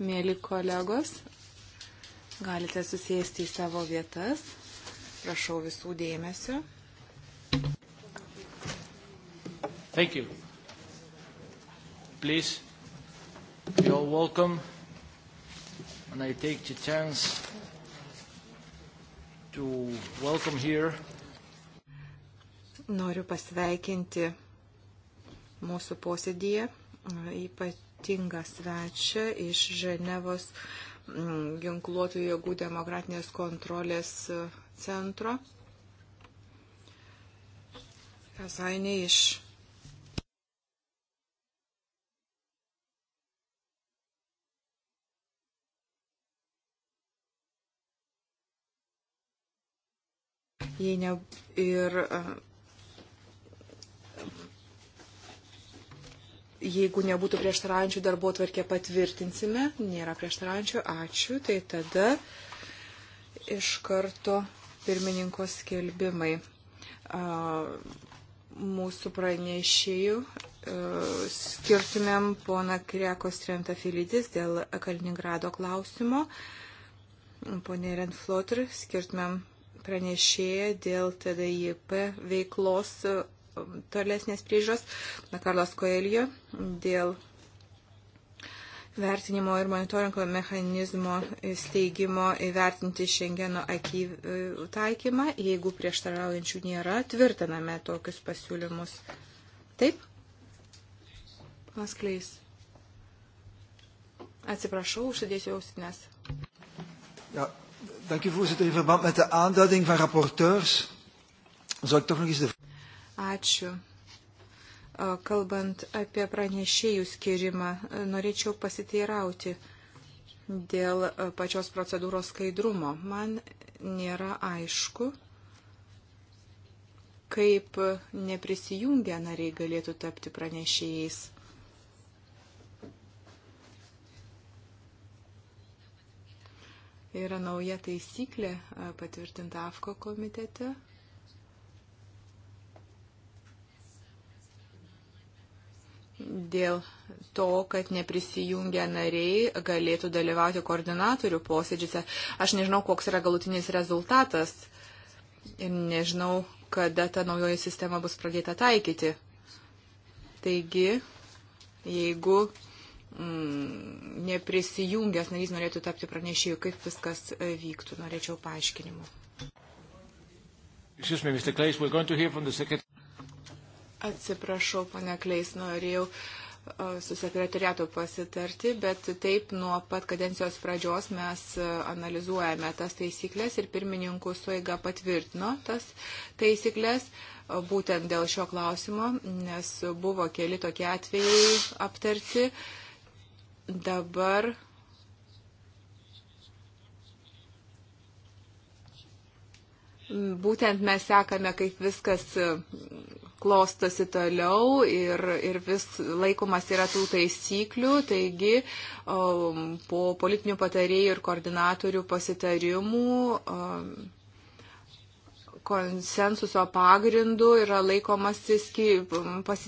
Mėly kolegos, galite susėsti į savo vietas. Prašau visų dėmesio. Thank you. Please, you're welcome. And I take the chance to welcome here. Noriu pasveikinti mūsų posėdyje ypatingą svečią iš Ženevos mm, ginkluotų jėgų demokratinės kontrolės e, centro. Kazainė iš jei ne ir e, jeigu nebūtų prieštaraujančių darbo tvarkę patvirtinsime, nėra prieštaraujančių, ačiū, tai tada iš karto pirmininko skelbimai. Mūsų pranešėjų skirtumėm pona Kriekos Trentafilidis dėl Kaliningrado klausimo, ponė Renflotr skirtumėm pranešėja dėl TDIP veiklos tolesnės priežiūros, Karlos Koelio, dėl vertinimo ir monitoringo mechanizmo steigimo įvertinti Šengeno akį e, taikymą. Jeigu prieštaraujančių nėra, tvirtiname tokius pasiūlymus. Taip? Paskleis. Atsiprašau, užsidėsiu ausines. Ja, dank u voorzitter. In verband met de aanduiding van rapporteurs zou ik toch nog eens de Ačiū. Kalbant apie pranešėjų skirimą, norėčiau pasiteirauti dėl pačios procedūros skaidrumo. Man nėra aišku, kaip neprisijungę nariai galėtų tapti pranešėjais. Yra nauja taisyklė patvirtinta AFKO komitete dėl to, kad neprisijungę nariai galėtų dalyvauti koordinatorių posėdžiuose. Aš nežinau, koks yra galutinis rezultatas ir nežinau, kada ta naujoji sistema bus pradėta taikyti. Taigi, jeigu mm, neprisijungęs narys norėtų tapti pranešėjų, kaip viskas vyktų, norėčiau paaiškinimų. Excuse me, Mr. Clays, we're going to hear from the secretary. Atsiprašau, pane Kleis, norėjau e, su sekretariatu pasitarti, bet taip nuo pat kadencijos pradžios mes e, analizuojame tas taisyklės ir pirmininkų suiga patvirtino tas taisyklės e, būtent dėl šio klausimo, nes buvo keli tokie atvejai aptarti. Dabar būtent mes sekame, kaip viskas klostosi toliau ir, ir vis laikomas yra tų taisyklių, taigi um, po politinių patarėjų ir koordinatorių pasitarimų um, konsensuso pagrindu yra laikomasis ski, um, pas,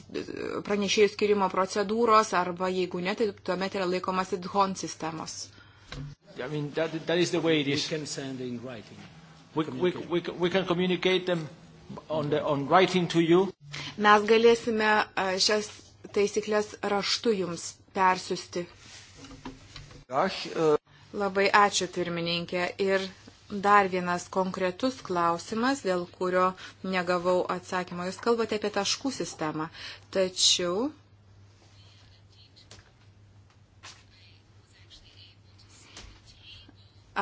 pranešėjų skirimo procedūros arba jeigu ne, tai tuomet yra laikomasi DHON sistemos. I mean, that, that is the way it is. We can send in writing. We, we, we, we can communicate them on, the, on writing to you. Mes galėsime šias taisyklės raštu jums persiusti. Aš. Uh... E, Labai ačiū pirmininkė. Ir dar vienas konkretus klausimas, dėl kurio negavau atsakymą. Jūs kalbate apie taškų sistemą. Tačiau.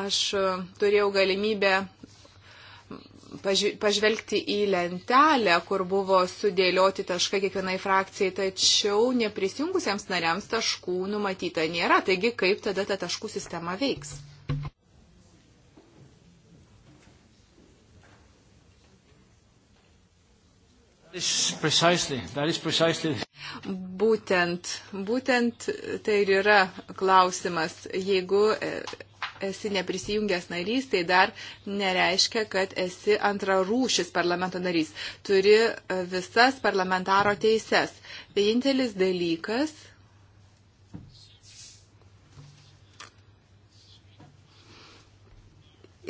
Aš turėjau galimybę pažvelgti į lentelę, kur buvo sudėlioti taškai kiekvienai frakcijai, tačiau neprisijungusiems nariams taškų numatyta nėra. Taigi, kaip tada ta taškų sistema veiks? Precisely, precisely. Būtent, būtent tai ir yra klausimas. Jeigu e, esi neprisijungęs narys, tai dar nereiškia, kad esi antrarūšis parlamento narys. Turi e, visas parlamentaro teises. Vienintelis dalykas.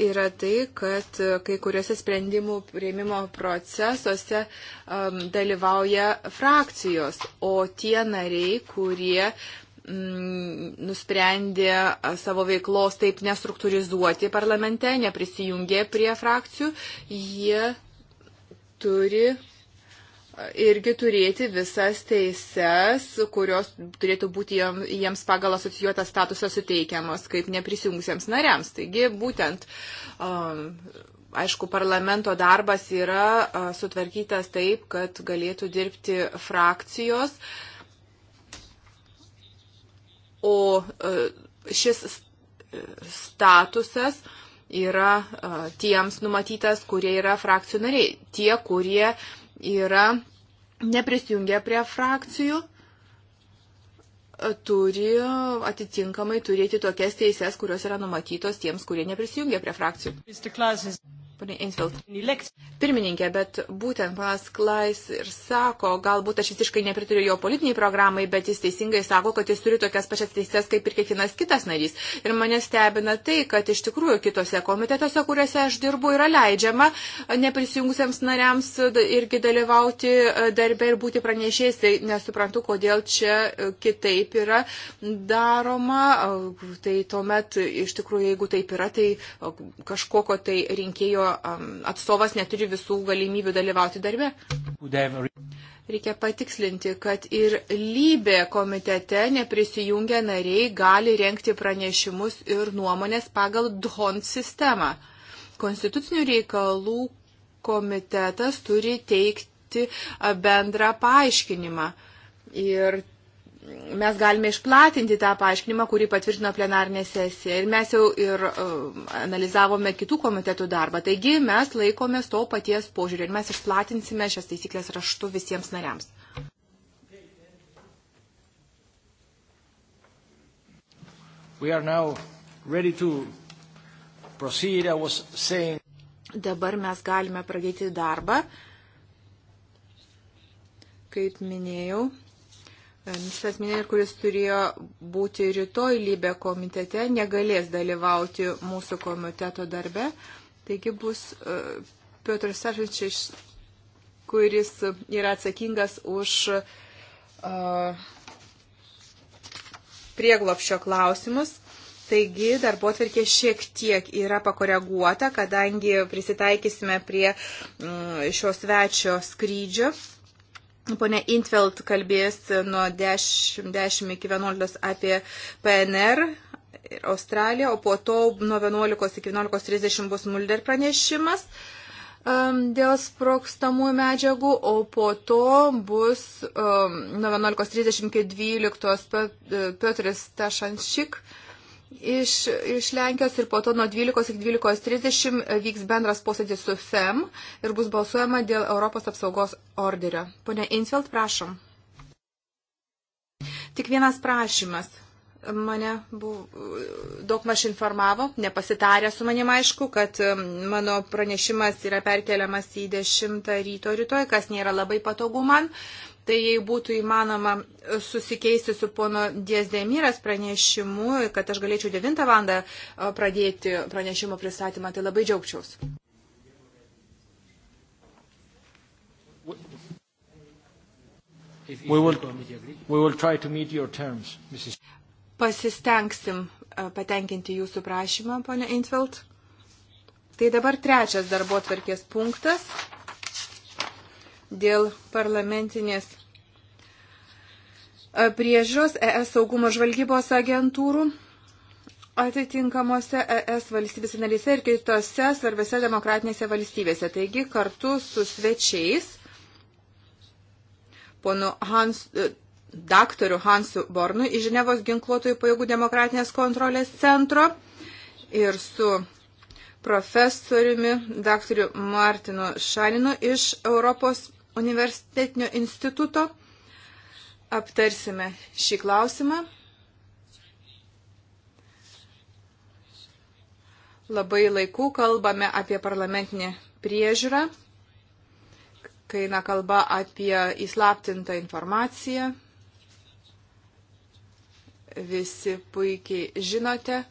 Yra tai, kad e, kai kuriuose sprendimų prieimimo procesuose um, dalyvauja frakcijos, o tie nariai, kurie uh, Mm, nusprendė savo veiklos taip nestruktūrizuoti parlamente, neprisijungė prie frakcijų, jie turi irgi turėti visas teises, kurios turėtų būti jiems pagal asocijuotą statusą suteikiamos kaip neprisijungusiems nariams. Taigi būtent um, aišku, parlamento darbas yra sutvarkytas taip, kad galėtų dirbti frakcijos, o e, šis e, statusas yra e, tiems numatytas, kurie yra frakcijų nariai. Tie, kurie yra neprisijungę prie frakcijų, turi atitinkamai turėti tokias teises, kurios yra numatytos tiems, kurie neprisijungia prie frakcijų. Pane Einsveld. Pirmininkė, bet būtent panas Klais ir sako, galbūt aš visiškai nepritariu jo politiniai programai, bet jis teisingai sako, kad jis turi tokias pačias teises kaip ir kiekvienas kitas narys. Ir mane stebina tai, kad iš tikrųjų kitose komitetuose, kuriuose aš dirbu, yra leidžiama neprisijungusiems nariams irgi dalyvauti darbę ir būti pranešėjais. Tai nesuprantu, kodėl čia kitaip yra daroma. Tai tuomet iš tikrųjų, jeigu taip yra, tai kažkokio tai rinkėjo atstovas neturi visų galimybių dalyvauti darbe. Reikia patikslinti, kad ir lybė komitete neprisijungę nariai gali renkti pranešimus ir nuomonės pagal DHON sistemą. Konstitucinių reikalų komitetas turi teikti bendrą paaiškinimą. Ir mes galime išplatinti tą paaiškinimą, kurį patvirtino plenarinė sesija. Ir mes jau ir uh, analizavome kitų komitetų darbą. Taigi mes laikomės to paties požiūrį ir mes išplatinsime šias taisyklės raštu visiems nariams. Saying... Dabar mes galime pradėti darbą. Kaip minėjau, Ministras Minėr, kuris turėjo būti rytoj lybė komitete, negalės dalyvauti mūsų komiteto darbe. Taigi bus e, Piotr Safinčiš, kuris yra atsakingas už uh, e, prieglopšio klausimus. Taigi darbo atverkė šiek tiek yra pakoreguota, kadangi prisitaikysime prie mm, šios svečio skrydžio. Pone Intveld kalbės nuo 10, 10 iki 11 apie PNR ir Australiją, o po to nuo 11 iki 11.30 bus Mulder pranešimas um, dėl sprokstamųjų medžiagų, o po to bus um, nuo 11.30 iki 12 Petris Tašanšik. Uh, iš, iš Lenkijos ir po to nuo 12 iki 12.30 e, vyks bendras posėdis su FEM ir bus balsuojama dėl Europos apsaugos orderio. Pone Insveld, prašom. Tik vienas prašymas. Mane buvo, daug maž informavo, nepasitarė su manim aišku, kad e, mano pranešimas yra perkeliamas į 10 ryto rytoj, kas nėra labai patogu man. Uh, Tai jei būtų įmanoma susikeisti su pono Diezdemiras pranešimu, kad aš galėčiau 9 valandą pradėti pranešimo pristatymą, tai labai džiaugčiausi. We will, we will try to meet your terms, Mrs. Pasistengsim patenkinti jūsų prašymą, ponia Intveld. Tai dabar trečias darbo tvarkės punktas dėl parlamentinės e, priežiūros ES saugumo žvalgybos agentūrų atitinkamuose ES valstybėse narėse ir kitose svarbiose demokratinėse valstybėse. Taigi kartu su svečiais, ponu Hans, e, daktaru Hansu Bornu iš Ženevos ginkluotojų pajėgų demokratinės kontrolės centro ir su profesoriumi daktariu Martinu Šalinu iš Europos universitetinio instituto. Aptarsime šį klausimą. Labai laikų kalbame apie parlamentinį priežiūrą, kai eina kalba apie įslaptintą informaciją. Visi puikiai žinote,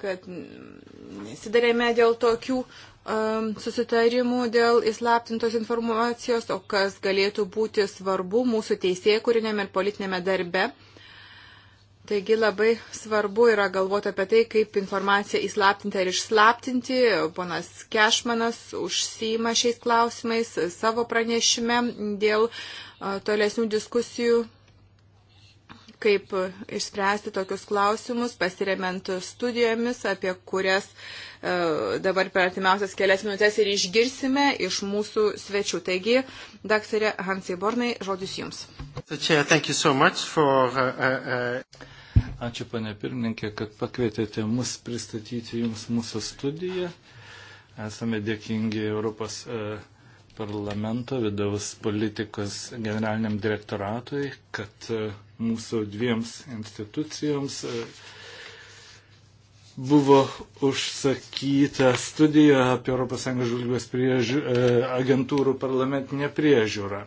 kad nesidarėme dėl tokių um, susitarimų dėl įslaptintos informacijos, o kas galėtų būti svarbu mūsų teisėkūrinėme ir politinėme darbe. Taigi labai svarbu yra galvoti apie tai, kaip informaciją įslaptinti ar išslaptinti. Ponas Kešmanas užsima šiais klausimais savo pranešime dėl uh, tolesnių diskusijų kaip išspręsti tokius klausimus, pasiremiant studijomis, apie kurias e, dabar per artimiausias kelias minutės ir išgirsime iš mūsų svečių. Taigi, daktarė Hansai Bornai, žodis Jums. Uh, uh, uh, Ačiū, panė pirmininkė, kad pakvietėte mus pristatyti Jums mūsų studiją. Esame dėkingi Europos e, parlamento vidaus politikos generaliniam direktoratui, kad uh, mūsų dviems institucijoms e, buvo užsakyta studija apie ES žvalgybos priežiū... E, agentūrų parlamentinę priežiūrą.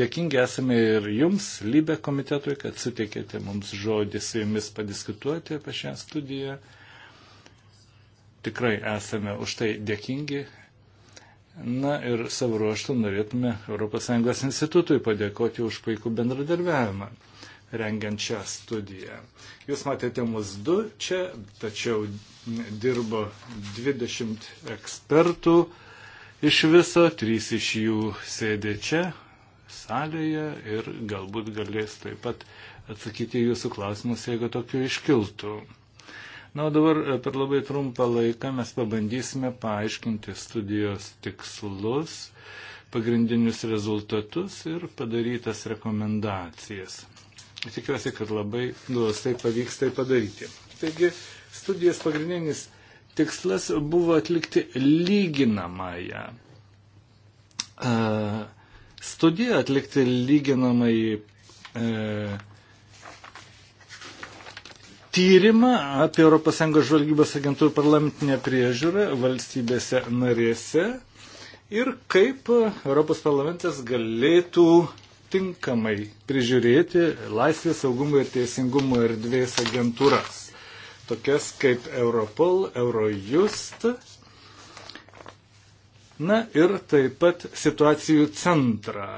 Dėkingi esame ir jums, Lybė komitetui, kad suteikėte mums žodį su jumis padiskutuoti apie šią studiją. Tikrai esame už tai dėkingi Na ir savo ruoštų norėtume ES institutui padėkoti už puikų bendradarbiavimą rengiant šią studiją. Jūs matėte mus du čia, tačiau dirbo 20 ekspertų iš viso, trys iš jų sėdė čia salėje ir galbūt galės taip pat atsakyti jūsų klausimus, jeigu tokių iškiltų. Na, o dabar e, per labai trumpą laiką mes pabandysime paaiškinti studijos tikslus, pagrindinius rezultatus ir padarytas rekomendacijas. Tikiuosi, kad labai glaustai pavyks tai padaryti. Taigi, studijos pagrindinis tikslas buvo atlikti lyginamąją. E, studiją atlikti lyginamąjį e, tyrimą apie ES žvalgybos agentūrų parlamentinę priežiūrą valstybėse narėse ir kaip Europos parlamentas galėtų tinkamai prižiūrėti laisvės saugumo ir teisingumo erdvės agentūras, tokias kaip Europol, Eurojust, na ir taip pat situacijų centrą,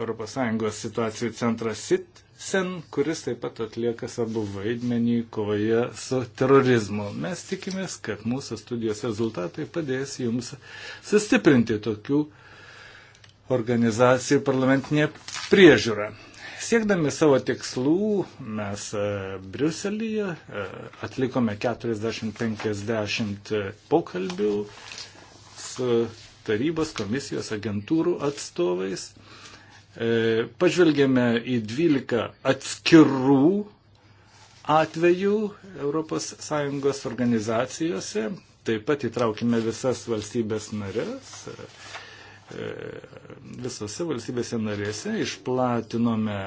ES situacijų centras SIT Sen, kuris taip pat atlieka savo vaidmenį kovoje su terorizmu. Mes tikimės, kad mūsų studijos rezultatai padės jums sustiprinti tokių organizacijų parlamentinė priežiūra. Siekdami savo tikslų, mes e, Briuselyje e, atlikome 40-50 pokalbių su tarybos komisijos agentūrų atstovais. E, pažvelgėme į 12 atskirų atvejų ES organizacijose, taip pat įtraukime visas valstybės narės. E, visose valstybėse narėse išplatinome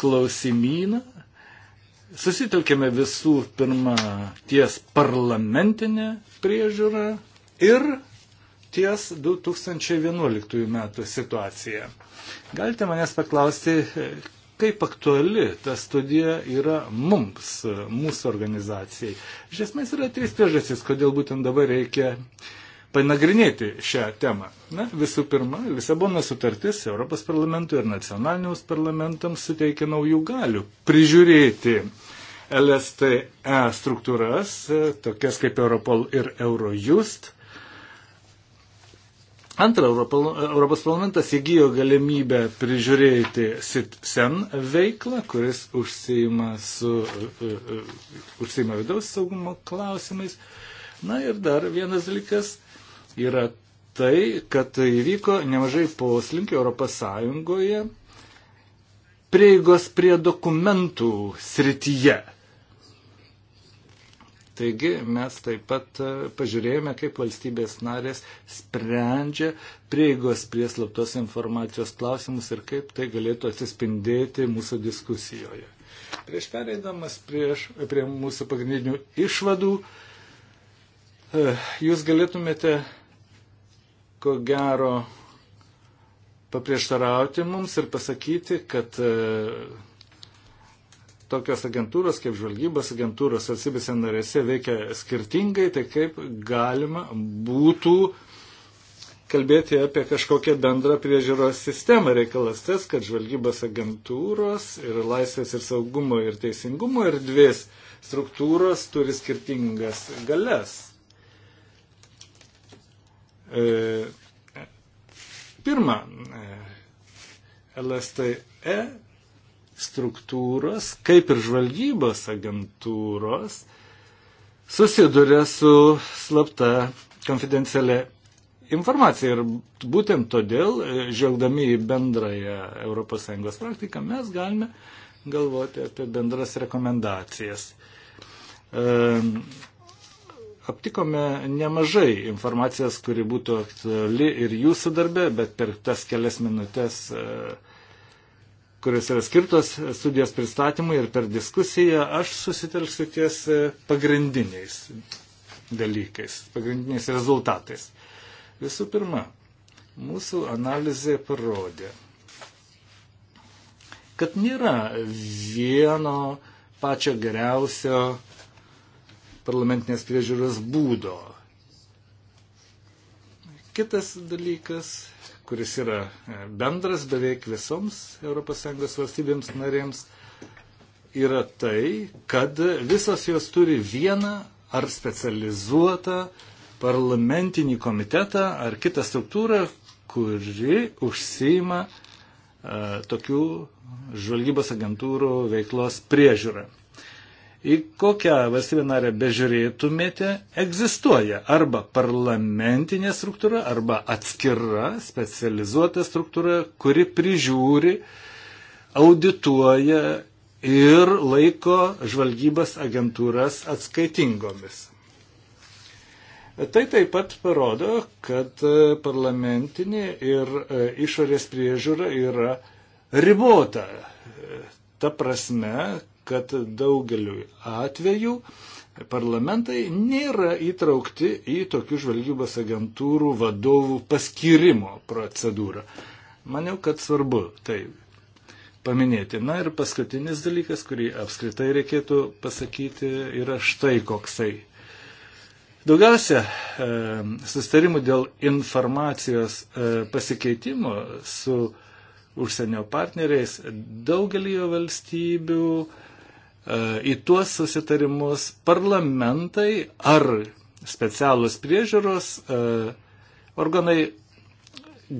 klausimyną, susitelkėme visų pirma ties parlamentinę priežiūrą ir ties 2011 metų situacija. Galite manęs paklausti, kaip aktuali ta studija yra mums, mūsų organizacijai. Iš esmės yra trys priežastys, kodėl būtent dabar reikia panagrinėti šią temą. Na, visų pirma, Lisabono sutartis Europos parlamentui ir nacionaliniams parlamentams suteikia naujų galių prižiūrėti LSTE struktūras, tokias kaip Europol ir Eurojust, Antra, Europos parlamentas įgyjo galimybę prižiūrėti SITSEN veiklą, kuris užsima, su, e, e, užsima vidaus saugumo klausimais. Na ir dar vienas dalykas yra tai, kad tai įvyko nemažai poslinkio Europos Sąjungoje prieigos prie dokumentų srityje. Taigi mes taip pat e, pažiūrėjome, kaip valstybės narės sprendžia prieigos prie slaptos informacijos klausimus ir kaip tai galėtų atsispindėti mūsų diskusijoje. Prieš pereidamas prieš, prie mūsų pagrindinių išvadų, e, jūs galėtumėte, ko gero, paprieštarauti mums ir pasakyti, kad e, tokios agentūros kaip žvalgybos agentūros valstybėse narėse veikia skirtingai, tai kaip galima būtų kalbėti apie kažkokią bendrą priežiūros sistemą. Reikalas tas, kad žvalgybos agentūros ir laisvės ir saugumo ir teisingumo erdvės struktūros turi skirtingas galias. E, pirma, LSTE struktūros, kaip ir žvalgybos agentūros, susiduria su slapta konfidencialia informacija. Ir būtent todėl, žvelgdami į bendrąją ES praktiką, mes galime galvoti apie bendras rekomendacijas. E, aptikome nemažai informacijos, kuri būtų aktuali ir jūsų darbe, bet per tas kelias minutės e, kurios yra skirtos studijos pristatymui ir per diskusiją, aš susitelksiu ties e, pagrindiniais dalykais, pagrindiniais rezultatais. Visų pirma, mūsų analizė parodė, kad nėra vieno pačio geriausio parlamentinės priežiūros būdo. Kitas dalykas kuris yra e, bendras beveik visoms ES valstybėms narėms, yra tai, kad visos jos turi vieną ar specializuotą parlamentinį komitetą ar kitą struktūrą, kuri užsima e, tokių žvalgybos agentūrų veiklos priežiūrą į kokią valstybę narę bežiūrėtumėte, egzistuoja arba parlamentinė struktūra, arba atskira specializuota struktūra, kuri prižiūri, audituoja ir laiko žvalgybas agentūras atskaitingomis. Tai taip pat parodo, kad e, parlamentinė ir e, išorės priežiūra yra ribota. E, ta prasme, kad daugeliu atveju parlamentai nėra įtraukti į tokių žvalgybos agentūrų vadovų paskirimo procedūrą. Maniau, kad svarbu tai paminėti. Na ir paskutinis dalykas, kurį apskritai reikėtų pasakyti, yra štai koksai. Daugiausia e, sustarimų dėl informacijos e, pasikeitimo su užsienio partneriais daugelį valstybių e, E, į tuos susitarimus parlamentai ar specialus priežiūros e, organai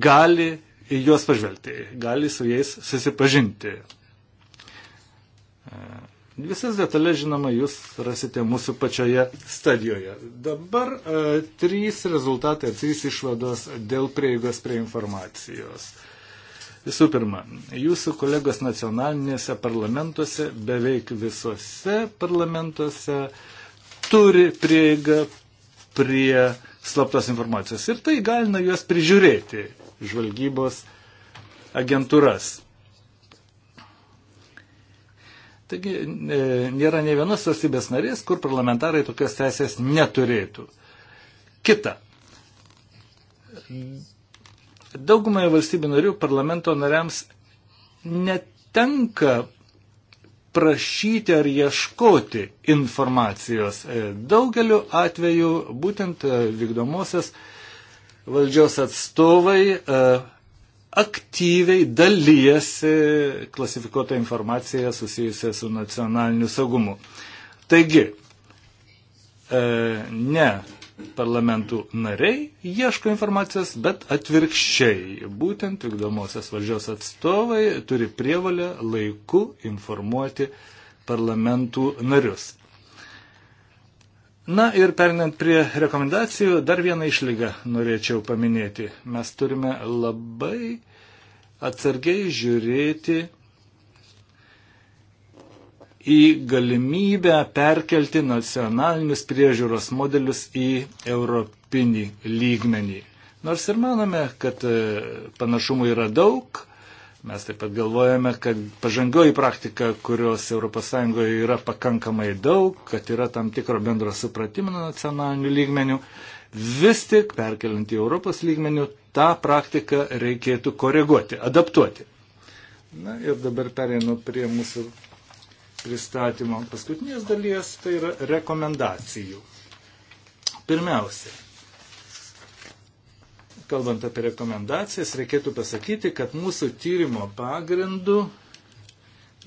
gali į juos pažvelgti, gali su jais susipažinti. E, visas detalės, žinoma, jūs rasite mūsų pačioje stadijoje. Dabar e, trys rezultatai, trys išvados dėl prieigos prie informacijos. E, Visų pirma, jūsų kolegos nacionalinėse parlamentuose, beveik visuose parlamentuose turi prieigą prie slaptos informacijos ir tai galina juos prižiūrėti žvalgybos agentūras. Taigi e, nėra ne vienos valstybės narės, kur parlamentarai tokios teisės neturėtų. Kita Daugumai valstybių narių parlamento nariams netenka prašyti ar ieškoti informacijos. E, daugeliu atveju būtent e, vykdomosios valdžios atstovai e, aktyviai dalyjasi klasifikuotą informaciją susijusią su nacionaliniu saugumu. Taigi, ne parlamentų nariai ieško informacijos, bet atvirkščiai. Būtent vykdomosios valdžios atstovai turi prievalę laiku informuoti parlamentų narius. Na ir perinant prie rekomendacijų, dar vieną išlygą norėčiau paminėti. Mes turime labai atsargiai žiūrėti į galimybę perkelti nacionalinius priežiūros modelius į europinį lygmenį. Nors ir manome, kad e, panašumų yra daug, mes taip pat galvojame, kad pažangioji praktika, kurios ES yra pakankamai daug, kad yra tam tikro bendro supratimo nacionalinių lygmenių, vis tik perkeliant į Europos lygmenių tą praktiką reikėtų koreguoti, adaptuoti. Na ir dabar pereinu prie mūsų pristatymo paskutinės dalies, tai yra rekomendacijų. Pirmiausia, kalbant apie rekomendacijas, reikėtų pasakyti, kad mūsų tyrimo pagrindu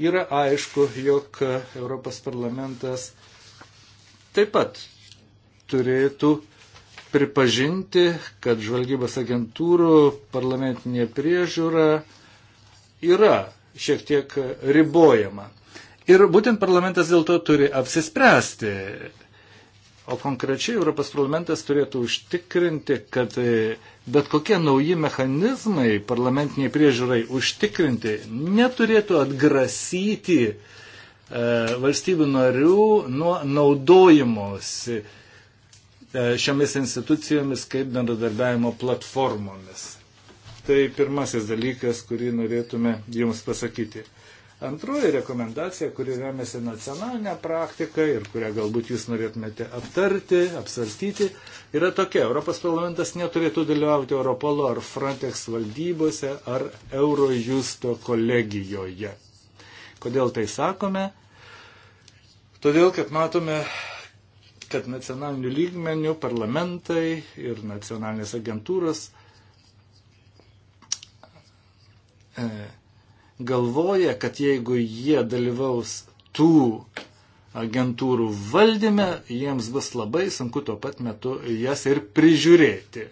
yra aišku, jog Europos parlamentas taip pat turėtų pripažinti, kad žvalgybos agentūrų parlamentinė priežiūra yra šiek tiek ribojama. Ir būtent parlamentas dėl to turi apsispręsti. O konkrečiai Europos parlamentas turėtų užtikrinti, kad e, bet kokie nauji mechanizmai parlamentiniai priežiūrai užtikrinti neturėtų atgrasyti e, valstybių narių nuo naudojimosi e, šiomis institucijomis kaip bendradarbiavimo platformomis. Tai pirmasis dalykas, kurį norėtume Jums pasakyti. Antroji rekomendacija, kuri remiasi nacionalinę praktiką ir kurią galbūt jūs norėtumėte aptarti, apsvarstyti, yra tokia. Europos parlamentas neturėtų dalyvauti Europolo ar Frontex valdybose ar Eurojusto kolegijoje. Kodėl tai sakome? Todėl, kad matome, kad nacionalinių lygmenių parlamentai ir nacionalinės agentūros e, galvoja, kad jeigu jie dalyvaus tų agentūrų valdyme, jiems bus labai sunku tuo pat metu jas ir prižiūrėti.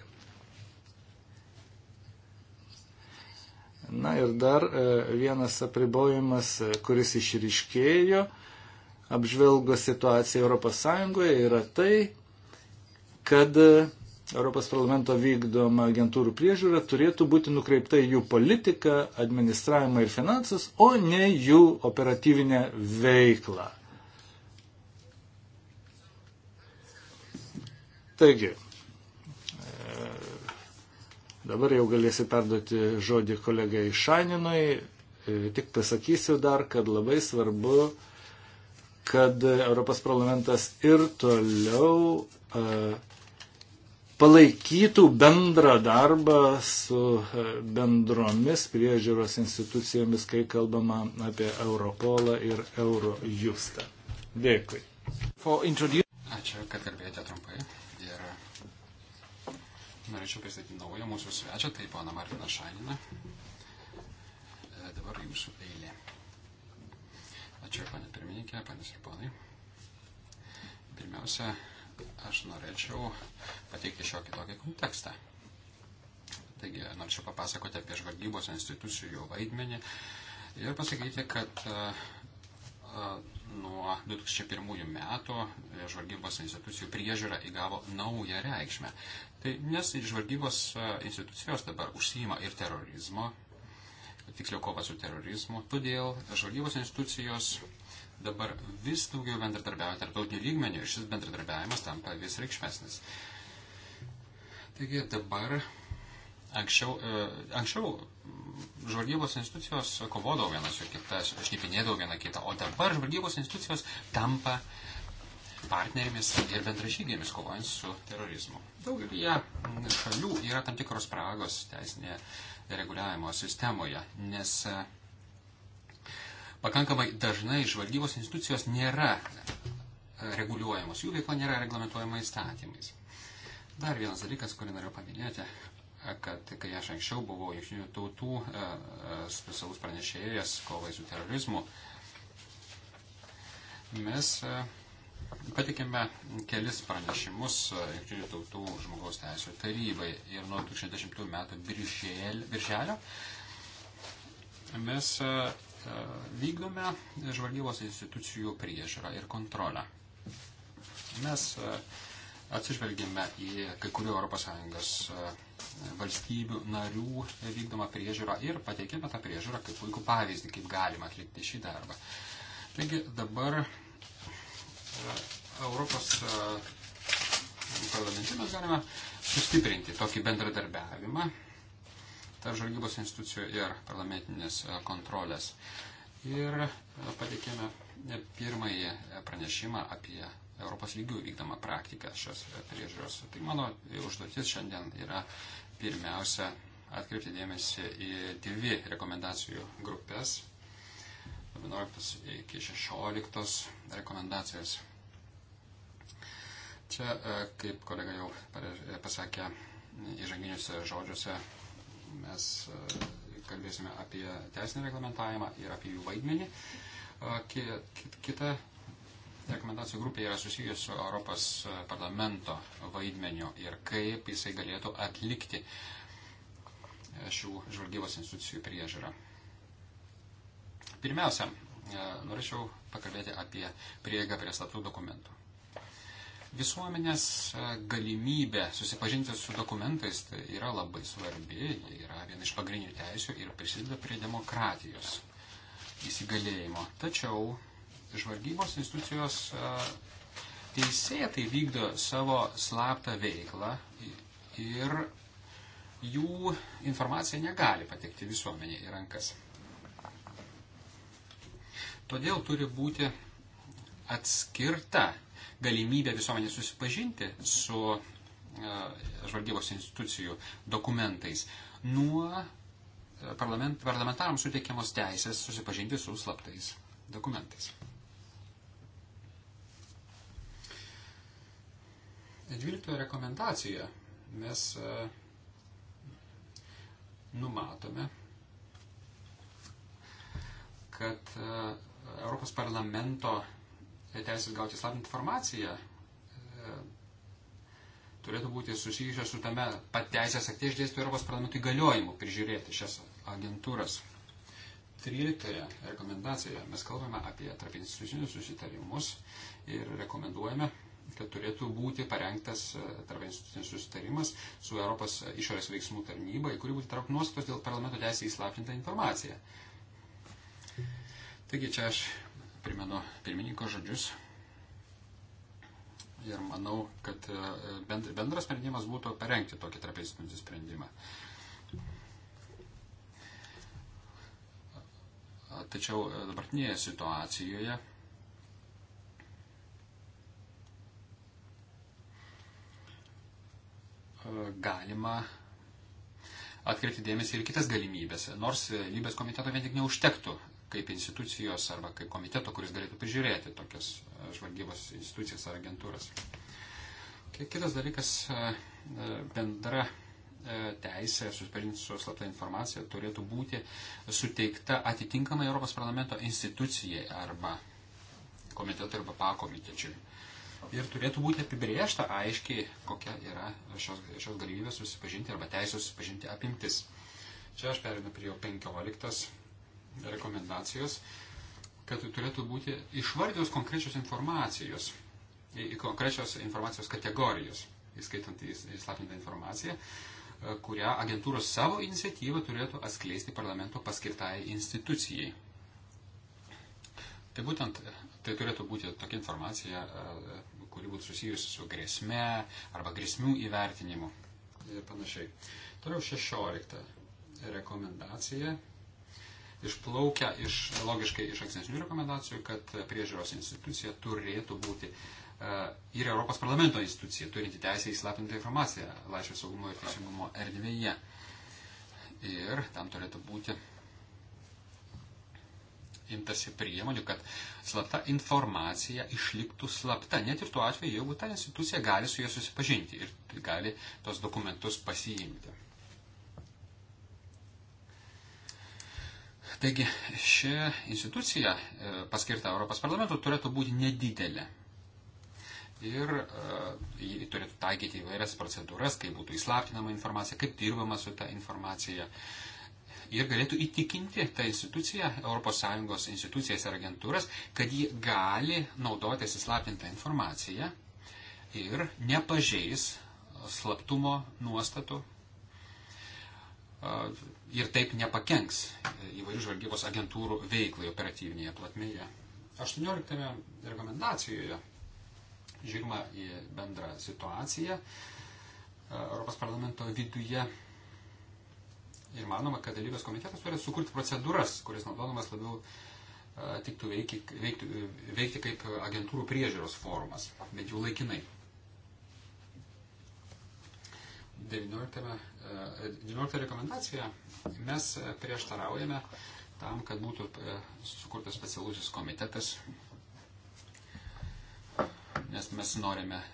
Na ir dar e, vienas apribojimas, e, kuris išryškėjo, apžvelgo situaciją ES, yra tai, kad e, Europos parlamento vykdoma agentūrų priežiūra turėtų būti nukreipta į jų politiką, administravimą ir finansus, o ne jų operatyvinę veiklą. Taigi, e, dabar jau galėsiu perduoti žodį kolegai Šaninui, e, tik pasakysiu dar, kad labai svarbu, kad Europos parlamentas ir toliau uh, palaikytų bendrą darbą su e, bendromis priežiūros institucijomis, kai kalbama apie Europolą ir Eurojustą. Dėkui. Ačiū, kad kalbėjote trumpai. Ir norėčiau pristatyti naują mūsų svečią, tai pana Martina Šalina. E, dabar jūsų eilė. Ačiū, pane pirmininkė, panas ir ponai. Pirmiausia, aš norėčiau pateikti šiokį tokį kontekstą. Taigi, norėčiau papasakoti apie žvalgybos institucijų vaidmenį ir pasakyti, kad a, e, a, e, nuo 2001 metų žvalgybos institucijų priežiūra įgavo naują reikšmę. Tai nes žvalgybos e, institucijos dabar užsijima ir terorizmo, tiksliau kova su terorizmu, todėl žvalgybos institucijos dabar vis daugiau bendradarbiauja tarptautinių lygmenių ir šis bendradarbiavimas tampa vis reikšmesnis. Taigi dabar anksčiau, e, anksčiau žvalgybos institucijos kovodavo viena su kita, šnipinėdavo viena kita, o dabar žvalgybos institucijos tampa partnerėmis ir bendražygėmis kovojant su terorizmu. Daugelį šalių yra tam tikros spragos teisinėje reguliavimo sistemoje, nes pakankamai dažnai žvalgybos institucijos nėra e, reguliuojamos, jų veikla nėra reglamentuojama įstatymais. Dar vienas dalykas, kurį noriu paminėti, e, kad kai aš anksčiau buvau jungtinių tautų e, specialus pranešėjas kovai su terorizmu, mes patikėme kelis pranešimus jungtinių tautų žmogaus teisų tarybai ir nuo 2010 metų birželio mes E, vykdome žvalgybos institucijų priežiūrą ir kontrolę. Mes e, atsižvelgėme į kai kurių ES e, valstybių narių vykdomą priežiūrą ir pateikėme tą priežiūrą kaip puikų pavyzdį, kaip galima atlikti šį darbą. Taigi dabar Europos parlamente mes galime sustiprinti tokį bendradarbiavimą tarp žvalgybos institucijų ir parlamentinės e, kontrolės. Ir e, pateikėme e, pirmąjį pranešimą apie Europos lygių vykdomą praktiką šios priežiūros. Tai mano užduotis šiandien yra pirmiausia atkreipti dėmesį į dvi rekomendacijų grupės. 11 iki 16 rekomendacijas. Čia, kaip kolega jau pasakė įžanginiuose žodžiuose, Mes e, kalbėsime apie teisinį reglamentavimą ir apie jų vaidmenį. E, kita rekomendacijų grupė yra susijęs su Europos e, parlamento vaidmeniu ir kaip jisai galėtų atlikti šių žvalgybos institucijų priežiūrą. Pirmiausia, norėčiau pakalbėti apie prieigą prie statų dokumentų. Visuomenės e, galimybė susipažinti su dokumentais tai yra labai svarbi, jie yra viena iš pagrindinių teisių ir prisideda prie demokratijos įsigalėjimo. Tačiau žvalgybos institucijos e, teisėtai vykdo savo slaptą veiklą ir jų informacija negali patekti visuomenė į rankas. Todėl turi būti atskirta galimybę visuomenė susipažinti su e, žvalgybos institucijų dokumentais nuo e, parlament, parlamentarams suteikiamos teisės susipažinti su slaptais dokumentais. 12 rekomendacijoje mes e, numatome, kad Europos parlamento teisės gauti slaptą informaciją e, turėtų būti susijusios su tame pat teisės akte išdėstų Europos parlamento įgaliojimu prižiūrėti šias agentūras. 13 rekomendacijoje mes kalbame apie tarp institucinius susitarimus ir rekomenduojame, kad turėtų būti parengtas e, tarp institucinis susitarimas su Europos išorės veiksmų tarnyba, į kurį būtų traukt nuostatos dėl parlamento teisės įslaptintą informaciją. Taigi čia aš primenu pirmininko žodžius. Ir manau, kad e, bendras sprendimas būtų parengti tokį trapezinį sprendimą. Tačiau e, dabartinėje situacijoje galima atkreipti dėmesį ir kitas galimybės. Nors lybės komiteto vien tik neužtektų kaip institucijos arba kaip komiteto, kuris galėtų prižiūrėti tokias e, žvalgybos institucijas ar agentūras. Kitas dalykas e, - e, bendra teisė susipažinti su slapta informacija turėtų būti suteikta atitinkamai Europos parlamento institucijai arba komitetui arba pakomitečiui. Ir turėtų būti apibriešta aiškiai, kokia yra šios, šios galimybės susipažinti arba teisės susipažinti apimtis. Čia aš perinu prie jau 15 rekomendacijos, kad turėtų būti išvardytos konkrečios informacijos, konkrečios informacijos kategorijos, įskaitant įslapintą informaciją, e, kurią agentūros savo iniciatyvą turėtų atskleisti parlamento paskirtai institucijai. Tai būtent tai turėtų būti tokia informacija, e, kuri būtų susijusi su grėsme arba grėsmių įvertinimu ir panašiai. Toliau 16 rekomendacija išplaukia iš, logiškai iš ankstesnių rekomendacijų, kad priežiūros institucija turėtų būti e, ir Europos parlamento institucija, turinti teisę įslapinti informaciją laisvės saugumo ir teisingumo erdvėje. Ir tam turėtų būti imtasi priemonių, kad slapta informacija išliktų slapta, net ir tuo atveju, jeigu ta institucija gali su juo susipažinti ir gali tos dokumentus pasiimti. Taigi ši institucija e, paskirta Europos parlamentu turėtų būti nedidelė. Ir e, jį turėtų taikyti įvairias procedūras, kaip būtų įslaptinama informacija, kaip dirbama su ta informacija. Ir galėtų įtikinti tą instituciją, ES institucijas ir agentūras, kad ji gali naudotis įslaptintą informaciją ir nepažeis slaptumo nuostatų e, ir taip nepakenks įvairių žvalgybos agentūrų veiklai operatyvinėje platmėje. 18 rekomendacijoje žiūrima į bendrą situaciją e, Europos parlamento viduje. Ir manoma, kad dalyvės komitetas turi sukurti procedūras, kuris naudodamas labiau e, tiktų veikti, veikti, veikti kaip agentūrų priežiūros forumas, bet jau laikinai. 19 19 rekomendaciją mes prieštaraujame tam, kad būtų e, sukurtas specialusis komitetas, nes mes norime e,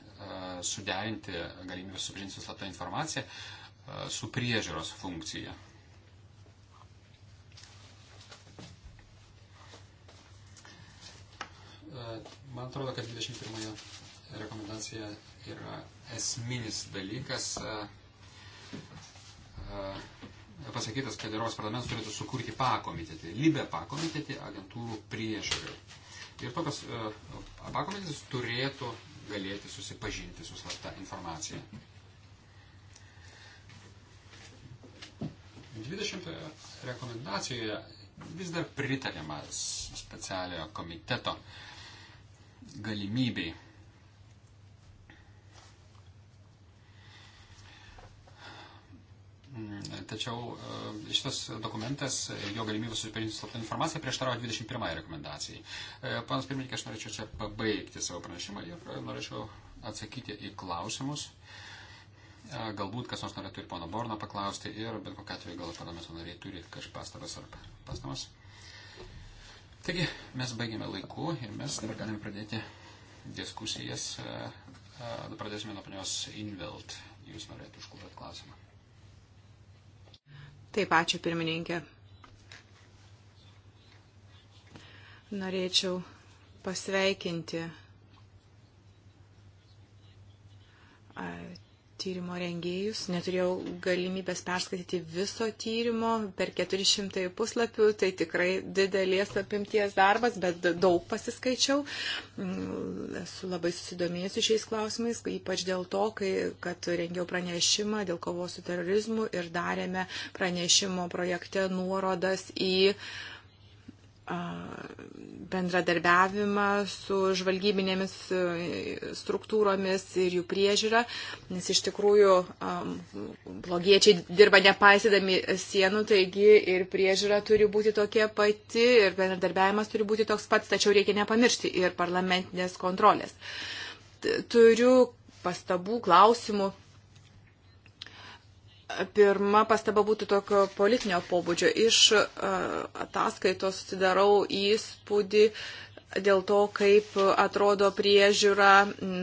suderinti galimybę supažinti su slapta informacija e, su priežiūros funkcija. Man atrodo, kad 21 rekomendacija yra esminis dalykas pasakytas, kad Europos parlamentas turėtų sukurti pakomitetį, libę pakomitetį agentūrų priežiūrai. Ir tokios e, pakomitetis turėtų galėti susipažinti su slapta informacija. 20 rekomendacijoje vis dar pritariamas specialiojo komiteto galimybei Mm, tačiau e, šitas dokumentas, jo galimybė susipažinti slaptą informaciją prieštarauja 21 rekomendacijai. E, panas pirmininkė, aš norėčiau čia pabaigti savo pranešimą ir e, norėčiau atsakyti į klausimus. Galbūt kas nors norėtų ir pono Borno paklausti ir bet kokia atveju gal parlamento nariai turi kažkokias pastabas ar pastabas. Taigi, mes baigėme laiku ir mes dabar galime pradėti diskusijas. Pradėsime nuo panios Invelt. Jūs norėtumėte užklausti klausimą. Taip, ačiū pirmininkė. Norėčiau pasveikinti tyrimo rengėjus. Neturėjau galimybės perskaityti viso tyrimo per 400 puslapių, tai tikrai didelės apimties darbas, bet daug pasiskaičiau. Mm, esu labai susidomėjusi šiais klausimais, ypač dėl to, kai, kad rengiau pranešimą dėl kovos su terorizmu ir darėme pranešimo projekte nuorodas į uh, bendradarbiavimą su žvalgybinėmis e, struktūromis ir jų priežiūrą, nes iš tikrųjų blogiečiai dirba nepaisydami sienų, taigi ir priežiūra turi būti tokia pati ir bendradarbiavimas turi būti toks pats, tačiau reikia nepamiršti ir parlamentinės kontrolės. Turiu pastabų, klausimų Pirma pastaba būtų tokio politinio pobūdžio. Iš e, ataskaitos susidarau įspūdį dėl to, kaip atrodo priežiūra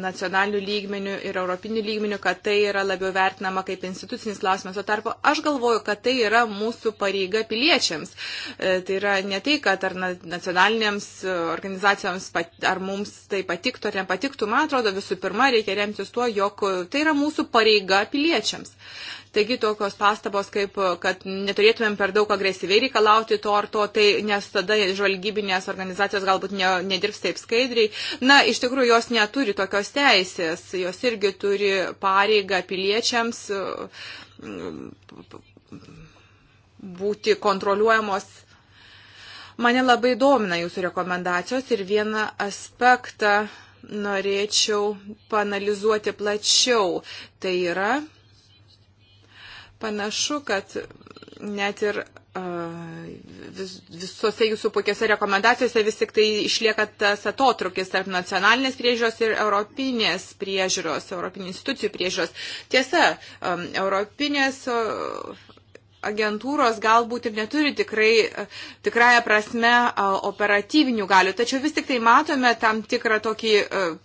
nacionalinių lygmenių ir europinių lygmenių, kad tai yra labiau vertinama kaip institucinis klausimas. O tarpo aš galvoju, kad tai yra mūsų pareiga piliečiams. E, tai yra ne tai, kad ar nacionalinėms e, organizacijoms, ar mums tai patiktų ar nepatiktų. Man atrodo, visų pirma, reikia remtis tuo, jog tai yra mūsų pareiga piliečiams. Taigi tokios pastabos, kaip, kad neturėtumėm per daug agresyviai reikalauti to ar to, tai nes tada žvalgybinės organizacijos galbūt ne, nedirbs taip skaidriai. Na, iš tikrųjų, jos neturi tokios teisės, jos irgi turi pareigą piliečiams mm, būti kontroliuojamos Mane labai domina jūsų rekomendacijos ir vieną aspektą norėčiau panalizuoti plačiau. Tai yra Panašu, kad net ir vis, visose jūsų puikiose rekomendacijose vis tik tai išlieka tas atotrukis tarp nacionalinės priežiūros ir europinės priežiūros, europinių institucijų priežiūros. Tiesa, europinės agentūros galbūt ir neturi tikrai, tikrąją prasme operatyvinių galių, tačiau vis tik tai matome tam tikrą tokį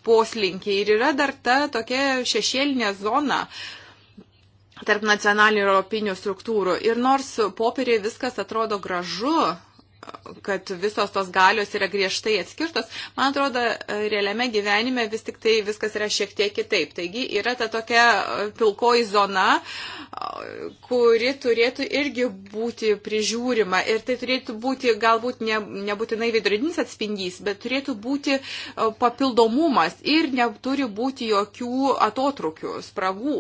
poslinkį ir yra dar ta tokia šešėlinė zona, uh, tarp nacionalinių ir europinių struktūrų. Ir nors popieriai viskas atrodo gražu, kad visos tos galios yra griežtai atskirtos, man atrodo, realiame gyvenime vis tik tai viskas yra šiek tiek kitaip. Taigi yra ta tokia e, pilkoji zona, e, kuri turėtų irgi būti prižiūrima ir tai turėtų būti galbūt ne, nebūtinai veidrodinis atspindys, bet turėtų būti e, papildomumas ir neturi būti jokių atotrukių, spragų.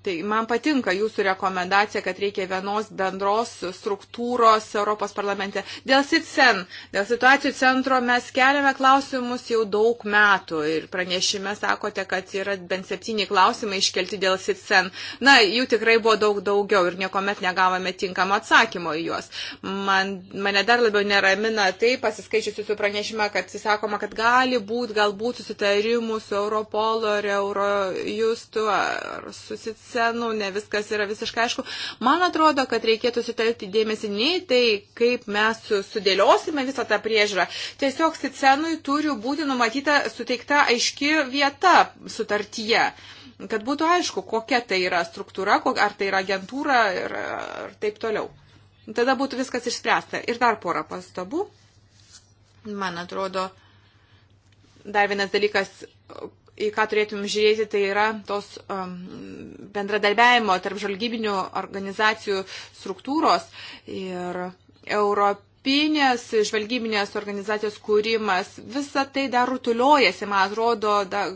Tai man patinka jūsų rekomendacija, kad reikia vienos bendros struktūros Europos parlamente. Dėl SITCEN, dėl situacijų centro mes keliame klausimus jau daug metų ir pranešime sakote, kad yra bent septyni klausimai iškelti dėl SITCEN. Na, jų tikrai buvo daug daugiau ir niekuomet negavome tinkamą atsakymą į juos. Man, mane dar labiau neramina tai, pasiskaičius jūsų pranešimą, kad sakoma, kad gali būti galbūt susitarimų su Europolo ar Eurojustu ar su SITCEN scenų, ne viskas yra visiškai aišku. Man atrodo, kad reikėtų sutelkti dėmesį ne į tai, kaip mes sudėliosime visą tą priežiūrą. Tiesiog scenui turi būti numatyta suteikta aiški vieta sutartyje kad būtų aišku, kokia tai yra struktūra, ar tai yra agentūra ir, ir taip toliau. Tada būtų viskas išspręsta. Ir dar porą pastabų. Man atrodo, dar vienas dalykas, į ką turėtum žiūrėti, tai yra tos um, bendradarbiavimo tarp žalgybinių organizacijų struktūros ir Europos europinės žvalgybinės organizacijos kūrimas, visa tai dar rutuliojasi, man atrodo, dar,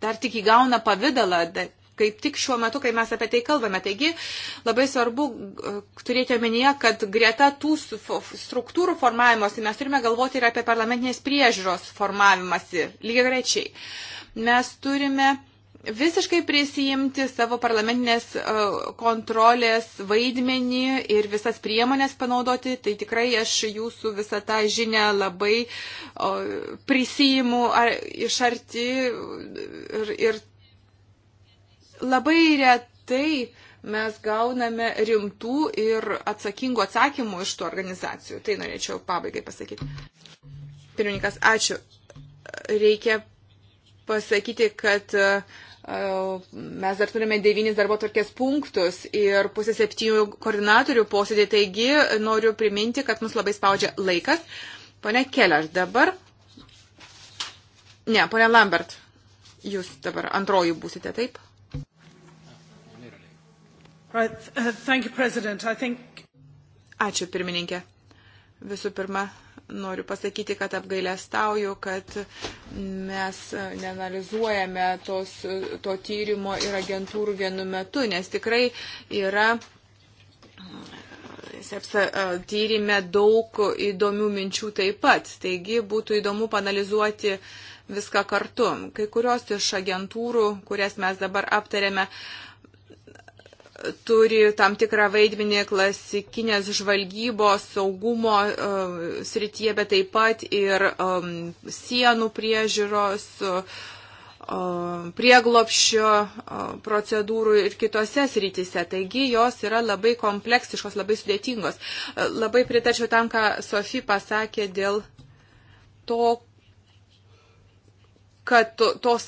dar tik įgauna pavydalą. Dar, kaip tik šiuo metu, kai mes apie tai kalbame. Taigi labai svarbu uh, turėti omenyje, kad greta tų struktūrų formavimosi mes turime galvoti ir apie parlamentinės priežiūros formavimąsi lygiai grečiai. Uh, mes turime visiškai prisijimti savo parlamentinės e, kontrolės vaidmenį ir visas priemonės panaudoti, tai tikrai aš jūsų visą tą žinę labai prisijimu ar, iš arti ir, ir labai retai mes gauname rimtų ir atsakingų atsakymų iš tų organizacijų. Tai norėčiau pabaigai pasakyti. Pirmininkas, ačiū. Reikia pasakyti, kad e, mes dar turime devynis darbo tvarkės punktus ir pusė septynių koordinatorių posėdį, taigi noriu priminti, kad mus labai spaudžia laikas. Pone Keller, dabar. Ne, pone Lambert, jūs dabar antroji būsite, taip? Right. Uh, you, think... Ačiū, pirmininkė. Visų pirma, noriu pasakyti, kad apgailestauju, kad mes neanalizuojame tos, to tyrimo ir agentūrų vienu metu, nes tikrai yra sepsa tyrime daug įdomių minčių taip pat. Taigi būtų įdomu panalizuoti viską kartu. Kai kurios iš agentūrų, kurias mes dabar aptarėme, uh, turi tam tikrą vaidmenį klasikinės žvalgybos saugumo um, srityje, bet taip pat ir um, sienų priežiūros, um, prieglopščio um, procedūrų ir kitose srityse. Taigi jos yra labai kompleksiškos, labai sudėtingos. Uh, labai pritarčiau tam, ką Sofija pasakė dėl to, kad tos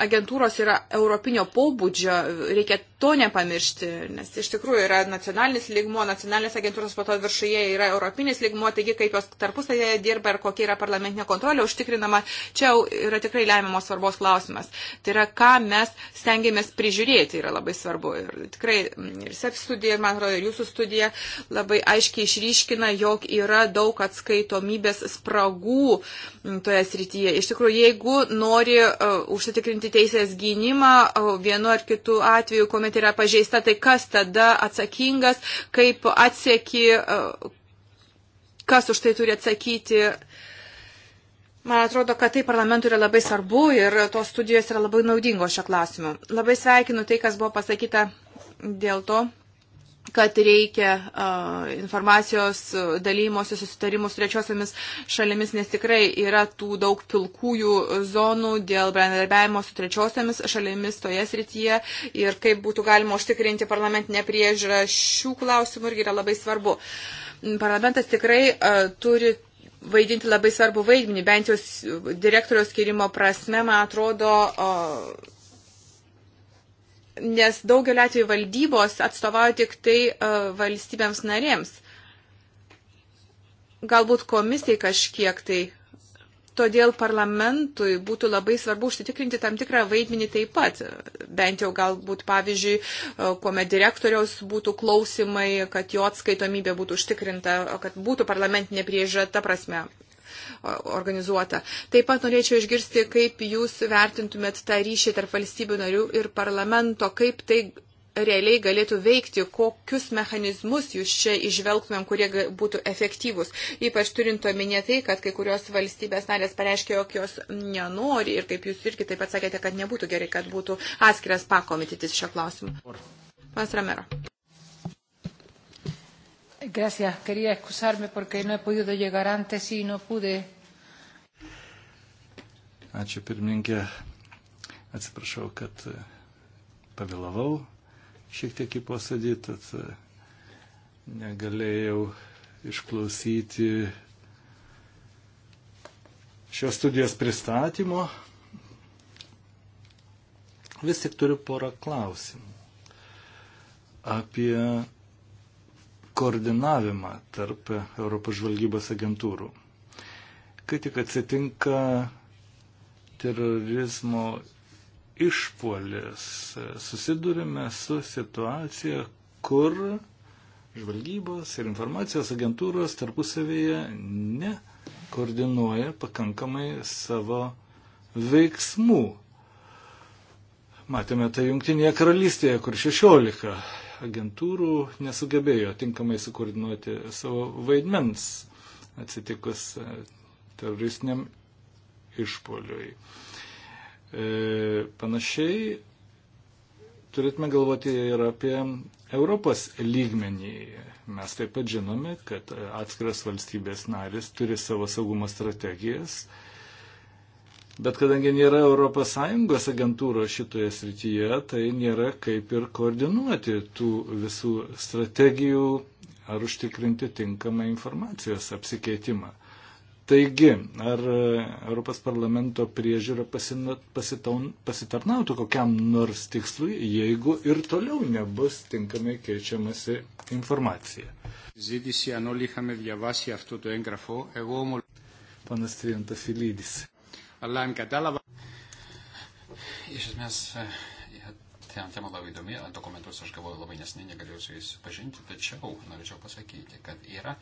agentūros yra europinio pobūdžio, reikia to nepamiršti, nes iš tikrųjų yra nacionalinis lygmuo, nacionalinės agentūros po to viršuje yra europinis lygmuo, taigi kaip jos tarpusavėje dirba ir kokia yra parlamentinė kontrolė užtikrinama, čia yra tikrai lemiamos svarbos klausimas. Tai yra, ką mes stengiamės prižiūrėti, yra labai svarbu. Ir tikrai mm, ir SEP studija, man atrodo, ir jūsų studija labai aiškiai išryškina, jog yra daug atskaitomybės spragų mm, toje srityje. Iš tikrųjų, jeigu nori uh, užsitikrinti teisės gynimą uh, vienu ar kitu atveju, kuomet kuomet yra pažeista, tai kas tada atsakingas, kaip atsieki, e, kas už tai turi atsakyti. Man atrodo, kad tai parlamentui yra labai svarbu ir tos studijos yra labai naudingos šio klausimu. Labai sveikinu tai, kas buvo pasakyta dėl to, kad reikia uh, informacijos dalymosi susitarimus trečiosiamis šalimis, nes tikrai yra tų daug pilkųjų zonų dėl bendradarbiavimo su trečiosiamis šalimis toje srityje ir kaip būtų galima užtikrinti parlamentinę priežiūrą šių klausimų irgi yra labai svarbu. Parlamentas tikrai uh, turi vaidinti labai svarbu vaidmenį, bent jau direktoriaus skirimo prasme, man atrodo. Uh, nes daugeliu atveju valdybos atstovauja tik tai e, valstybėms narėms. Galbūt komisijai kažkiek tai. Todėl parlamentui būtų labai svarbu užsitikrinti tam tikrą vaidmenį taip pat. Bent jau galbūt, pavyzdžiui, e, kuomet direktoriaus būtų klausimai, kad jo atskaitomybė būtų užtikrinta, kad būtų parlamentinė prieža, ta prasme, organizuota. Taip pat norėčiau išgirsti, kaip jūs vertintumėt tą ryšį tarp valstybių narių ir parlamento, kaip tai realiai galėtų veikti, kokius mechanizmus jūs čia išvelgtumėm, kurie būtų efektyvus. Ypač turint omenyje tai, kad kai kurios valstybės narės pareiškė, jog jos nenori ir kaip jūs irgi taip pat sakėte, kad nebūtų gerai, kad būtų atskiras pakomitetis šio klausimu. Pas Ramero. Gracias. Quería excusarme porque no he podido llegar antes y no pude. Ačiū pirmininkė. Atsiprašau, kad e, pavėlavau šiek tiek į posėdį, tad e, negalėjau išklausyti šios studijos pristatymo. Vis tik turiu porą klausimų apie koordinavimą tarp Europos žvalgybos agentūrų. Kai tik atsitinka terorizmo išpuolis, susidurime su situacija, kur žvalgybos ir informacijos agentūros tarpusavėje nekoordinuoja pakankamai savo veiksmų. Matėme tai Junktinėje karalystėje, kur 16 agentūrų nesugebėjo tinkamai sukoordinuoti savo vaidmens atsitikus e, teroristiniam išpoliui. E, panašiai turėtume galvoti ir apie Europos lygmenį. Mes taip pat žinome, kad atskiras valstybės narės turi savo saugumo strategijas, Bet kadangi nėra ES agentūros šitoje srityje, tai nėra kaip ir koordinuoti tų visų strategijų ar užtikrinti tinkamą informacijos apsikeitimą. Taigi, ar Europos parlamento priežiūra pasitarnautų kokiam nors tikslui, jeigu ir toliau nebus tinkamai keičiamasi informacija. Panas Trientafilydis. Λέν κατάλαβα. Iš esmės, ten tema labai įdomi, e, dokumentus aš gavau labai nesiniai, negalėjau su jais pažinti, tačiau norėčiau pasakyti, kad yra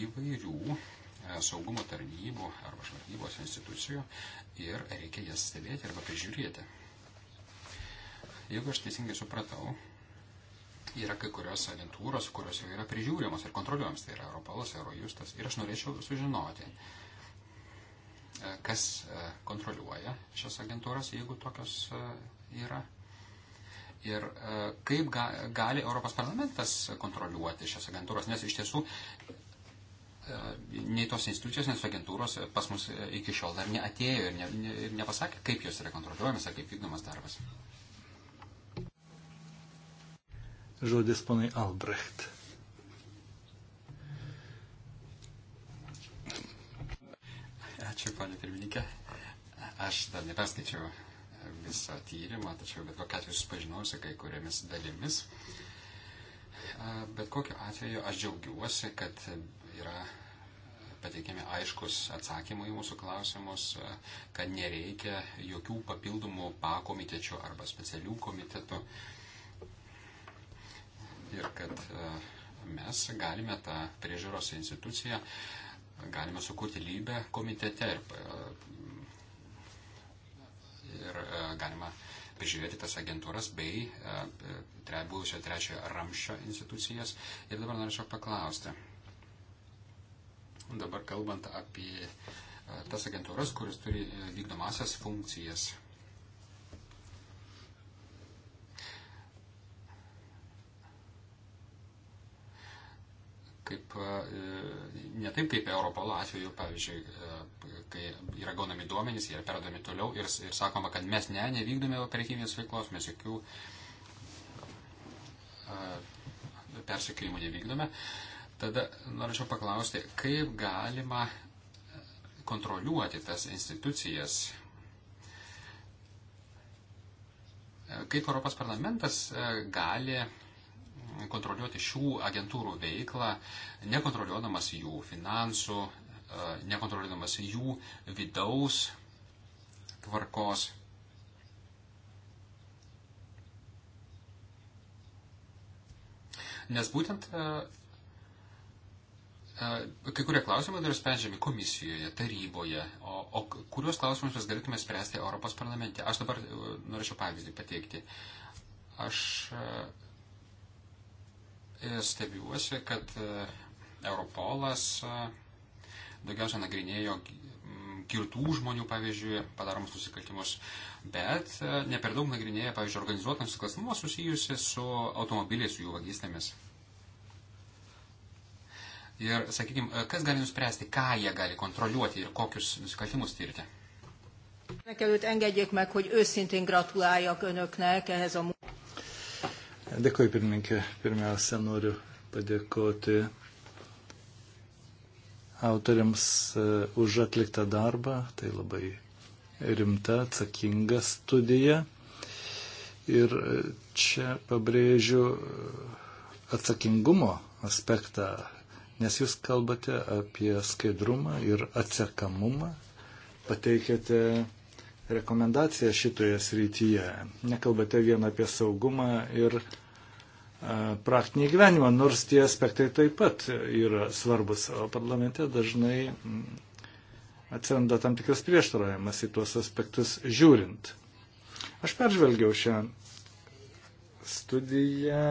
įvairių e, saugumo tarnybų arba žvalgybos institucijų ir reikia jas stebėti arba prižiūrėti. Jeigu aš teisingai supratau, yra kai kurios agentūros, kurios jau yra prižiūrimos ir kontroliuojamos, tai yra Europolas, Eurojustas. Ir aš norėčiau sužinoti, uh, E, kas e, kontroliuoja šias agentūras, jeigu tokios e, yra. Ir kaip ga, gali Europos parlamentas kontroliuoti šias agentūras, nes iš tiesų nei tos institucijos, nei tos agentūros pas mus iki šiol dar neatėjo ir, ne, ne, ir nepasakė, kaip jos yra kontroliuojamas ar kaip vykdomas darbas. Žodis ponai Albrecht. Ačiū, ponė pirmininkė. Aš dar neperskaičiau visą tyrimą, tačiau bet kokia atveju susipažinau su kai kuriamis dalimis. Bet kokiu atveju aš džiaugiuosi, kad yra pateikiami aiškus atsakymai į mūsų klausimus, kad nereikia jokių papildomų pakomitečių arba specialių komitetų. Ir kad mes galime tą priežiūros instituciją uh, galime sukurti lybę komitete ir, e, ir e, galima prižiūrėti tas agentūras bei e, tre, buvusio trečiojo ramščio institucijas. Ir dabar norėčiau paklausti. Dabar kalbant apie tas agentūras, kuris turi vykdomasias funkcijas kaip, e, ne taip kaip Europolo atveju, pavyzdžiui, e, kai yra gaunami duomenys, jie yra perdami toliau ir, ir sakoma, kad mes ne, nevykdome operatyvinės veiklos, mes jokių e, persikėjimų nevykdome. Tada norėčiau paklausti, kaip galima kontroliuoti tas institucijas, kaip Europos parlamentas gali kontroliuoti šių agentūrų veiklą, nekontroliuodamas jų finansų, e, nekontroliuodamas jų vidaus tvarkos. Nes būtent e, e, kai kurie klausimai dar sprendžiami komisijoje, taryboje, o, o kuriuos klausimus mes galėtume spręsti Europos parlamente. Aš dabar norėčiau pavyzdį pateikti. Aš stebiuosi, kad e, Europolas e, daugiausia nagrinėjo girtų žmonių, pavyzdžiui, padaromus nusikaltimus, bet e, ne per daug nagrinėja, pavyzdžiui, organizuotą nusikalstamumą susijusi su automobiliais, su jų vagystėmis. Ir, sakykime, kas gali nuspręsti, ką jie gali kontroliuoti ir kokius nusikaltimus tyrti? Nekelőtt engedjék meg, hogy őszintén gratuláljak önöknek ehhez a Dėkuoju, pirmininkė. Pirmiausia, noriu padėkoti autoriams e, už atliktą darbą. Tai labai rimta, atsakinga studija. Ir e, čia pabrėžiu e, atsakingumo aspektą, nes jūs kalbate apie skaidrumą ir atsekamumą, pateikėte rekomendaciją šitoje srityje. Nekalbate vien apie saugumą ir E, praktinį gyvenimą, nors tie aspektai taip pat yra svarbus, o parlamente dažnai mm, atsiranda tam tikras prieštaravimas į tuos aspektus žiūrint. Aš peržvelgiau šią studiją,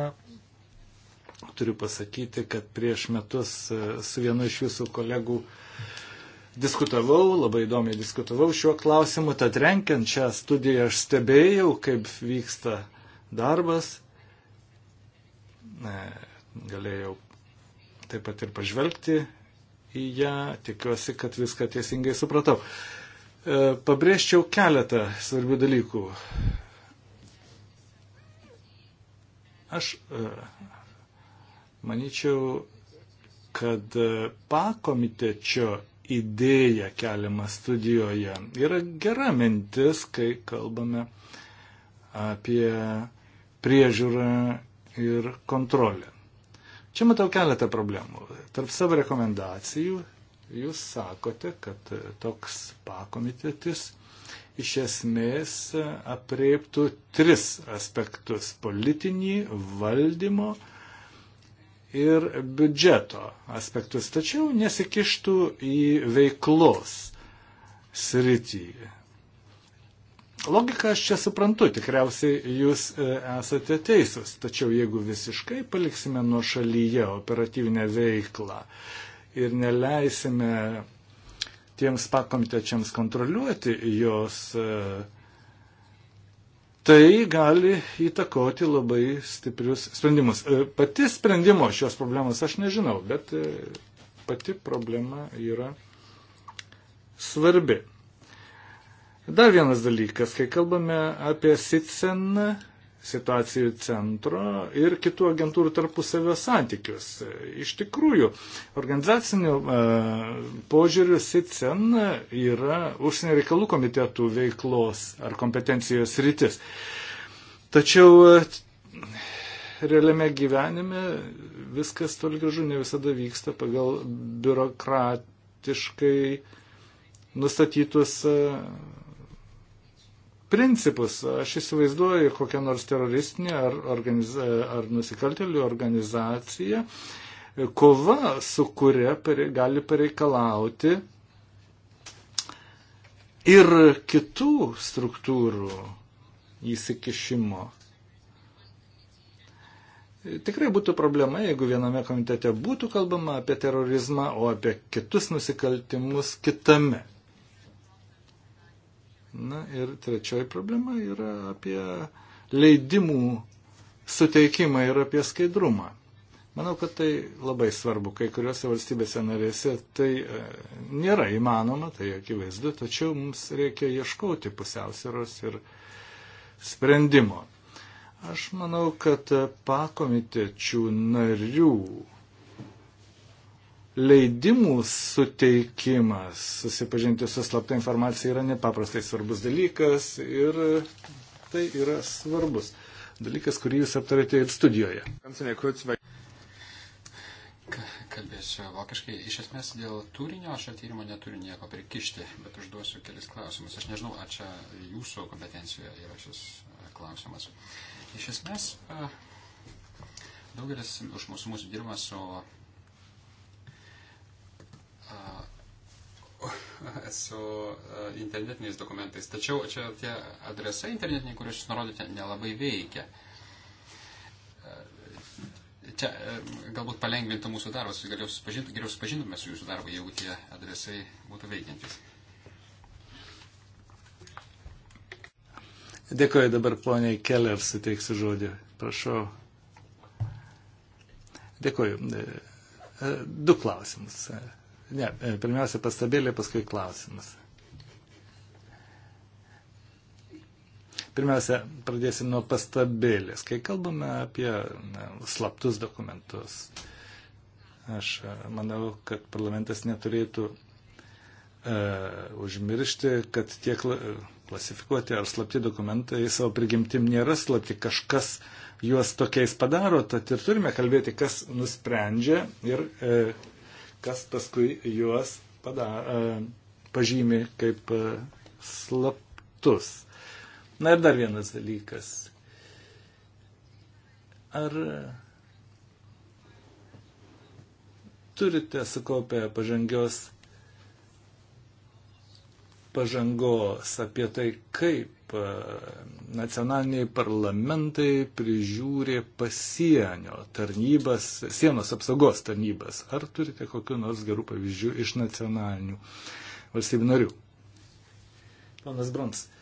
turiu pasakyti, kad prieš metus e, su vienu iš jūsų kolegų diskutavau, labai įdomiai diskutavau šiuo klausimu, tad renkiant šią studiją aš stebėjau, kaip vyksta darbas galėjau taip pat ir pažvelgti į ją, tikiuosi, kad viską teisingai supratau. E, pabrėžčiau keletą svarbių dalykų. Aš e, manyčiau, kad e, pakomitečio idėja keliama studijoje yra gera mintis, kai kalbame apie priežiūrą ir kontrolė. Čia matau keletą problemų. Tarp savo rekomendacijų jūs sakote, kad toks pakomitetis iš esmės apreiptų tris aspektus - politinį, valdymo ir biudžeto aspektus, tačiau nesikištų į veiklos srityje Logiką aš čia suprantu, tikriausiai jūs e, esate teisūs, tačiau jeigu visiškai paliksime nuo šalyje operatyvinę veiklą ir neleisime tiems pakomitečiams kontroliuoti jos, e, tai gali įtakoti labai stiprius sprendimus. E, pati sprendimo šios problemos aš nežinau, bet pati problema yra svarbi. Dar vienas dalykas, kai kalbame apie SITSEN situacijų centro ir kitų agentūrų tarpusavio santykius. Iš tikrųjų, organizacinių e, požiūrių SITSEN yra užsienio reikalų komitetų veiklos ar kompetencijos rytis. Tačiau e, realiame gyvenime viskas toli gražu ne visada vyksta pagal biurokratiškai nustatytus e, principus. Aš įsivaizduoju kokią nors teroristinę ar, organiza, ar nusikaltelių organizaciją. Kova, su kuria pare, gali pareikalauti ir kitų struktūrų įsikišimo. Tikrai būtų problema, jeigu viename komitete būtų kalbama apie terorizmą, o apie kitus nusikaltimus kitame. Na ir trečioji problema yra apie leidimų suteikimą ir apie skaidrumą. Manau, kad tai labai svarbu. Kai kuriuose valstybėse narėse tai e, nėra įmanoma, tai akivaizdu, tačiau mums reikia ieškoti pusiausvėros ir sprendimo. Aš manau, kad e, pakomitečių narių leidimų suteikimas, susipažinti su slapta informacija yra nepaprastai svarbus dalykas ir tai yra svarbus dalykas, kurį jūs aptarėte ir studijoje. Kalbėsiu vokiškai. Iš esmės dėl turinio šio tyrimo neturiu nieko prikišti, bet užduosiu kelis klausimus. Aš nežinau, ar čia jūsų kompetencijoje yra šis e, klausimas. Iš esmės, e, daugelis už mūsų mūsų dirba su su internetiniais dokumentais. Tačiau čia tie adresai internetiniai, kuriuos jūs nurodote, nelabai veikia. Čia galbūt palengvintų mūsų darbas, jūs geriau susipažintume, geriau susipažintume su jūsų darbu, jeigu tie adresai būtų veikiantis. Dėkuoju dabar poniai Keller, suteiksiu žodį. Prašau. Dėkuoju. E, e, du klausimus. E, Ne, e, pirmiausia pastabėlė, paskui klausimas. Pirmiausia, pradėsim nuo pastabėlės. Kai kalbame apie na, slaptus dokumentus, aš e, manau, kad parlamentas neturėtų e, užmiršti, kad tie klasifikuoti ar slapti dokumentai savo prigimtim nėra slapti. Kažkas juos tokiais padaro, tad ir turime kalbėti, kas nusprendžia ir e, kas paskui juos pada, e, pažymi kaip e, slaptus. Na ir dar vienas dalykas. Ar turite sukaupę pažangios pažangos apie tai, kaip E, nacionaliniai parlamentai prižiūrė pasienio tarnybas, sienos apsaugos tarnybas. Ar turite kokiu nors gerų pavyzdžių iš nacionalinių valstybių narių? Ponas Brons. Uh,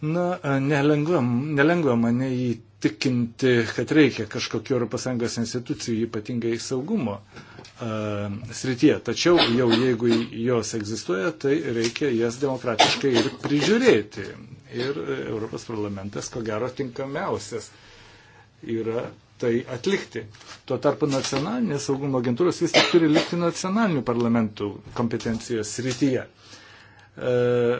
Na, nelengva, nelengva mane įtikinti, kad reikia kažkokiu ES institucijų, ypatingai saugumo uh, srityje. Tačiau jau jeigu jos egzistuoja, tai reikia jas demokratiškai ir prižiūrėti. Ir Europos parlamentas, ko gero, tinkamiausias yra tai atlikti. Tuo tarpu nacionalinės saugumo agentūros vis tik turi likti nacionalinių parlamentų kompetencijos srityje. Uh,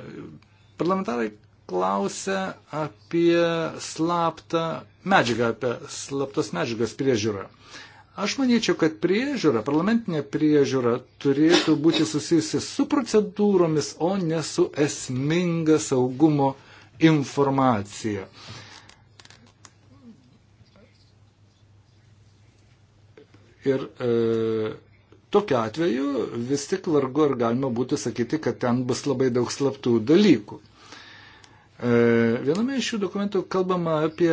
parlamentarai klausia apie slaptą medžiagą, apie slaptas medžiagas priežiūrą. Aš manyčiau, kad priežiūra, parlamentinė priežiūra turėtų būti susijusi su procedūromis, o ne su esminga saugumo informacija. Ir e, tokiu atveju vis tik vargu ar galima būtų sakyti, kad ten bus labai daug slaptų dalykų. E, viename iš šių dokumentų kalbama apie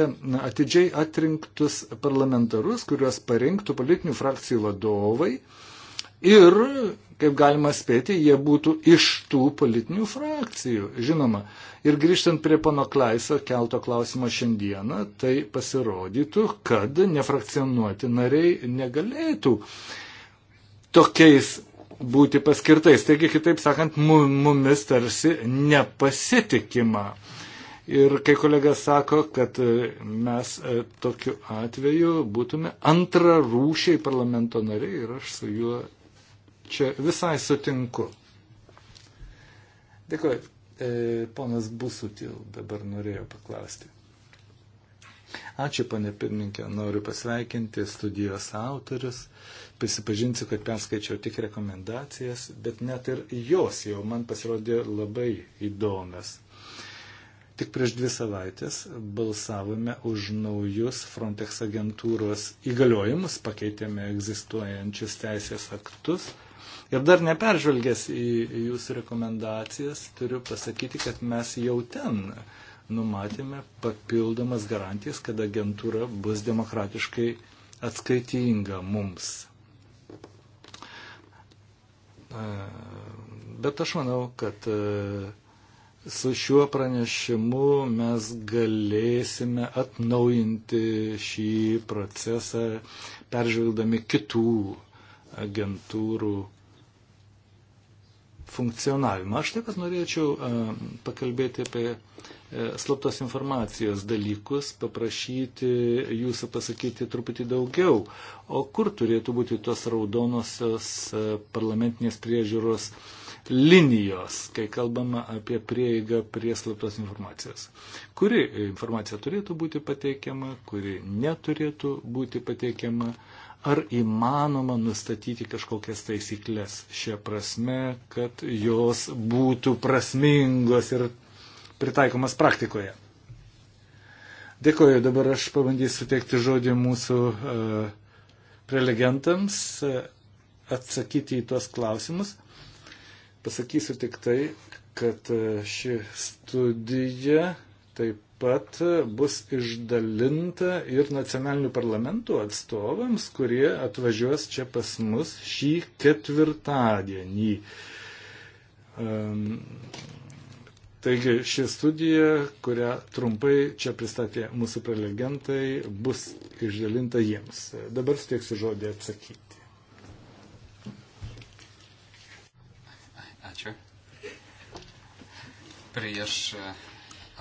atidžiai atrinktus parlamentarus, kuriuos parinktų politinių frakcijų vadovai ir, kaip galima spėti, jie būtų iš tų politinių frakcijų, žinoma. Ir grįžtant prie pono Klaiso kelto klausimo šiandieną, tai pasirodytų, kad nefrakcionuoti nariai negalėtų tokiais būti paskirtais. Taigi, kitaip sakant, mumis tarsi nepasitikima. Ir kai kolega sako, kad e, mes e, tokiu atveju būtume antrarūšiai parlamento nariai ir aš su juo čia visai sutinku. Dėkuoju. E, ponas Busutil dabar norėjo paklausti. Ačiū, ponė pirmininkė, noriu pasveikinti studijos autorius. E, Prisipažinsiu, kad perskaičiau tik rekomendacijas, bet net ir jos jau man pasirodė labai įdomios. Tik prieš dvi savaitės balsavome už naujus Frontex agentūros įgaliojimus, pakeitėme egzistuojančius teisės aktus. Ir dar neperžvelgęs į jūsų rekomendacijas, turiu pasakyti, kad mes jau ten numatėme papildomas garantijas, kad agentūra bus demokratiškai atskaitinga mums. Bet aš manau, kad e, su šiuo pranešimu mes galėsime atnaujinti šį procesą, peržvelgdami kitų agentūrų funkcionavimą. Aš taip pat norėčiau e, pakalbėti apie E, slaptos informacijos dalykus, paprašyti jūsų pasakyti truputį daugiau. O kur turėtų būti tos raudonosios e, parlamentinės priežiūros linijos, kai kalbama apie prieigą prie slaptos informacijos? Kuri informacija turėtų būti pateikiama, kuri neturėtų būti pateikiama? Ar įmanoma nustatyti kažkokias taisyklės šią prasme, kad jos būtų prasmingos ir pritaikomas praktikoje. Dėkoju, dabar aš pabandysiu suteikti žodį mūsų e, prelegentams, e, atsakyti į tuos klausimus. Pasakysiu tik tai, kad e, ši studija taip pat bus išdalinta ir nacionalinių parlamentų atstovams, kurie atvažiuos čia pas mus šį ketvirtadienį. Taigi ši studija, kurią trumpai čia pristatė mūsų prelegentai, bus išdalinta jiems. Dabar stieksiu žodį atsakyti. Ačiū. Prieš e,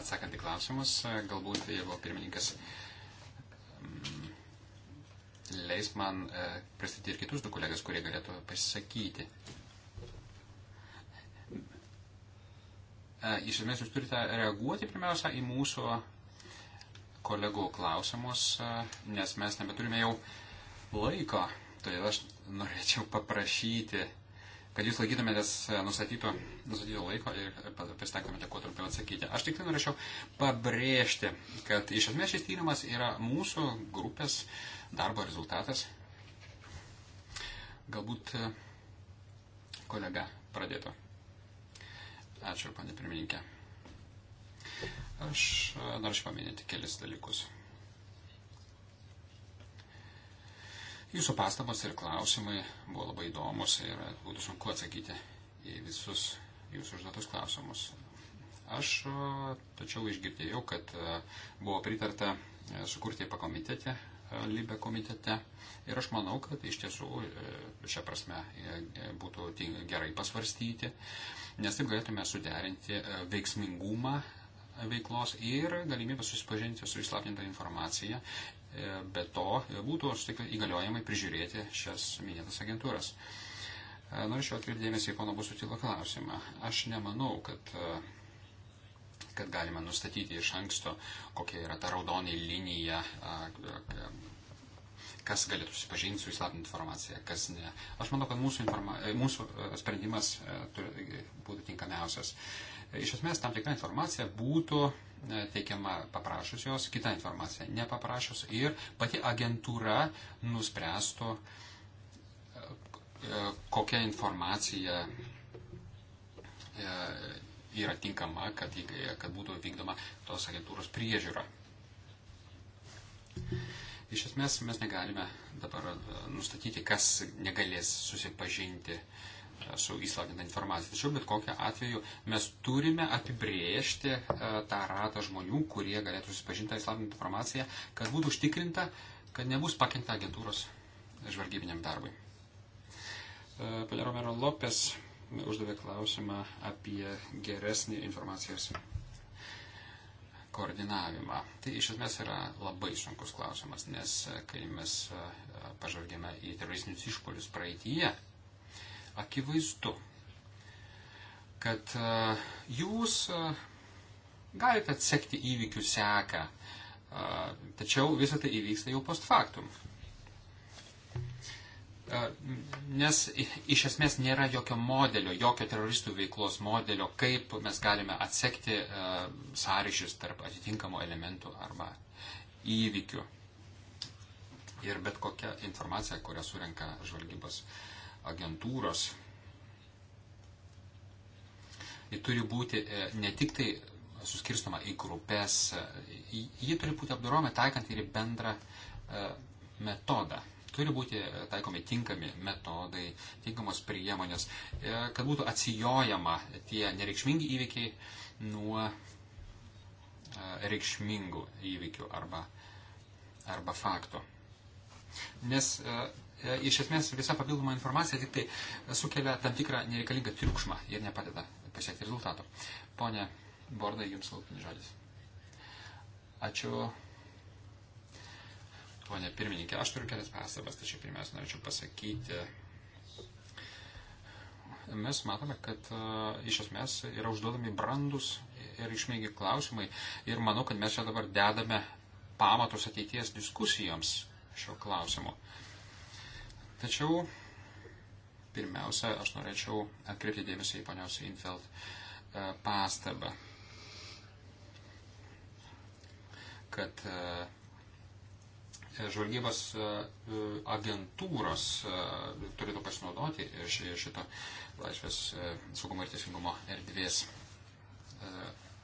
atsakant į klausimus, e, galbūt jeigu pirmininkas mm, leis man e, pristatyti ir kitus du kolegas, kurie galėtų pasisakyti. E, iš esmės jūs turite reaguoti pirmiausia į mūsų kolegų klausimus, e, nes mes nebeturime jau laiko. Todėl aš norėčiau paprašyti, kad jūs laikytumėtės e, nustatyto, nustatyto laiko ir pasitengtumėte kuo trumpiau atsakyti. Aš tik tai norėčiau pabrėžti, kad iš esmės šis tyrimas yra mūsų grupės darbo rezultatas. Galbūt kolega pradėtų. Ačiū, panė pirmininkė. Aš e, norėčiau paminėti kelis dalykus. Jūsų pastabas ir klausimai buvo labai įdomus ir būtų sunku atsakyti į visus jūsų užduotus klausimus. Aš e, tačiau išgirdėjau, kad e, buvo pritarta sukurti pakomitetę Libe komitete. Ir aš manau, kad iš tiesų e, šią prasme e, būtų gerai pasvarstyti, nes taip galėtume suderinti e, veiksmingumą veiklos ir galimybę susipažinti su įslaptinta informacija. Be to būtų įgaliojimai prižiūrėti šias minėtas agentūras. Norėčiau atkreipdėmėsi į pono Busutilo klausimą. Aš nemanau, kad kad galima nustatyti iš anksto, kokia yra ta raudonė linija, kas galėtų susipažinti su įslaptinta informacija, kas ne. Aš manau, kad mūsų, informa... E, mūsų e, sprendimas e, būtų tinkamiausias. Iš esmės, tam tikra informacija būtų teikiama paprašus jos, kita informacija nepaprašus ir pati agentūra nuspręstų, kokia informacija yra tinkama, kad, kad būtų vykdoma tos agentūros priežiūra. Iš esmės mes negalime dabar e, nustatyti, kas negalės susipažinti e, su įslaptinta informacija. Tačiau bet kokiu atveju mes turime apibriežti e, tą ratą žmonių, kurie galėtų susipažinti įslaptintą informaciją, kad būtų užtikrinta, kad nebus pakengta agentūros žvalgybiniam darbui. Pelė Romero Lopes uždavė klausimą apie geresnį informacijos koordinavimą. Tai iš esmės yra labai sunkus klausimas, nes e, kai mes e, pažvelgėme į teroristinius išpolius praeitie, akivaizdu, kad e, jūs galite atsekti įvykių seką, tačiau visą tai įvyksta jau post factum nes iš esmės nėra jokio modelio, jokio teroristų veiklos modelio, kaip mes galime atsekti uh, sąryšius tarp atitinkamų elementų arba įvykių. Ir bet kokia informacija, kurią surenka žvalgybos agentūros, ji turi būti e, ne tik tai suskirstoma į grupės, e, ji turi būti apdoroma taikant ir bendrą metodą Turi būti e, taikomi tinkami metodai, tinkamos priemonės, e, kad būtų atsijojama tie nereikšmingi įvykiai nuo e, reikšmingų įvykių arba, arba faktų. Nes iš esmės visa papildoma informacija tik tai sukelia tam tikrą nereikalingą triukšmą ir nepadeda pasiekti rezultato. Pone Bordai, jums laukinis žodis. Ačiū. Pone pirmininkė, aš turiu kelias pastabas, tačiau pirmiausia norėčiau pasakyti. Mes matome, kad uh, iš esmės yra užduodami brandus ir išmėgi klausimai ir manau, kad mes čia dabar dedame pamatus ateities diskusijoms šio klausimo. Tačiau pirmiausia, aš norėčiau atkreipti dėmesį į ponios Infeld uh, e, pastabą, kad uh, žvalgybos e, e, agentūros e, turėtų pasinaudoti šito laisvės saugumo ir teisingumo erdvės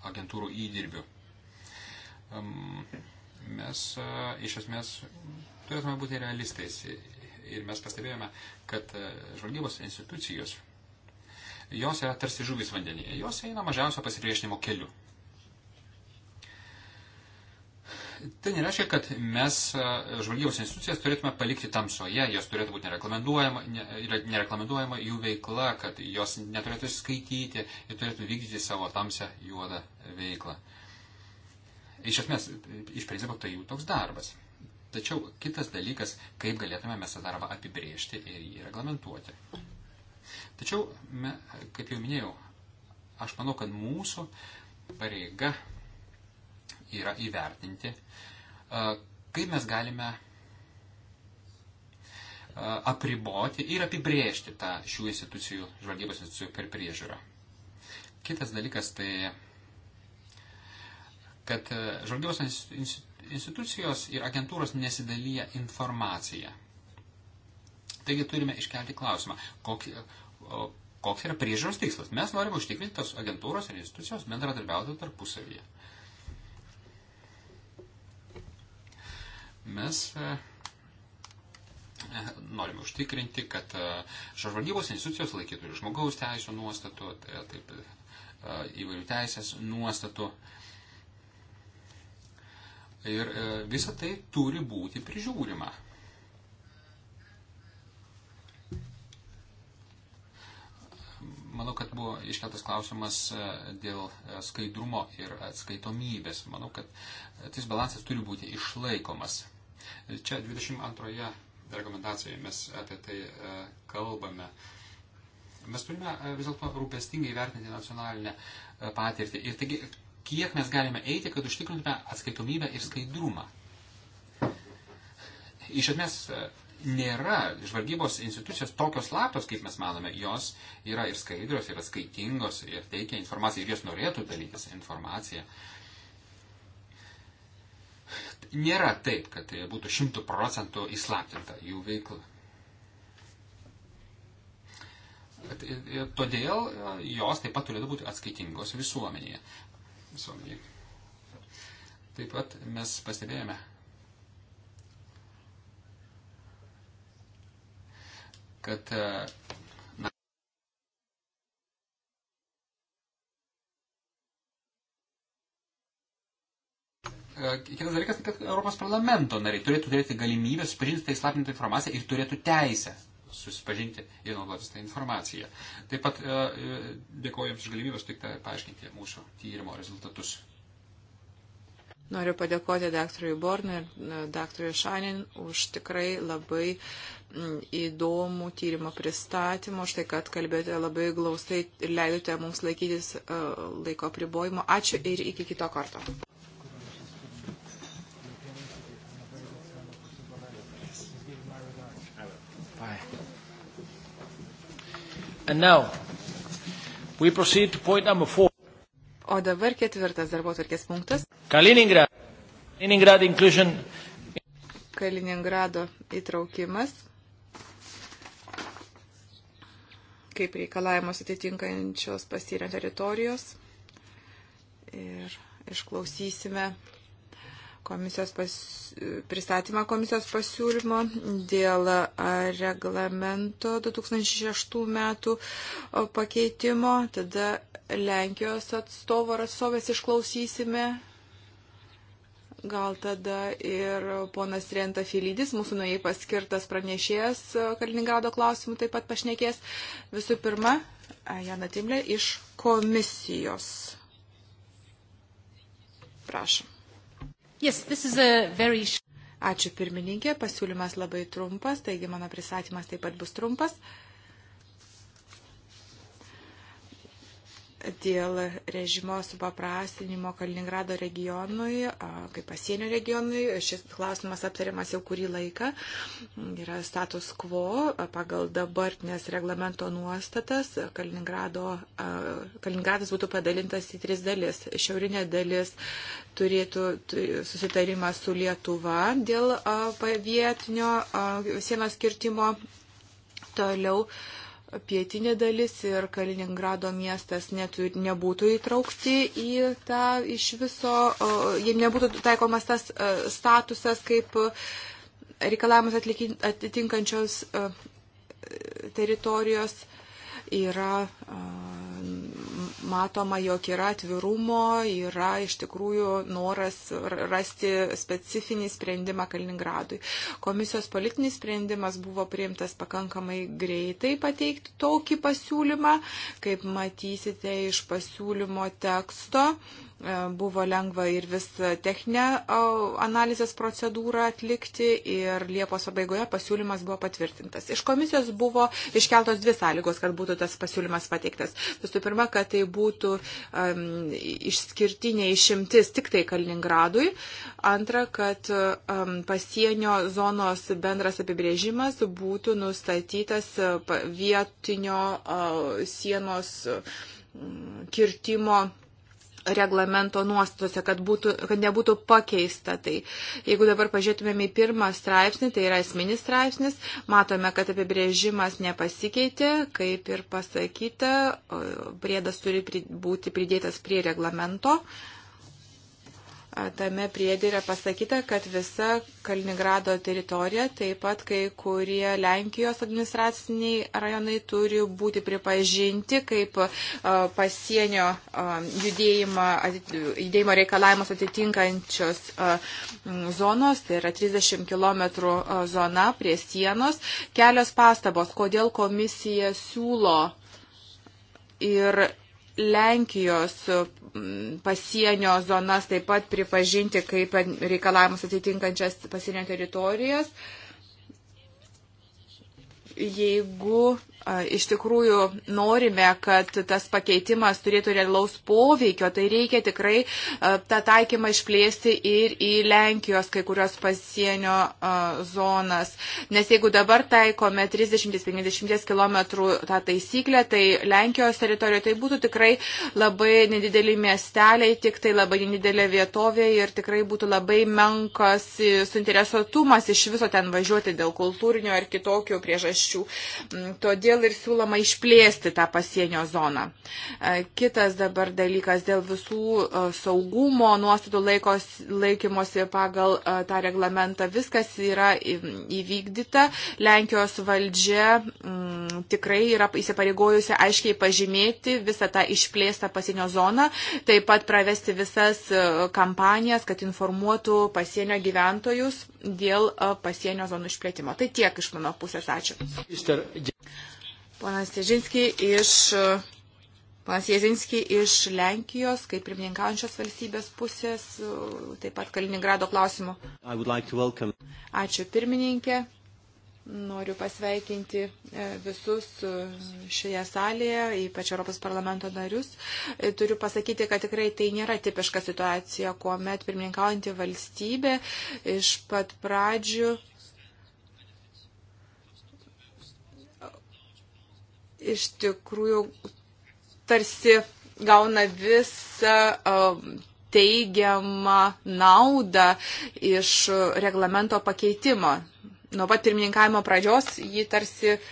agentūrų įdirbių. Mes iš esmės turėtume būti realistais ir mes pastebėjome, kad žvalgybos institucijos, jos yra tarsi žuvis vandenyje, jos eina mažiausio pasipriešinimo keliu. Tai nereiškia, kad mes e, žvalgybos institucijas turėtume palikti tamsoje, jos turėtų būti nereklamenduojama, nereklamenduojama jų veikla, kad jos neturėtų skaityti ir turėtų vykdyti savo tamsią juodą veiklą. Iš esmės, iš principo, tai jų toks darbas. Tačiau kitas dalykas, kaip galėtume mes tą darbą apibrėžti ir jį reglamentuoti. Tačiau, me, kaip jau minėjau, aš manau, kad mūsų pareiga yra įvertinti, kaip mes galime apriboti ir apibrėžti tą šių institucijų, žvalgybos institucijų per priežiūrą. Kitas dalykas tai, kad žvalgybos institucijos ir agentūros nesidalyja informaciją. Taigi turime iškelti klausimą, kokį, koks yra priežiūros tikslas. Mes norime užtikrinti tos agentūros ir institucijos bendradarbiauti tarpusavyje. Mes e, e, norime užtikrinti, kad e, žvalgybos institucijos laikytų ir žmogaus teisų nuostatų, tai taip įvairių teisės nuostatų. Ir visa tai turi būti prižiūrima. Manau, kad buvo iškeltas klausimas dėl skaidrumo ir atskaitomybės. Manau, kad tas balansas turi būti išlaikomas. Čia 22 rekomendacijoje mes apie tai e, kalbame. Mes turime e, vis dėlto rūpestingai vertinti nacionalinę e, patirtį. Ir taigi, kiek mes galime eiti, kad užtikrintume atskaitomybę ir skaidrumą. Iš esmės, nėra žvalgybos institucijos tokios slaptos, kaip mes manome. Jos yra ir skaidrios, ir atskaitingos, ir teikia informaciją, ir jos norėtų dalytis informaciją. Uh, Nėra taip, kad tai būtų šimtų procentų įslaptinta jų veikla. Todėl e, jos taip pat turėtų būti atskaitingos visuomenėje. visuomenėje. Taip pat mes pastebėjome, kad e, E, kitas dalykas, kad Europos parlamento nariai turėtų turėti galimybę susipažinti tą tai įslapintą informaciją ir turėtų teisę susipažinti ir naudotis tą informaciją. Taip pat e, e, dėkoju Jums už galimybę sutikti paaiškinti mūsų tyrimo rezultatus. Noriu padėkoti daktarui Bornui ir daktarui Šanin už tikrai labai įdomų tyrimo pristatymą, už tai, kad kalbėjote labai glaustai ir leidote mums laikytis laiko pribojimo. Ačiū ir iki kito karto. And now, we proceed to point number four. O dabar ketvirtas darbo tvarkės punktas. Kaliningrad. Kaliningrad inclusion. Kaliningrado įtraukimas kaip reikalavimus atitinkančios pasienio teritorijos. Ir išklausysime komisijos pas, pristatymą komisijos pasiūlymo dėl reglamento 2006 metų pakeitimo. Tada Lenkijos atstovo ar atstovės išklausysime. Gal tada ir ponas Renta Filidis, mūsų nuėjai paskirtas pranešėjas Kaliningrado klausimų, taip pat pašnekės. Visų pirma, Jana Timlė iš komisijos. Prašom. Yes, very... Ačiū pirmininkė, pasiūlymas labai trumpas, taigi mano pristatymas taip pat bus trumpas. Uh, dėl režimo supaprastinimo Kaliningrado regionui, kaip pasienio regionui. Šis klausimas aptariamas jau kurį laiką. Yra status quo pagal dabartinės reglamento nuostatas. Kaliningradas būtų padalintas į tris dalis. Šiaurinė dalis turėtų susitarimą su Lietuva dėl vietinio sienos kirtimo. Toliau pietinė dalis ir Kaliningrado miestas netur, nebūtų įtraukti į tą iš viso, jiems nebūtų taikomas tas e, statusas kaip e, reikalavimas atitinkančios e, teritorijos yra matoma, jog yra atvirumo, yra iš tikrųjų noras rasti specifinį sprendimą Kaliningradui. Komisijos politinis sprendimas buvo priimtas pakankamai greitai pateikti tokį pasiūlymą, kaip matysite iš pasiūlymo teksto. E, buvo lengva ir vis techninę analizės procedūrą atlikti ir Liepos pabaigoje pasiūlymas buvo patvirtintas. Iš komisijos buvo iškeltos dvi sąlygos, kad būtų tas pasiūlymas pateiktas. Visų pirma, kad tai būtų um, išskirtinė išimtis tik tai Kaliningradui. Antra, kad um, pasienio zonos bendras apibrėžimas būtų nustatytas e, vietinio uh, sienos um, kirtimo reglamento nuostatose, kad, būtų, kad nebūtų pakeista. Tai jeigu dabar pažiūrėtumėm į pirmą straipsnį, tai yra esminis straipsnis, matome, kad apibrėžimas nepasikeitė, kaip ir pasakyta, priedas turi būti pridėtas prie reglamento. Uh, tame priedė yra pasakyta, kad visa Kaliningrado teritorija, taip pat kai kurie Lenkijos administraciniai rajonai turi būti pripažinti kaip pasienio judėjimą, judėjimo reikalavimus atitinkančios zonos, tai yra 30 km zona prie sienos. Kelios pastabos, kodėl komisija siūlo ir Lenkijos pasienio zonas taip pat pripažinti kaip reikalavimus atitinkančias pasienio teritorijas, jeigu iš tikrųjų norime, kad tas pakeitimas turėtų realaus poveikio, tai reikia tikrai tą taikymą išplėsti ir į Lenkijos kai kurios pasienio zonas. Nes jeigu dabar taikome 30-50 km tą taisyklę, tai Lenkijos teritorijoje tai būtų tikrai labai nedideli miesteliai, tik tai labai nedidelė vietovė ir tikrai būtų labai menkas suinteresuotumas iš viso ten važiuoti dėl kultūrinio ar kitokių priežasčių. Mm, todėl todėl ir siūloma išplėsti tą pasienio zoną. E, kitas dabar dalykas dėl visų e, saugumo nuostatų laikos, laikymosi pagal e, tą reglamentą. Viskas yra įvykdyta. Lenkijos valdžia m, mm, tikrai yra įsipareigojusi aiškiai pažymėti visą tą išplėstą pasienio zoną, taip pat pravesti visas kampanijas, kad informuotų pasienio gyventojus dėl pasienio zonų išplėtimo. Tai tiek iš mano pusės. Ačiū. Ponas Ježinski iš, ponas Jezinski iš Lenkijos, kaip pirmininkaujančios valstybės pusės, taip pat Kaliningrado klausimu. Like welcome... Ačiū pirmininkė. Noriu pasveikinti e, visus e, šioje salėje, ypač Europos parlamento narius. E, turiu pasakyti, kad tikrai tai nėra tipiška situacija, kuomet pirmininkaujantį valstybę iš pat pradžių iš tikrųjų tarsi gauna visą teigiamą naudą iš reglamento pakeitimo. Nuo pat pirmininkavimo pradžios jį tarsi uh,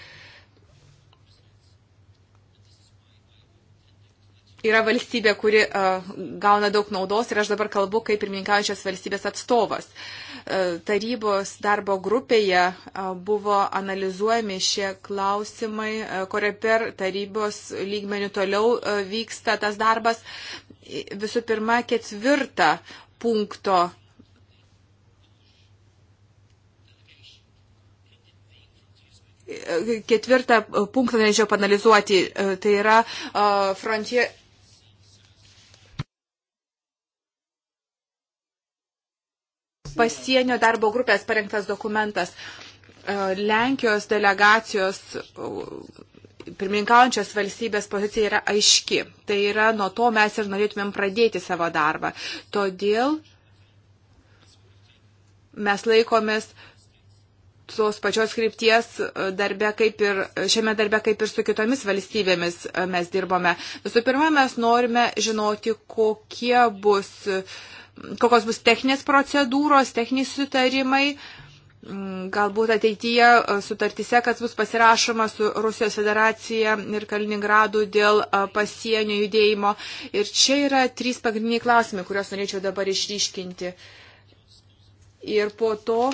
yra valstybė, kuri uh, gauna daug naudos ir aš dabar kalbu kaip pirmininkaujančios valstybės atstovas. Uh, tarybos darbo grupėje uh, buvo analizuojami šie klausimai, uh, kurie per tarybos lygmenių toliau uh, vyksta tas darbas. Visų pirma, ketvirtą punkto. Ketvirtą punktą norėčiau panalizuoti, e, tai yra uh, frontier pasienio darbo grupės parengtas dokumentas. E, Lenkijos delegacijos e, pirmininkaujančios valstybės pozicija yra aiški. Tai yra nuo to mes ir norėtumėm pradėti savo darbą. Todėl mes laikomės tos pačios krypties e, darbe kaip ir, šiame darbe kaip ir su kitomis valstybėmis mes dirbome. Visų pirma, mes norime žinoti, kokie bus uh, kokios bus techninės procedūros, techniniai sutarimai, mm, galbūt ateityje e, sutartise, kas bus pasirašoma su Rusijos federacija ir Kaliningradu dėl e, pasienio judėjimo. Ir čia yra trys pagrindiniai klausimai, kuriuos norėčiau dabar išryškinti. Ir po to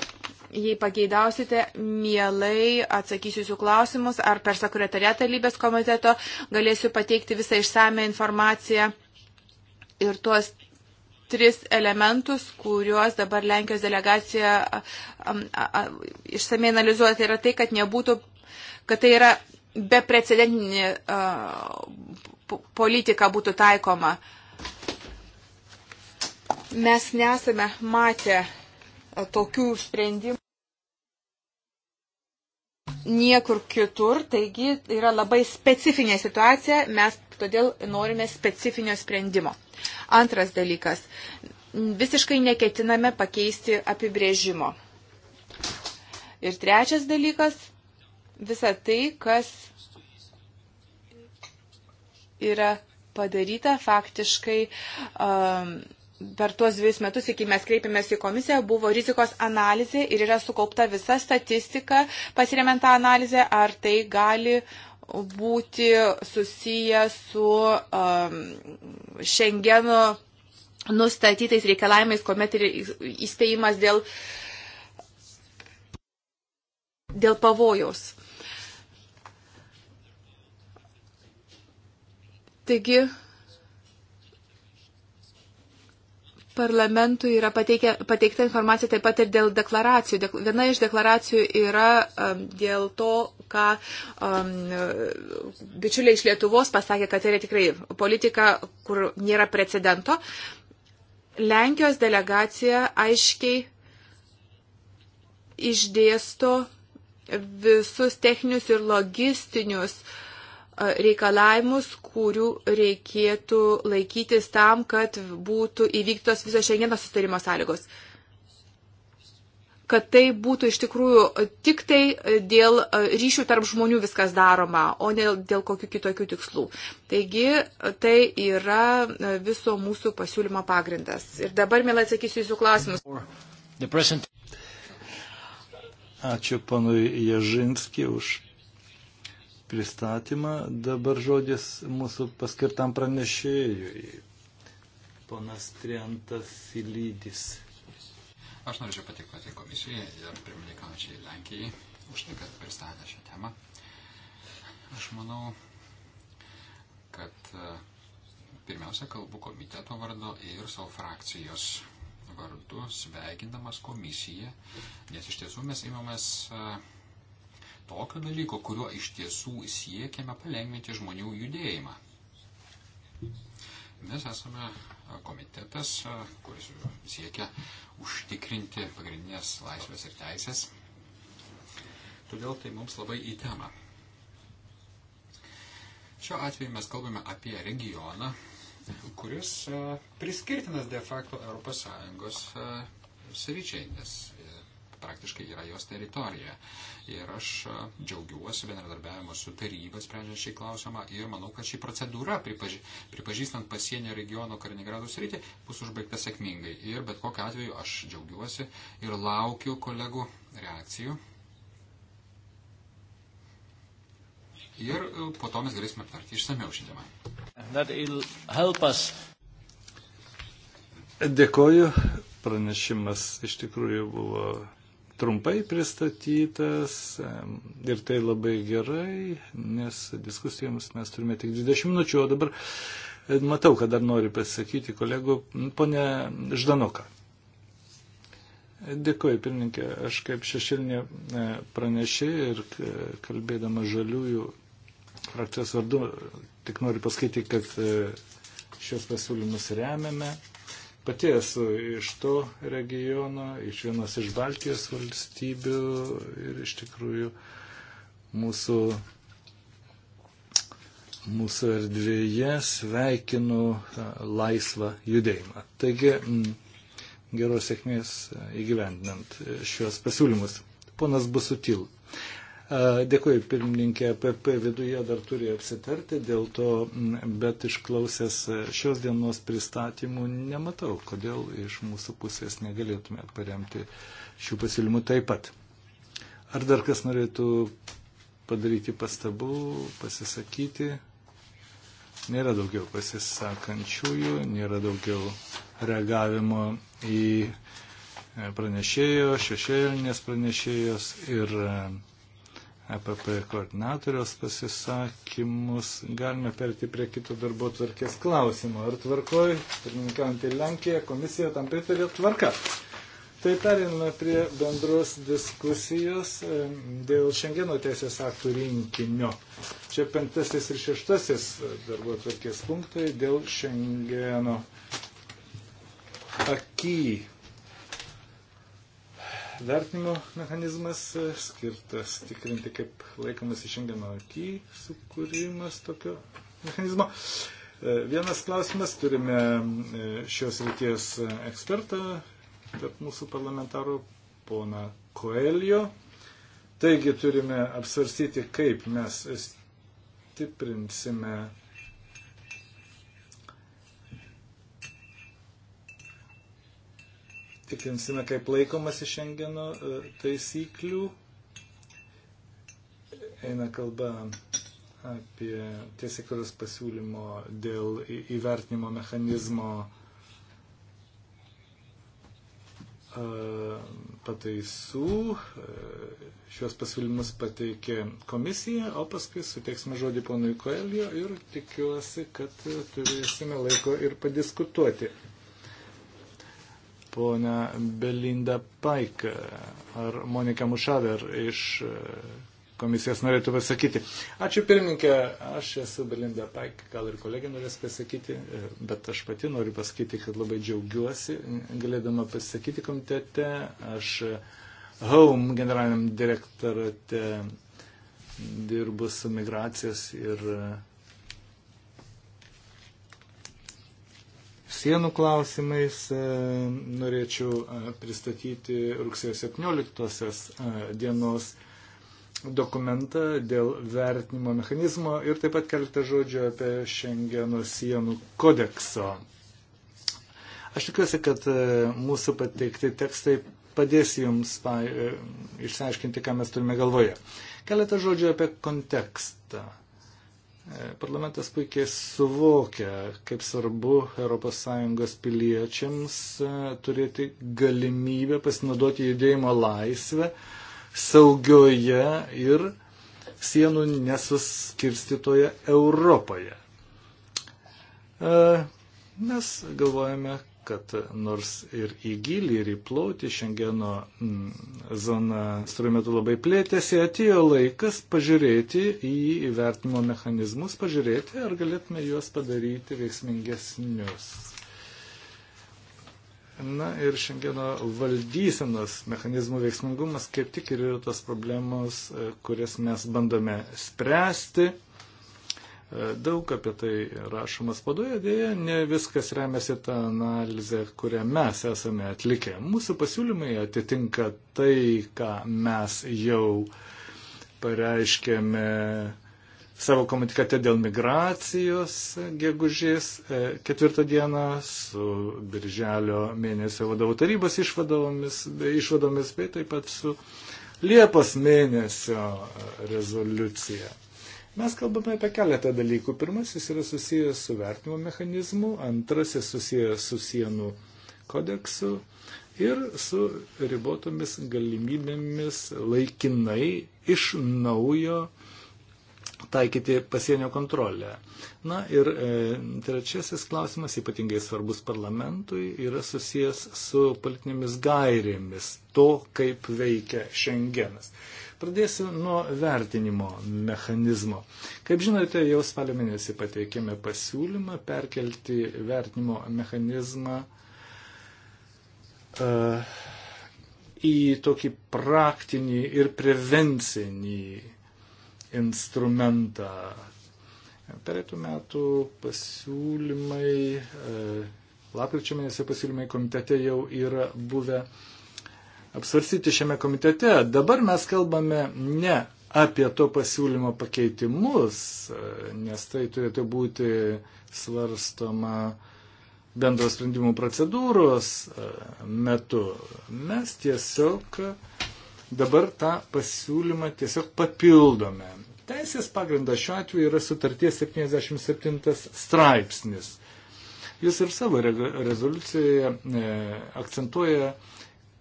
jei pageidausite, mielai atsakysiu jūsų klausimus ar per sekretariatą lybės komiteto galėsiu pateikti visą išsame informaciją. Ir tuos tris elementus, kuriuos dabar Lenkijos delegacija išsamei analizuoja. Tai yra tai, kad nebūtų, kad tai yra beprecedentinė politika būtų taikoma. Mes nesame matę tokių sprendimų niekur kitur, taigi yra labai specifinė situacija, mes todėl norime specifinio sprendimo. Antras dalykas. Visiškai neketiname pakeisti apibrėžimo. Ir trečias dalykas. Visa tai, kas yra padaryta faktiškai. Um, per tuos dviejus metus, iki mes kreipėmės į komisiją, buvo rizikos analizė ir yra sukaupta visa statistika, pasiremiant tą analizę, ar tai gali uh, būti susiję su um, Schengeno nustatytais reikalavimais, kuomet ir įspėjimas dėl, dėl pavojaus. Taigi, Parlamentui yra pateikia, pateikta informacija taip pat ir dėl deklaracijų. Dek, viena iš deklaracijų yra um, dėl to, ką um, bičiuliai iš Lietuvos pasakė, kad tai yra tikrai politika, kur nėra precedento. Lenkijos delegacija aiškiai išdėsto visus techninius ir logistinius uh, reikalavimus, kurių reikėtų laikytis tam, kad būtų įvyktos visos šiandieno sustarimo sąlygos. Kad tai būtų iš tikrųjų tik tai dėl ryšių tarp žmonių viskas daroma, o ne dėl kokių kitokių tikslų. Taigi tai yra viso mūsų pasiūlymo pagrindas. Ir dabar, mėly, atsakysiu jūsų klausimus. Ačiū panui Ježinski už pristatymą. Dabar žodis mūsų paskirtam pranešėjui. Ponas Triantas Silydis. Aš norėčiau patikoti komisijai ir pirmininkaučiai Lenkijai už tai, kad pristatė šią temą. Aš manau, kad e, pirmiausia kalbu komiteto vardu ir savo frakcijos vardu, sveikindamas komisiją, nes iš tiesų mes imamės uh, tokio dalyko, kuriuo iš tiesų siekiame palengvinti žmonių judėjimą. Mes esame komitetas, kuris siekia užtikrinti pagrindinės laisvės ir teisės. Todėl tai mums labai į temą. Šiuo atveju mes kalbame apie regioną, kuris e, priskirtinas de facto ES e, sričiai, nes praktiškai yra jos teritorija. Ir aš džiaugiuosi bendradarbiavimo su taryba sprendžiant šį klausimą ir manau, kad ši procedūra pripaži, pripažįstant pasienio regiono Kaliningrado sritį bus užbaigta sėkmingai. Ir bet kokiu atveju aš džiaugiuosi ir laukiu kolegų reakcijų. Ir po to mes galėsime aptarti išsameu šį temą. Dėkoju. Pranešimas iš tikrųjų buvo trumpai pristatytas ir tai labai gerai, nes diskusijoms mes turime tik 20 minučių, o dabar e, matau, kad dar nori pasakyti kolegų. Pone Ždanoka. Dėkuoju, pirmininkė. Aš kaip šešilnė e, pranešė ir e, kalbėdama žaliųjų frakcijos vardu tik noriu pasakyti, kad šios pasiūlymus remiame Pati esu iš to regiono, iš vienos iš Baltijos valstybių ir iš tikrųjų mūsų, mūsų erdvėje sveikinu laisvą judėjimą. Taigi, geros sėkmės įgyvendinant šios pasiūlymus. Ponas Busutil. Dėkuoju, pirmininkė, PP viduje dar turi apsitarti dėl to, bet išklausęs šios dienos pristatymų nematau, kodėl iš mūsų pusės negalėtume paremti šių pasiūlymų taip pat. Ar dar kas norėtų padaryti pastabų, pasisakyti? Nėra daugiau pasisakančiųjų, nėra daugiau reagavimo į pranešėjo, šešėlinės pranešėjos ir EPP koordinatorios pasisakymus. Galime perti prie kito darbo tvarkės klausimo. Ar tvarkoj, pirmininkaujant į Lenkiją, komisija tam pritarė tvarka. Tai periname prie bendros diskusijos e, dėl Šengeno teisės aktų rinkinio. Čia penktasis ir šeštasis darbo tvarkės punktai dėl Šengeno aky vertinimo mechanizmas e, skirtas tikrinti, kaip laikomas iš šiandieno akį sukūrimas tokio mechanizmo. E, vienas klausimas, turime e, šios ryties ekspertą tarp mūsų parlamentarų, pona Koelio. Taigi turime apsvarstyti, kaip mes stiprinsime tikrinsime, kaip laikomasi Šengeno e, taisyklių. Eina kalba apie tiesiekros pasiūlymo dėl įvertinimo mechanizmo e, pataisų. E, Šios pasiūlymus pateikė komisija, o paskui suteiksime žodį ponui Koelio ir tikiuosi, kad turėsime laiko ir padiskutuoti ponia Belinda Paik ar Monika Mušaver iš e, komisijos norėtų pasakyti. Ačiū pirmininkė, aš esu Belinda Paik, gal ir kolegė norės pasakyti, e, bet aš pati noriu pasakyti, kad labai džiaugiuosi galėdama pasakyti komitete. Aš e, Home generaliniam direktorate dirbu su migracijos ir sienų klausimais e, norėčiau e, pristatyti rugsėjo 17 e, dienos dokumentą dėl vertinimo mechanizmo ir taip pat keletą žodžių apie Šengeno sienų kodekso. Aš tikiuosi, kad mūsų pateikti tekstai padės jums pa, išsiaiškinti, ką mes turime galvoje. Keletą žodžių apie kontekstą. Parlamentas puikiai suvokia, kaip svarbu ES piliečiams e, turėti galimybę pasinaudoti judėjimo laisvę saugioje ir sienų nesuskirstitoje Europoje. E, mes galvojame, kad nors ir į gilį, ir į plotį Šengeno mm, zona staruoju metu labai plėtėsi, atėjo laikas pažiūrėti į įvertinimo mechanizmus, pažiūrėti, ar galėtume juos padaryti veiksmingesnius. Na ir Šengeno valdysenos mechanizmų veiksmingumas kaip tik ir yra tos problemos, e, kurias mes bandome spręsti Daug apie tai rašoma spadoje, dėja, ne viskas remiasi tą analizę, kurią mes esame atlikę. Mūsų pasiūlymai atitinka tai, ką mes jau pareiškėme savo komunikate dėl migracijos gegužės e, ketvirtą dieną su birželio mėnesio vadovų tarybos išvadomis, išvadomis bei taip pat su Liepos mėnesio rezoliucija. Mes kalbame apie keletą dalykų. Pirmasis yra susijęs su vertimo mechanizmu, antrasis susijęs su sienų kodeksu ir su ribotomis galimybėmis laikinai iš naujo taikyti pasienio kontrolę. Na ir e, trečiasis klausimas, ypatingai svarbus parlamentui, yra susijęs su politinėmis gairėmis to, kaip veikia Šengenas. E, Pradėsiu nuo vertinimo mechanizmo. Kaip žinote, jau spalio mėnesį pateikėme pasiūlymą perkelti vertinimo mechanizmą uh, į tokį praktinį ir prevencinį instrumentą. Pereitų metų pasiūlymai, uh, lapkričio mėnesio pasiūlymai komitete jau yra buvę uh, apsvarstyti šiame komitete. Dabar mes kalbame ne apie to pasiūlymo pakeitimus, nes tai turėtų būti svarstoma bendro sprendimų procedūros e, metu. Mes tiesiog dabar tą pasiūlymą tiesiog papildome. Teisės pagrindas šiuo atveju yra sutarties 77 straipsnis. Jūs ir savo rezoliucijoje e, akcentuoja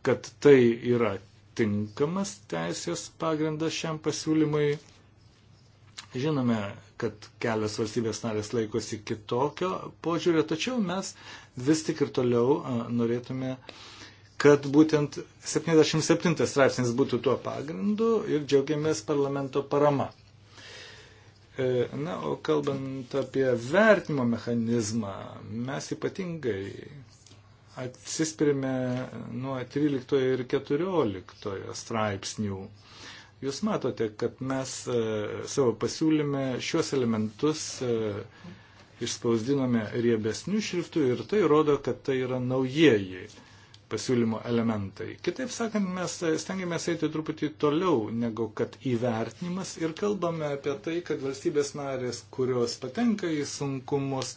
kad tai yra tinkamas teisės pagrindas šiam pasiūlymui. Žinome, kad kelios valstybės narės laikosi kitokio požiūrio, tačiau mes vis tik ir toliau norėtume, kad būtent 77 straipsnis būtų tuo pagrindu ir džiaugiamės parlamento parama. E, na, o kalbant apie vertimo mechanizmą, mes ypatingai atsispirime nuo 13 ir 14 straipsnių. Jūs matote, kad mes e, savo pasiūlyme šiuos elementus e, išspausdinome riebesnių šriftų ir tai rodo, kad tai yra naujieji pasiūlymo elementai. Kitaip sakant, mes e, stengiamės eiti truputį toliau negu kad įvertinimas ir kalbame apie tai, kad valstybės narės, kurios patenka į sunkumus,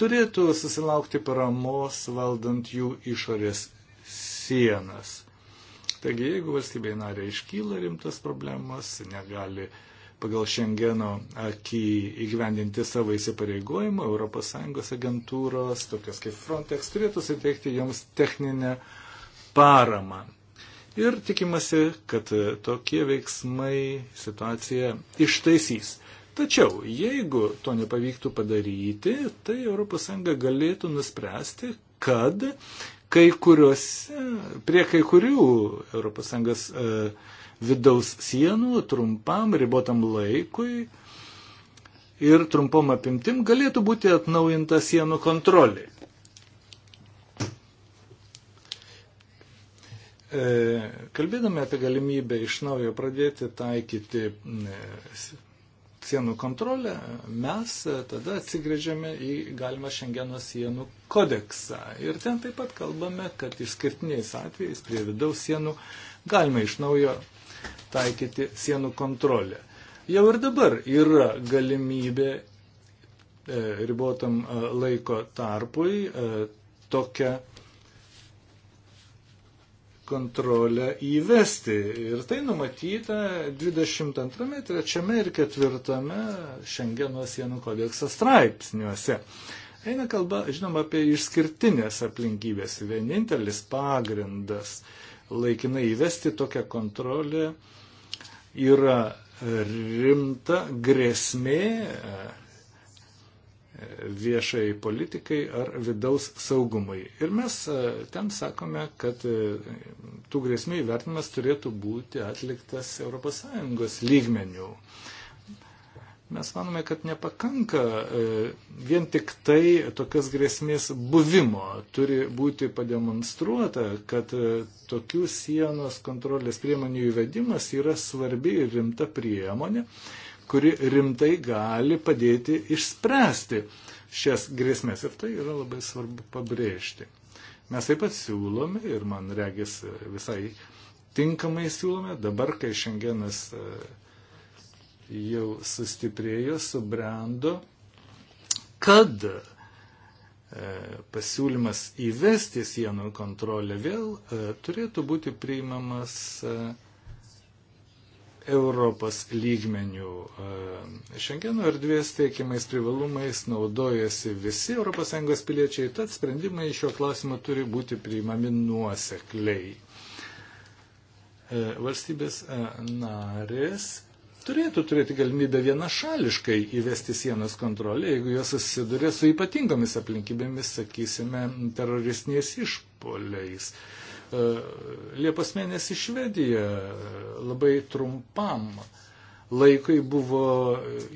turėtų susilaukti paramos valdant jų išorės sienas. Taigi, jeigu valstybėje narė iškyla rimtas problemas, negali pagal Šengeno akį įgyvendinti savo įsipareigojimą, ES agentūros, tokios kaip Frontex, turėtų suteikti joms techninę paramą. Ir tikimasi, kad tokie veiksmai situaciją ištaisys. Tačiau, jeigu to nepavyktų padaryti, tai ES galėtų nuspręsti, kad kai kuriuose, prie kai kurių ES e, vidaus sienų trumpam ribotam laikui ir trumpom apimtim galėtų būti atnaujinta sienų kontrolė. E, kalbėdami apie galimybę iš naujo pradėti taikyti e, sienų kontrolę, mes tada atsigrėžiame į galimą Šengeno sienų kodeksą. Ir ten taip pat kalbame, kad išskirtiniais atvejais prie vidaus sienų galima iš naujo taikyti sienų kontrolę. Jau ir dabar yra galimybė e, ribotam e, laiko tarpui e, tokią kontrolę įvesti. Ir tai numatyta 22, 3 ir 4 Šengeno sienų kodekso straipsniuose. Eina kalba, žinoma, apie išskirtinės aplinkybės. Vienintelis pagrindas laikinai įvesti tokią kontrolę yra rimta grėsmė viešai politikai ar vidaus saugumui. Ir mes e, ten sakome, kad e, tų grėsmių įvertinimas turėtų būti atliktas ES lygmenių. Mes manome, kad nepakanka e, vien tik tai tokias grėsmės buvimo. Turi būti pademonstruota, kad tokių sienos kontrolės priemonių įvedimas yra svarbi ir rimta priemonė kuri rimtai gali padėti išspręsti šias grėsmės. Ir tai yra labai svarbu pabrėžti. Mes taip pat siūlome ir man regis visai tinkamai siūlome, dabar, kai šiandienas e, jau sustiprėjo, subrendo, kad e, pasiūlymas įvesti sienų kontrolę vėl e, turėtų būti priimamas Europos lygmenių. E, Šengeno erdvės teikiamais privalumais naudojasi visi ES piliečiai, tad sprendimai šio klausimo turi būti priimami nuosekliai. E, valstybės e, narės turėtų turėti galimybę vienašališkai įvesti sienos kontrolę, jeigu jos susiduria su ypatingomis aplinkybėmis, sakysime, teroristiniais išpoliais. E, Liepos mėnesį Švedija labai trumpam laikui buvo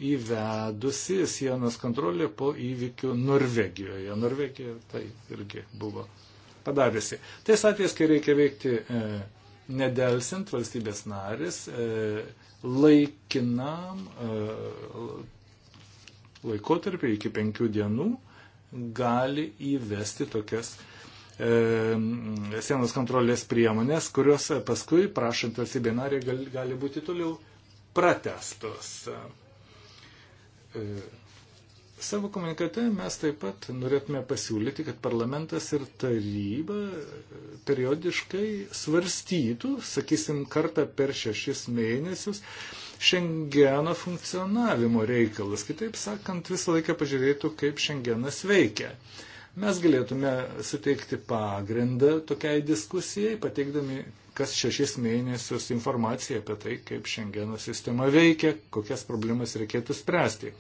įvedusi sienos kontrolė po įvykių Norvegijoje. Norvegija tai irgi buvo padariusi. Tais atvejais, kai reikia veikti e, nedelsint valstybės narės, e, laikinam e, laikotarpį iki penkių dienų gali įvesti tokias E, sienos kontrolės priemonės, kurios paskui, prašant valstybė narė, gali, gali būti toliau pratestos. E, savo komunikate mes taip pat norėtume pasiūlyti, kad parlamentas ir taryba periodiškai svarstytų, sakysim, kartą per šešis mėnesius šengeno funkcionavimo reikalus. Kitaip sakant, visą laiką pažiūrėtų, kaip šengenas veikia. E, Mes galėtume suteikti pagrindą tokiai diskusijai, pateikdami kas šešis mėnesius informaciją apie tai, kaip šiandieno sistema veikia, kokias problemas reikėtų spręsti.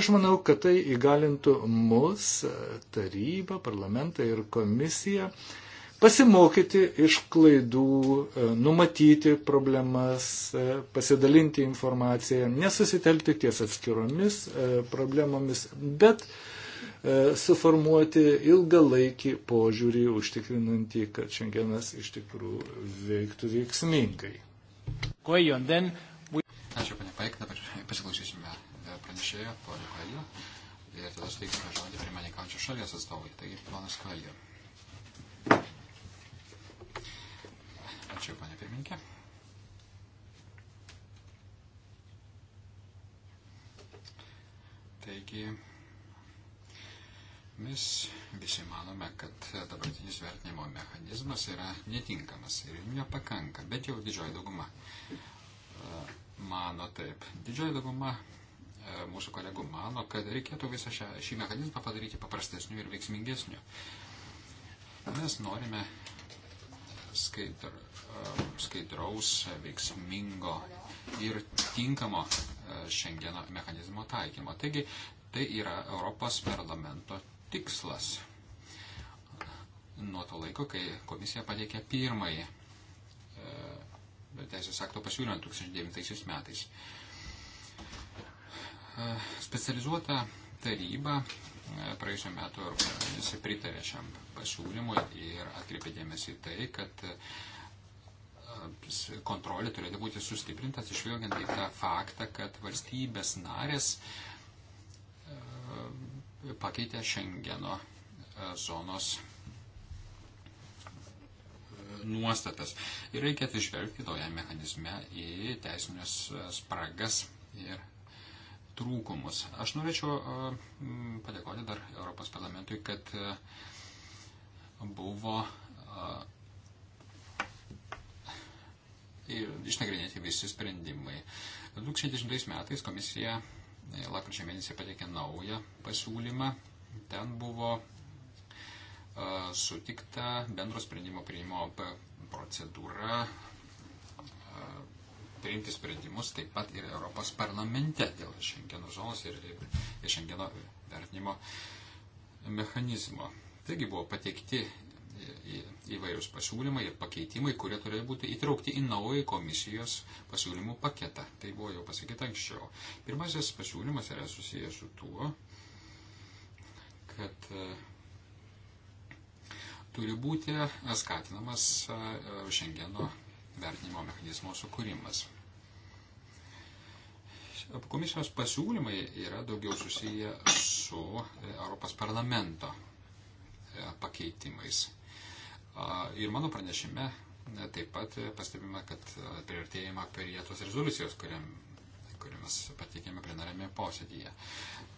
Aš manau, kad tai įgalintų mus, tarybą, parlamentą ir komisiją, pasimokyti iš klaidų, e, numatyti problemas, e, pasidalinti informaciją, nesusitelkti ties atskiromis e, problemomis, bet E, suformuoti ilgalaikį požiūrį, užtikrinantį, kad šiandienas iš tikrųjų veiktų veiksmingai. Ačiū, panė Paik, dabar pasiklausysime pranešėjo, ponė Kalio, ir tada suteiksime žodį prie manikančio šalies atstovai, taigi ponas Kalio. Ačiū, panė pirmininkė. Taigi, Mes visi manome, kad dabartinis vertinimo mechanizmas yra netinkamas ir jų nepakanka, bet jau didžioji dauguma e, mano taip. Didžioji dauguma e, mūsų kolegų mano, kad reikėtų visą šią, šį mechanizmą padaryti paprastesniu ir veiksmingesniu. Mes norime skaidr, e, skaidraus, veiksmingo ir tinkamo šiandieno mechanizmo taikymo. Taigi, tai yra Europos parlamento tikslas nuo to laiko, kai komisija pateikė pirmąjį e, teisės akto pasiūlymą 2009 metais. E, specializuota taryba e, praėjusiu metu mėnesį pritarė šiam pasiūlymui ir atkreipė dėmesį tai, kad e, kontrolė turėtų būti sustiprinta, atsižvelgiant į tą faktą, kad valstybės narės e, pakeitė Šengeno e, zonos e, nuostatas. Ir reikia atsižvelgti toje mechanizme į teisinės e, spragas ir trūkumus. Aš norėčiau padėkoti dar Europos parlamentui, kad buvo išnagrinėti visi sprendimai. 2010 metais komisija lapkričio mėnesį pateikė naują pasiūlymą. Ten buvo e, sutikta bendro sprendimo priimimo procedūra e, priimti sprendimus taip pat ir Europos parlamente dėl Šengeno zonos ir, ir Šengeno vertinimo mechanizmo. Taigi buvo pateikti įvairius pasiūlymai ir pakeitimai, kurie turėjo būti įtraukti į naują komisijos pasiūlymų paketą. Tai buvo jau pasakyta anksčiau. Pirmasis pasiūlymas yra susijęs su tuo, kad e, turi būti e, skatinamas Šengeno e, vertinimo mechanizmo sukūrimas. Komisijos pasiūlymai yra daugiau susiję su Europos parlamento pakeitimais. Ir mano pranešime e, taip pat e, pastebime, kad e, prieartėjama prie tos rezoliucijos, kuriam, kuriamis pateikėme plenarėme posėdyje.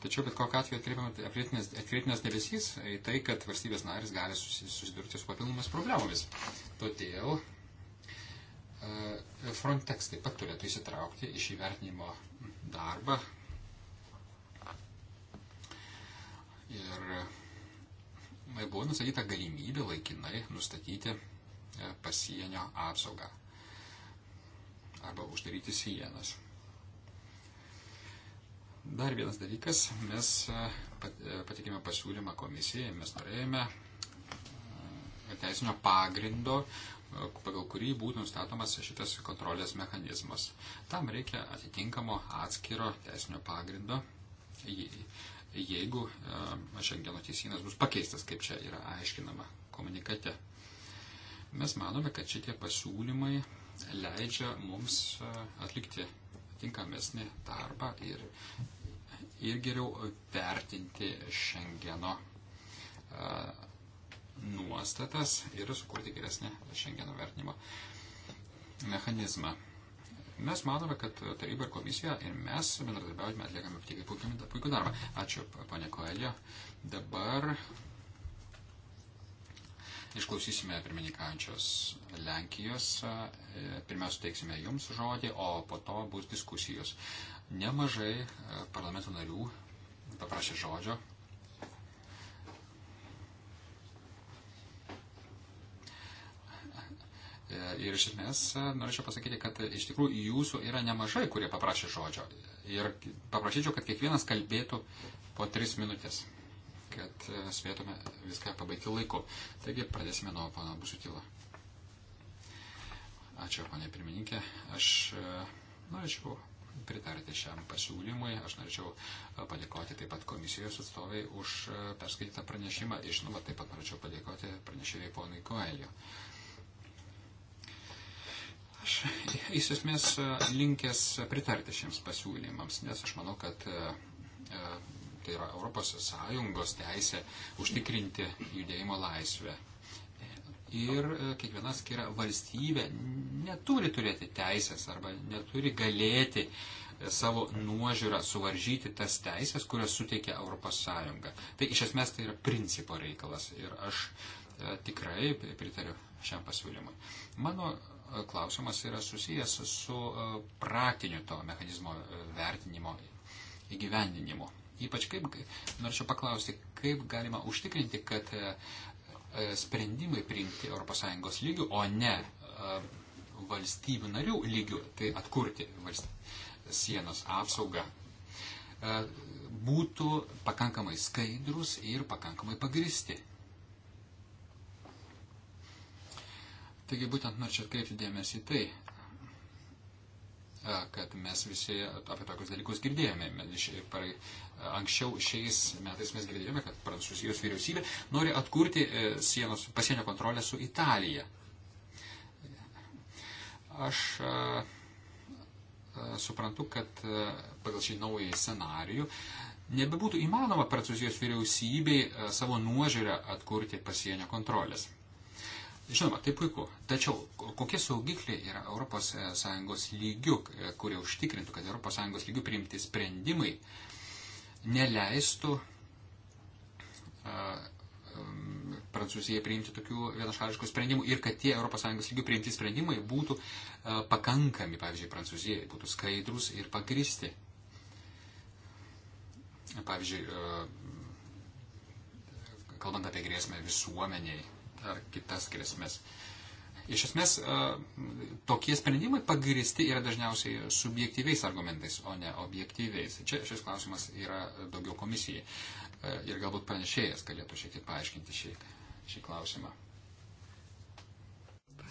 Tačiau bet kokiu atveju atkreiptinas dėmesys į tai, kad valstybės narys gali susidurti su papildomis problemomis. Todėl Frontex taip pat turėtų įsitraukti iš įvertinimo darbą. Ir buvo nustatyta galimybė laikinai nustatyti e, pasienio apsaugą arba uždaryti sienas. Dar vienas dalykas, mes e, patikėme e, pasiūlymą komisijai, mes norėjome teisinio pagrindo, pagal kurį būtų nustatomas šitas kontrolės mechanizmas. Tam reikia atitinkamo atskiro teisinio pagrindo jeigu e, Šengeno teisynas bus pakeistas, kaip čia yra aiškinama komunikate. Mes manome, kad šitie pasiūlymai leidžia mums e, atlikti tinkamesnį darbą ir, ir geriau vertinti Šengeno e, nuostatas ir sukurti geresnį Šengeno vertinimo mechanizmą. Mes manome, kad taryba ir komisija ir mes bendradarbiaujame, atliekame tikrai puikų, puikų darbą. Ačiū, ponė Koelio. Dabar išklausysime pirmininkaujančios Lenkijos. E, pirmiausia, teiksime jums žodį, o po to bus diskusijos. Nemažai e, parlamento narių paprašė žodžio. E, ir iš esmės e, norėčiau pasakyti, kad e, iš tikrųjų jūsų yra nemažai, kurie paprašė žodžio. Ir paprašyčiau, kad kiekvienas kalbėtų po tris minutės, kad spėtume viską pabaigti laiku. Taigi pradėsime nuo pana Busutilo. Ačiū, panė pirmininkė. Aš norėčiau pritarti šiam pasiūlymui. Aš norėčiau padėkoti taip pat komisijos atstovai už perskaitytą pranešimą. Žinoma, taip pat norėčiau padėkoti pranešėjai ponui Koeliu. Aš iš esmės e, linkęs pritarti šiems pasiūlymams, nes aš manau, kad e, e, tai yra ES teisė užtikrinti judėjimo laisvę. Ir kiekviena skiria valstybė neturi turėti teisės arba neturi galėti savo nuožiūrą suvaržyti tas teisės, kurias suteikia ES. Tai iš esmės tai yra principo reikalas ir aš tikrai pritariu šiam pasiūlymui. Mano klausimas yra susijęs su e, praktiniu to mechanizmo e, vertinimo įgyvendinimu. Ypač kaip, norėčiau paklausti, kaip galima užtikrinti, kad e, sprendimai priimti ES lygių, o ne valstybių narių lygių, tai atkurti sienos apsaugą, būtų pakankamai skaidrus ir pakankamai pagristi. Taigi būtent norėčiau atkreipti dėmesį į tai, kad mes visi apie tokius dalykus girdėjome. Anksčiau šiais metais mes girdėjome, kad Prancūzijos vyriausybė nori atkurti e, sienos, pasienio kontrolę su Italija. Aš a, a, suprantu, kad a, pagal šį naują scenarijų nebebūtų įmanoma Prancūzijos vyriausybei savo nuožiūrę atkurti pasienio kontrolės. Žinoma, tai puiku. Tačiau kokie saugikliai yra ES lygių, e, kurie užtikrintų, kad ES lygių priimti sprendimai neleistų uh, Prancūzijai priimti tokių vienašališkų sprendimų ir kad tie ES lygių priimti sprendimai būtų uh, pakankami, pavyzdžiui, Prancūzijai būtų skaidrus ir pagristi. Pavyzdžiui, uh, kalbant apie grėsmę visuomeniai, ar kitas grėsmės. Iš esmės, tokie sprendimai pagristi yra dažniausiai subjektyviais argumentais, o ne objektyviais. Čia šis klausimas yra daugiau komisijai. Ir galbūt pranešėjas galėtų šiek tiek paaiškinti šį, šį klausimą.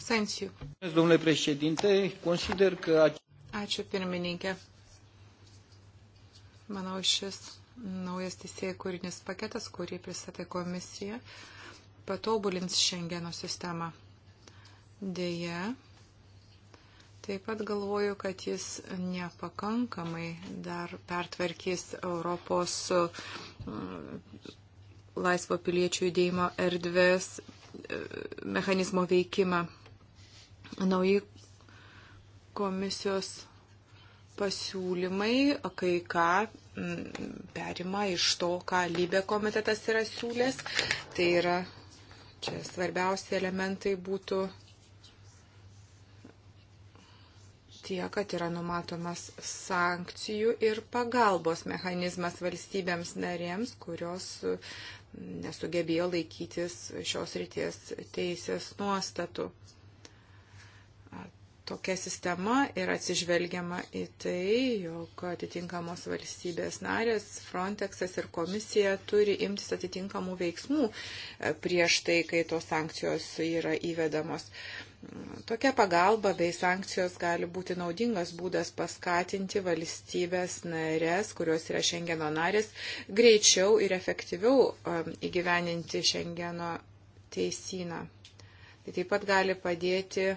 Sensiu. Domnule președinte, consider că... Ačiū pirmininkė. Manau, šis naujas teisėjų kūrinis paketas, kurį pristatė komisija, uh, patobulins Šengeno sistemą. Deja, taip pat galvoju, kad jis nepakankamai dar pertvarkys Europos mm, laisvo piliečių judėjimo erdvės e, mechanizmo veikimą. Nauji komisijos pasiūlymai, kai ką mm, perima iš to, ką Lybė komitetas yra siūlęs. Tai yra Čia svarbiausi elementai būtų tie, kad yra numatomas sankcijų ir pagalbos mechanizmas valstybėms narėms, kurios nesugebėjo laikytis šios ryties teisės nuostatų tokia sistema ir atsižvelgiama į tai, jog atitinkamos valstybės narės, Frontexas ir komisija turi imtis atitinkamų veiksmų e, prieš tai, kai tos sankcijos yra įvedamos. Mm, tokia pagalba bei sankcijos gali būti naudingas būdas paskatinti valstybės narės, kurios yra Šengeno narės, greičiau ir efektyviau įgyveninti Šengeno teisyną. Tai taip pat gali padėti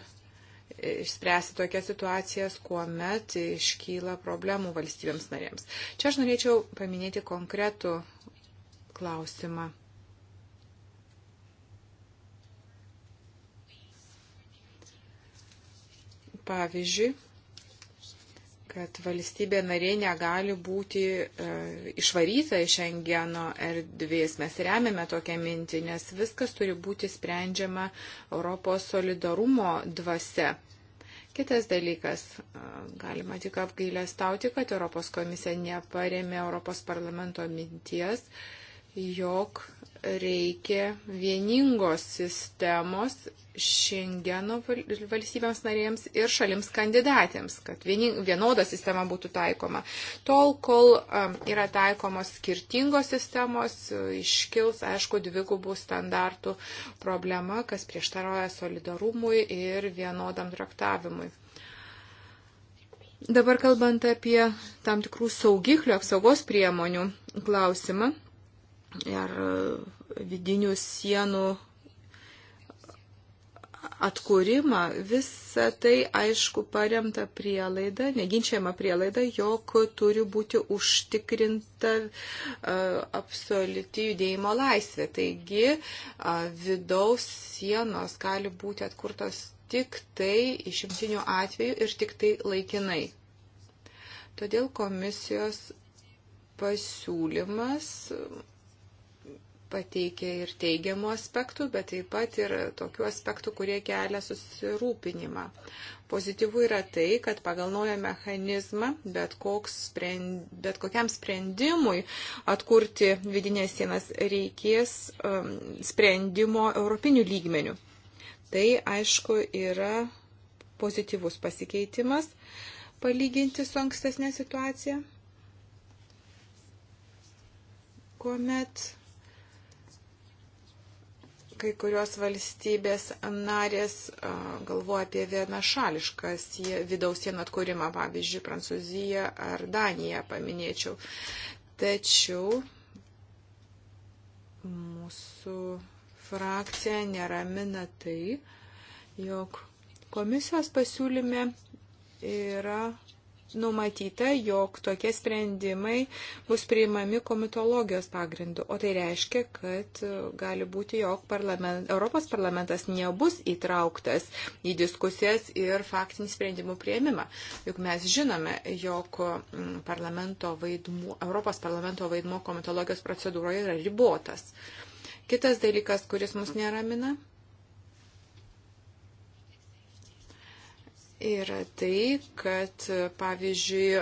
išspręsti tokias situacijas, kuomet iškyla problemų valstybėms narėms. Čia aš norėčiau paminėti konkretų klausimą. Pavyzdžiui, kad valstybė narė negali būti e, išvaryta iš Engeno erdvės. Mes remiame tokią mintį, nes viskas turi būti sprendžiama Europos solidarumo dvasia. Kitas dalykas, e, galima tik apgailę stauti, kad Europos komisija neparėmė Europos parlamento minties, jog reikia vieningos sistemos Šengeno valstybėms narėms ir šalims kandidatėms, kad vieni, vienoda sistema būtų taikoma. Tol, kol um, yra taikomos skirtingos sistemos, iškils, aišku, dvigubų standartų problema, kas prieštaroja solidarumui ir vienodam traktavimui. Dabar kalbant apie tam tikrų saugiklių apsaugos priemonių klausimą ar vidinių sienų atkūrimą, visa tai aišku paremta prielaida, neginčiama prielaida, jog turi būti užtikrinta e, absoliuti judėjimo laisvė. Taigi vidaus sienos gali būti atkurtos tik tai išimtiniu atveju ir tik tai laikinai. Todėl komisijos pasiūlymas pateikia ir teigiamų aspektų, bet taip pat ir tokių aspektų, kurie kelia susirūpinimą. Pozityvų yra tai, kad pagal naują mechanizmą bet, sprend, bet kokiam sprendimui atkurti vidinės sienas reikės um, sprendimo europinių lygmenių. Tai aišku yra pozityvus pasikeitimas palyginti su ankstesnė situacija, kuomet kai kurios valstybės narės galvoja apie vienašališką vidaus sienų atkūrimą, pavyzdžiui, Prancūziją ar Daniją paminėčiau. Tačiau mūsų frakcija neramina tai, jog komisijos pasiūlyme yra numatyta, jog tokie sprendimai bus priimami komitologijos pagrindu. O tai reiškia, kad e, gali būti, jog parlament, Europos parlamentas nebus įtrauktas į diskusijas ir faktinį sprendimų prieimimą. Juk mes žinome, jog mm, parlamento vaidmuo, Europos parlamento vaidmuo komitologijos procedūroje yra ribotas. Kitas dalykas, kuris mus neramina yra tai, kad, pavyzdžiui,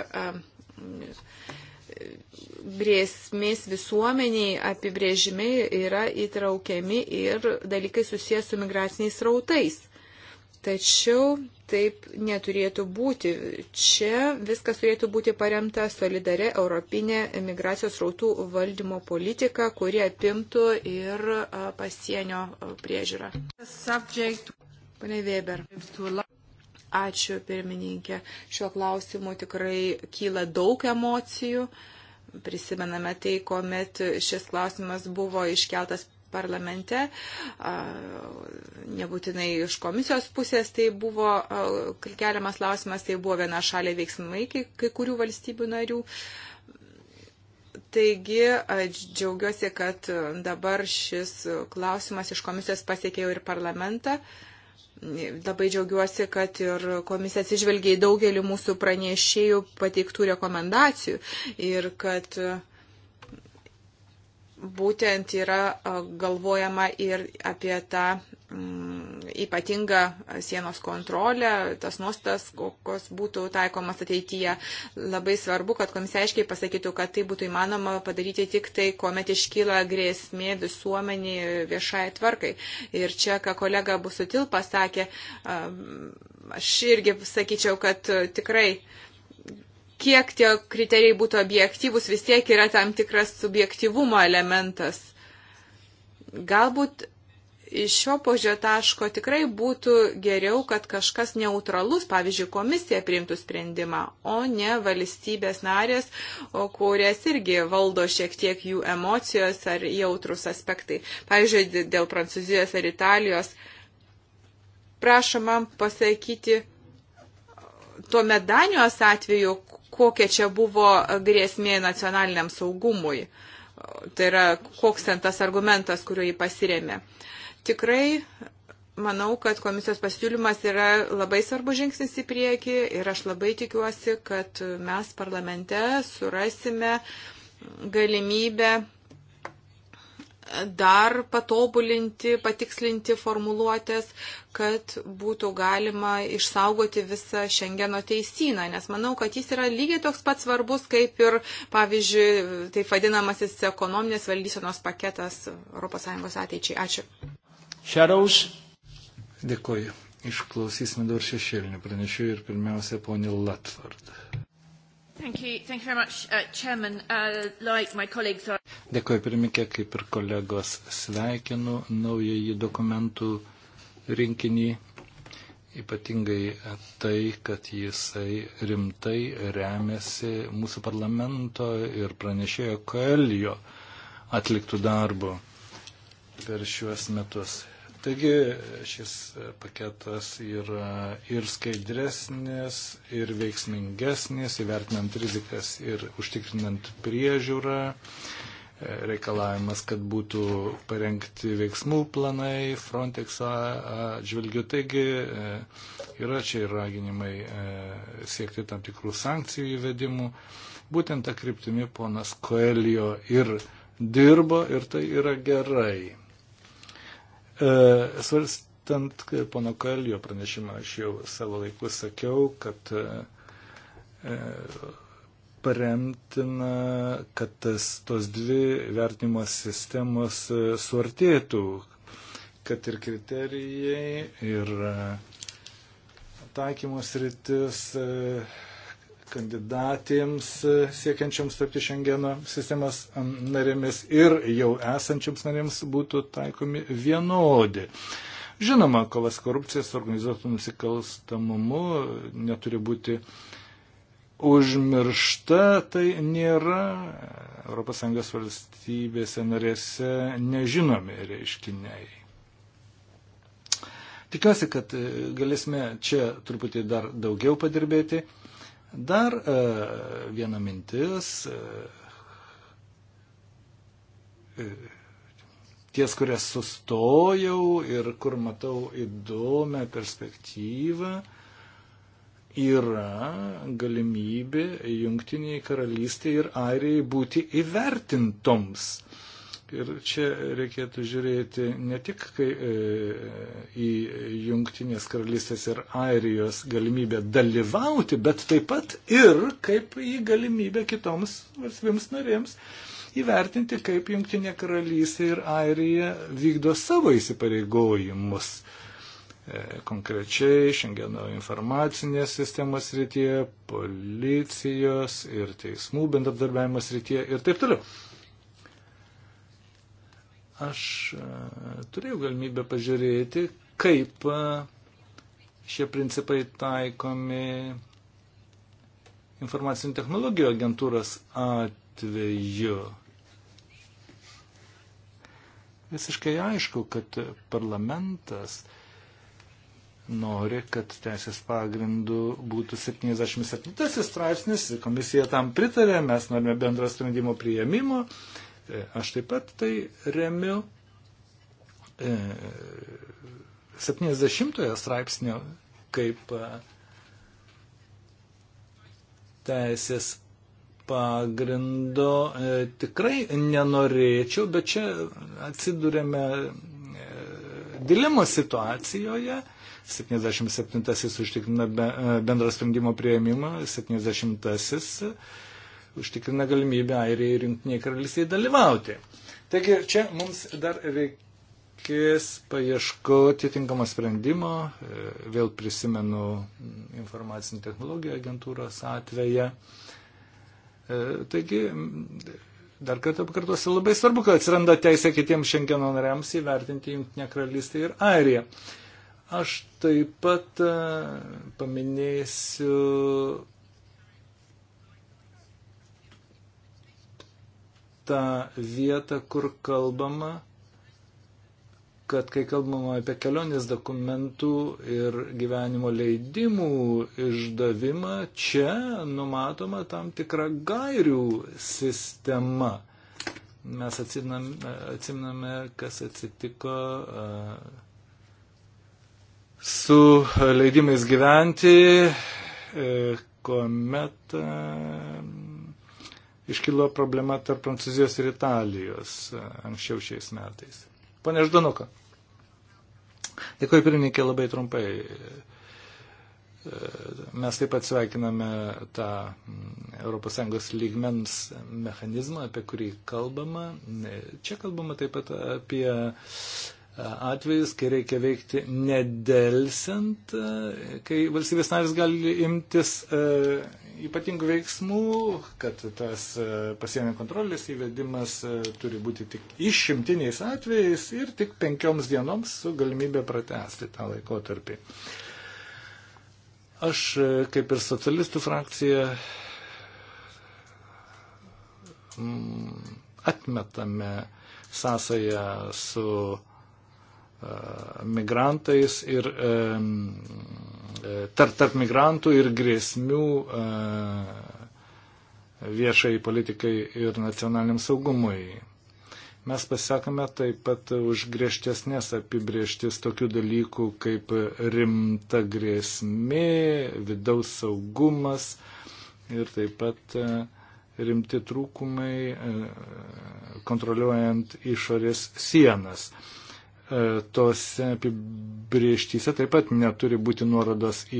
grėsmės visuomeniai apibrėžimai yra įtraukiami ir dalykai susijęs su migraciniais rautais. Tačiau taip neturėtų būti. Čia viskas turėtų būti paremta solidarė europinė migracijos rautų valdymo politika, kuri apimtų ir pasienio priežiūrą. Pane Weber. Ačiū pirmininkė. Šiuo klausimu tikrai kyla daug emocijų. Prisimename tai, kuomet šis klausimas buvo iškeltas parlamente, nebūtinai iš komisijos pusės tai buvo keliamas klausimas, tai buvo viena šalia veiksmai kai, kai kurių valstybių narių. Taigi, džiaugiuosi, kad dabar šis klausimas iš komisijos pasiekė jau ir parlamentą. Uh, Labai džiaugiuosi, kad ir komisija atsižvelgia į daugelį mūsų pranešėjų pateiktų rekomendacijų ir kad būtent yra galvojama ir apie tą Mm, ypatingą sienos kontrolę, tas nuostas, kokios būtų taikomas ateityje. Labai svarbu, kad komisija aiškiai pasakytų, kad tai būtų įmanoma padaryti tik tai, kuomet iškyla grėsmė visuomenį viešai tvarkai. Ir čia, ką kolega Busutil pasakė, aš irgi sakyčiau, kad tikrai kiek tie kriterijai būtų objektyvus, vis tiek yra tam tikras subjektivumo elementas. Galbūt iš šio požio taško tikrai būtų geriau, kad kažkas neutralus, pavyzdžiui, komisija priimtų sprendimą, o ne valstybės narės, kurias irgi valdo šiek tiek jų emocijos ar jautrus aspektai. Pavyzdžiui, dėl Prancūzijos ar Italijos. Prašom man pasakyti tuo medanijos atveju, kokia čia buvo grėsmė nacionaliniam saugumui. Tai yra, koks ten tas argumentas, kuriuo jį pasiremė. Uh, Tikrai manau, kad komisijos pasiūlymas yra labai svarbus žingsnis į priekį ir aš labai tikiuosi, kad mes parlamente surasime galimybę dar patobulinti, patikslinti formuluotės, kad būtų galima išsaugoti visą Šengeno teisyną, nes manau, kad jis yra lygiai toks pat svarbus, kaip ir, pavyzdžiui, taip vadinamasis ekonominės valdysenos paketas ES ateičiai. Ačiū. Shadows. Dėkoju. Išklausysime dar šešėlinį pranešėjų ir pirmiausia, ponė Latvard. Thank you. Thank you very much, uh, Chairman. Uh, like my colleagues are... Dėkoju pirmikė, kaip ir kolegos sveikinu naująjį dokumentų rinkinį, ypatingai tai, kad jisai rimtai remiasi mūsų parlamento ir pranešėjo Koelio atliktų darbų per šiuos metus. Taigi šis paketas yra ir skaidresnis, ir veiksmingesnis, įvertinant rizikas ir užtikrinant priežiūrą reikalavimas, kad būtų parengti veiksmų planai Frontex atžvilgių. Taigi e, yra čia ir raginimai e, siekti tam tikrų sankcijų įvedimų. Būtent tą kryptimį ponas Koelio ir dirbo ir tai yra gerai. E, svarstant pono Kalio pranešimą, aš jau savo laiku sakiau, kad e, paremtina, kad tas, tos dvi vertinimo sistemos e, suartėtų, kad ir kriterijai, ir taikymo sritis kandidatėms e, siekiančiams tapti Šengeno sistemas narėmis ir jau esančiams narėms būtų taikomi vienodi. Žinoma, kovas korupcija su organizuotu nusikalstamumu neturi būti užmiršta, tai nėra ES valstybėse narėse nežinomi reiškiniai. Tikiuosi, kad e, galėsime čia truputį dar daugiau padirbėti. Dar e, viena mintis, e, e, ties, kurias sustojau ir kur matau įdomią perspektyvą, yra galimybė jungtiniai karalystė ir airiai būti įvertintoms Ir čia reikėtų žiūrėti ne tik kai, e, į Junktinės karalystės ir Airijos galimybę dalyvauti, bet taip pat ir kaip į galimybę kitoms valstybėms narėms įvertinti, kaip Junktinė karalystė ir Airija vykdo savo įsipareigojimus. E, konkrečiai šiandieno informacinės sistemos rytyje, policijos ir teismų bendradarbiavimas rytyje ir taip toliau. Aš e, turėjau galimybę pažiūrėti, kaip e, šie principai taikomi informacinių technologijų agentūros atveju. Visiškai aišku, kad parlamentas nori, kad teisės pagrindų būtų 77 straipsnis, komisija tam pritarė, mes norime bendro sprendimo prieimimo, E, aš taip pat tai remiu 70 e, straipsnio kaip e, teisės pagrindo tikrai nenorėčiau, bet čia atsidūrėme dilemo situacijoje. 77-asis užtikrina bendrą sprendimo prieimimą, 70-asis užtikrina galimybę Airijai ir Junktiniai karalystiai dalyvauti. Taigi čia mums dar reikės paieškoti tinkamo sprendimo. E, vėl prisimenu informacinių technologijų agentūros atveją. E, taigi dar kartą pakartosiu, labai svarbu, kad atsiranda teisė kitiems šiandieno nariams įvertinti Junktinę karalystę ir Airiją. Aš taip pat e, paminėsiu tą vietą, kur kalbama, kad kai kalbama apie kelionės dokumentų ir gyvenimo leidimų išdavimą, čia numatoma tam tikra gairių sistema. Mes atsimname, atsimname kas atsitiko. Uh, su leidimais gyventi, e, kuomet iškilo problema tarp Prancūzijos ir Italijos e, anksčiau šiais metais. Pane Ždanuka. Dėkuoju pirmininkė labai trumpai. E, mes taip pat sveikiname tą mm, ES lygmens mechanizmą, apie kurį kalbama. E, čia kalbama taip pat apie E, atvejus, kai reikia veikti nedelsiant, e, kai valstybės narės gali imtis e, ypatingų veiksmų, kad tas pasienio kontrolės įvedimas turi būti tik išimtiniais atvejais ir tik penkioms dienoms su galimybė pratesti tą laikotarpį. Aš kaip ir socialistų frakcija mm, atmetame sąsają su E, migrantais ir e, e, tarp, tarp migrantų ir grėsmių viešai politikai ir nacionaliniam saugumui. Mes pasakome taip pat už griežtesnės apibrieštis tokių dalykų kaip rimta grėsmė, vidaus saugumas ir taip pat rimti trūkumai kontroliuojant išorės sienas. E, tose apibrieštyse taip pat neturi būti nuorodos į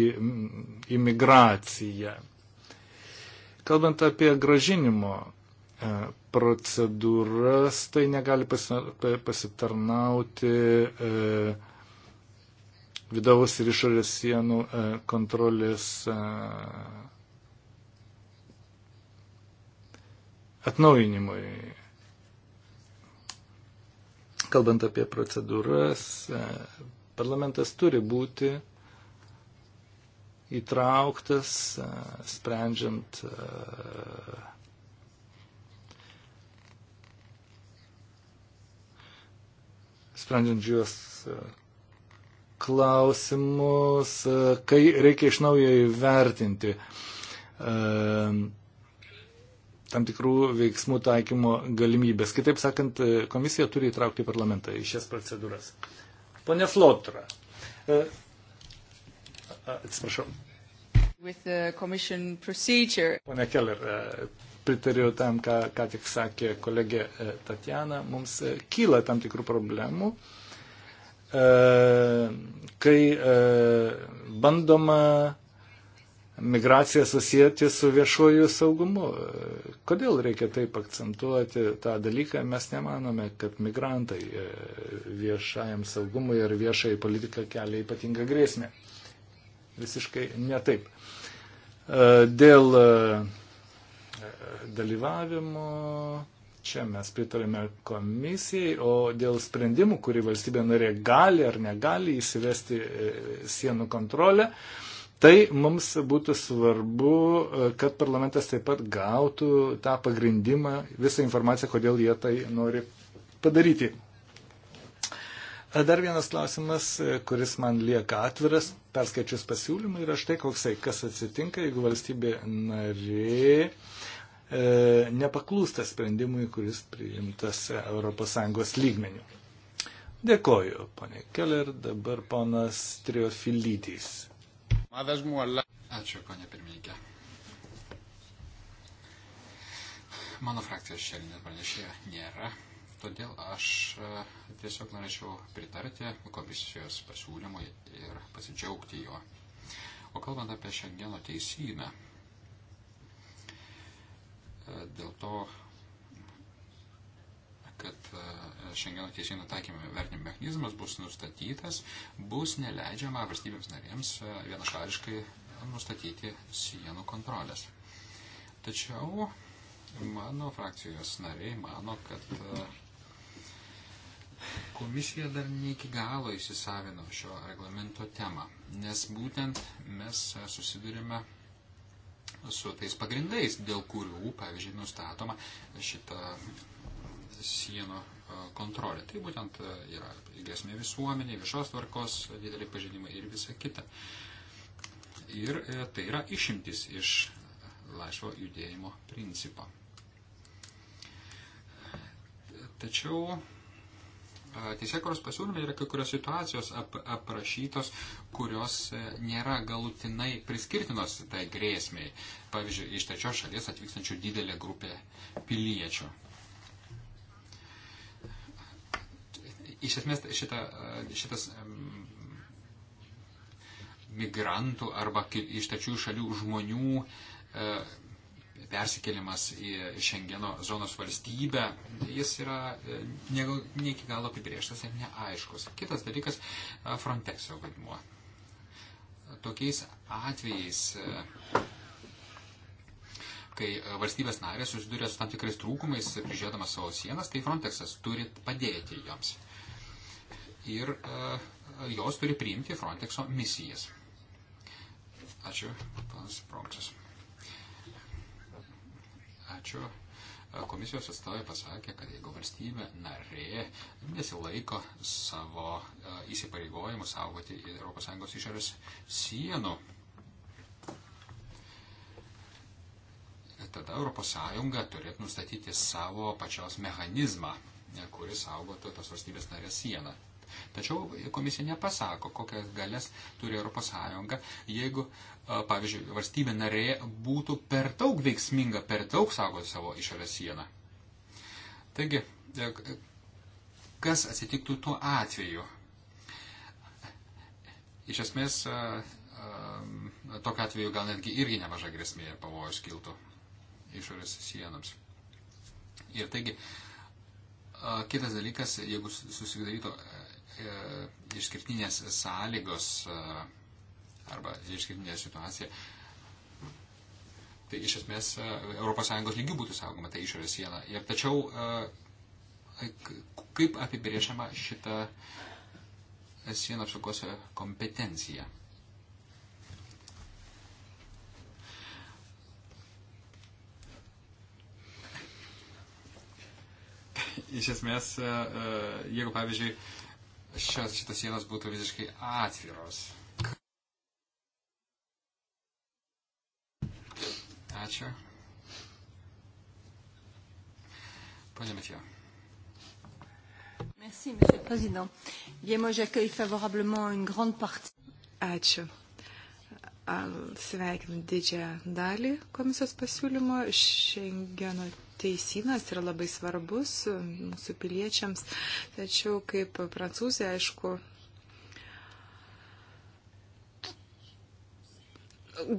imigraciją. Kalbant apie gražinimo e, procedūras, tai negali pasitarnauti e, vidaus ir išorės sienų kontrolės atnaujinimui. Kalbant apie procedūras, e, parlamentas turi būti įtrauktas, e, sprendžiant e, sprendžiant juos klausimus, kai reikia iš naujo įvertinti tam tikrų veiksmų taikymo galimybės. Kitaip sakant, komisija turi įtraukti parlamentą į šias procedūras. Pone Flotra. E, atsiprašau. Pone Keller, e, pritariu tam, ką, ką tik sakė kolegė e, Tatjana, mums kyla tam tikrų problemų, kai bandoma migraciją susijęti su viešuoju saugumu. Kodėl reikia taip akcentuoti tą dalyką? Mes nemanome, kad migrantai e, viešajam saugumui ir viešai politika kelia ypatingą grėsmę. Visiškai netaip. E, dėl e, dalyvavimo čia mes pritarėme komisijai, o dėl sprendimų, kurį valstybė norė gali ar negali įsivesti sienų kontrolę, Tai mums būtų svarbu, e, kad parlamentas taip pat gautų tą pagrindimą, visą informaciją, kodėl jie tai nori padaryti. E, dar vienas klausimas, e, kuris man lieka atviras, perskaičius pasiūlymą yra štai koksai, kas atsitinka, jeigu valstybė narė e, nepaklūsta sprendimui, kuris priimtas ES lygmeniu. Dėkoju, ponė Keller, dabar ponas Triofilydys. Ačiū, ponė pirmininkė. Mano frakcijos šiandien pranešėjo nėra, todėl aš e, tiesiog norėčiau pritarti komisijos pasiūlymui ir pasidžiaugti jo. O kalbant apie šiandieno teisybę, e, dėl to kad e, šiandieno teisėjų nutaikymė vertinimo mechanizmas bus nustatytas, bus neleidžiama valstybėms narėms e, vienašališkai nustatyti sienų kontrolės. Tačiau mano frakcijos nariai mano, kad e, komisija dar ne iki galo įsisavino šio reglamento temą, nes būtent mes susidurime su tais pagrindais, dėl kurių, pavyzdžiui, nustatoma šita sienų kontrolė. Tai būtent yra grėsmė visuomenė, viešos tvarkos, dideliai pažinimai ir visa kita. Ir e, tai yra išimtis iš laisvo judėjimo principo. Tačiau teisėkuros pasiūlyme yra kai kurios situacijos ap, aprašytos, kurios e, nėra galutinai priskirtinos tai grėsmiai. Pavyzdžiui, iš trečios šalies atvykstančių didelė grupė piliečių. Iš esmės šita, e, šitas migrantų arba iš tačiųjų šalių žmonių e, persikėlimas į Šengeno zonos valstybę, jis yra e, ne, ne iki galo apibrieštas ir neaiškus. Kitas dalykas - Frontexo vaidmuo. Tokiais atvejais, kai valstybės narės susiduria su tam tikrais trūkumais, prižiūrėdamas savo sienas, tai Frontexas turi padėti joms ir e, jos turi priimti Frontexo misijas. Ačiū, panas Bronksas. Ačiū. Komisijos atstovai pasakė, kad jeigu valstybė narė nesilaiko savo e, įsipareigojimų saugoti ES išorės sienų, tada ES turėtų nustatyti savo pačios mechanizmą, kuris saugotų tos valstybės narės sieną. Tačiau komisija nepasako, kokias galės turi ES, jeigu, pavyzdžiui, valstybė narė būtų per daug veiksminga, per daug saugo savo išorės sieną. Taigi, e, kas atsitiktų tuo atveju? Iš esmės, tokiu atveju gal netgi irgi nemaža grėsmė ir pavojus kiltų išorės sienams. Ir taigi, kitas dalykas, jeigu susidarytų E, išskirtinės sąlygos e, arba išskirtinė situacija, tai iš esmės ES lygių būtų saugoma ta išorės siena. Ir tačiau e, kaip apibrėžiama šita sienų apsaugos kompetencija? Iš esmės, jeigu pavyzdžiui, šios, šitas sienos būtų visiškai atviros. Ačiū. Pone Metijo. Merci, Monsieur le Président. Bien, moi, j'accueille favorablement une grande partie. Ačiū. Sveikinu didžiąją dalį komisijos pasiūlymo. Šengeno teisinas yra labai svarbus e, mūsų piliečiams, tačiau kaip prancūzė, aišku,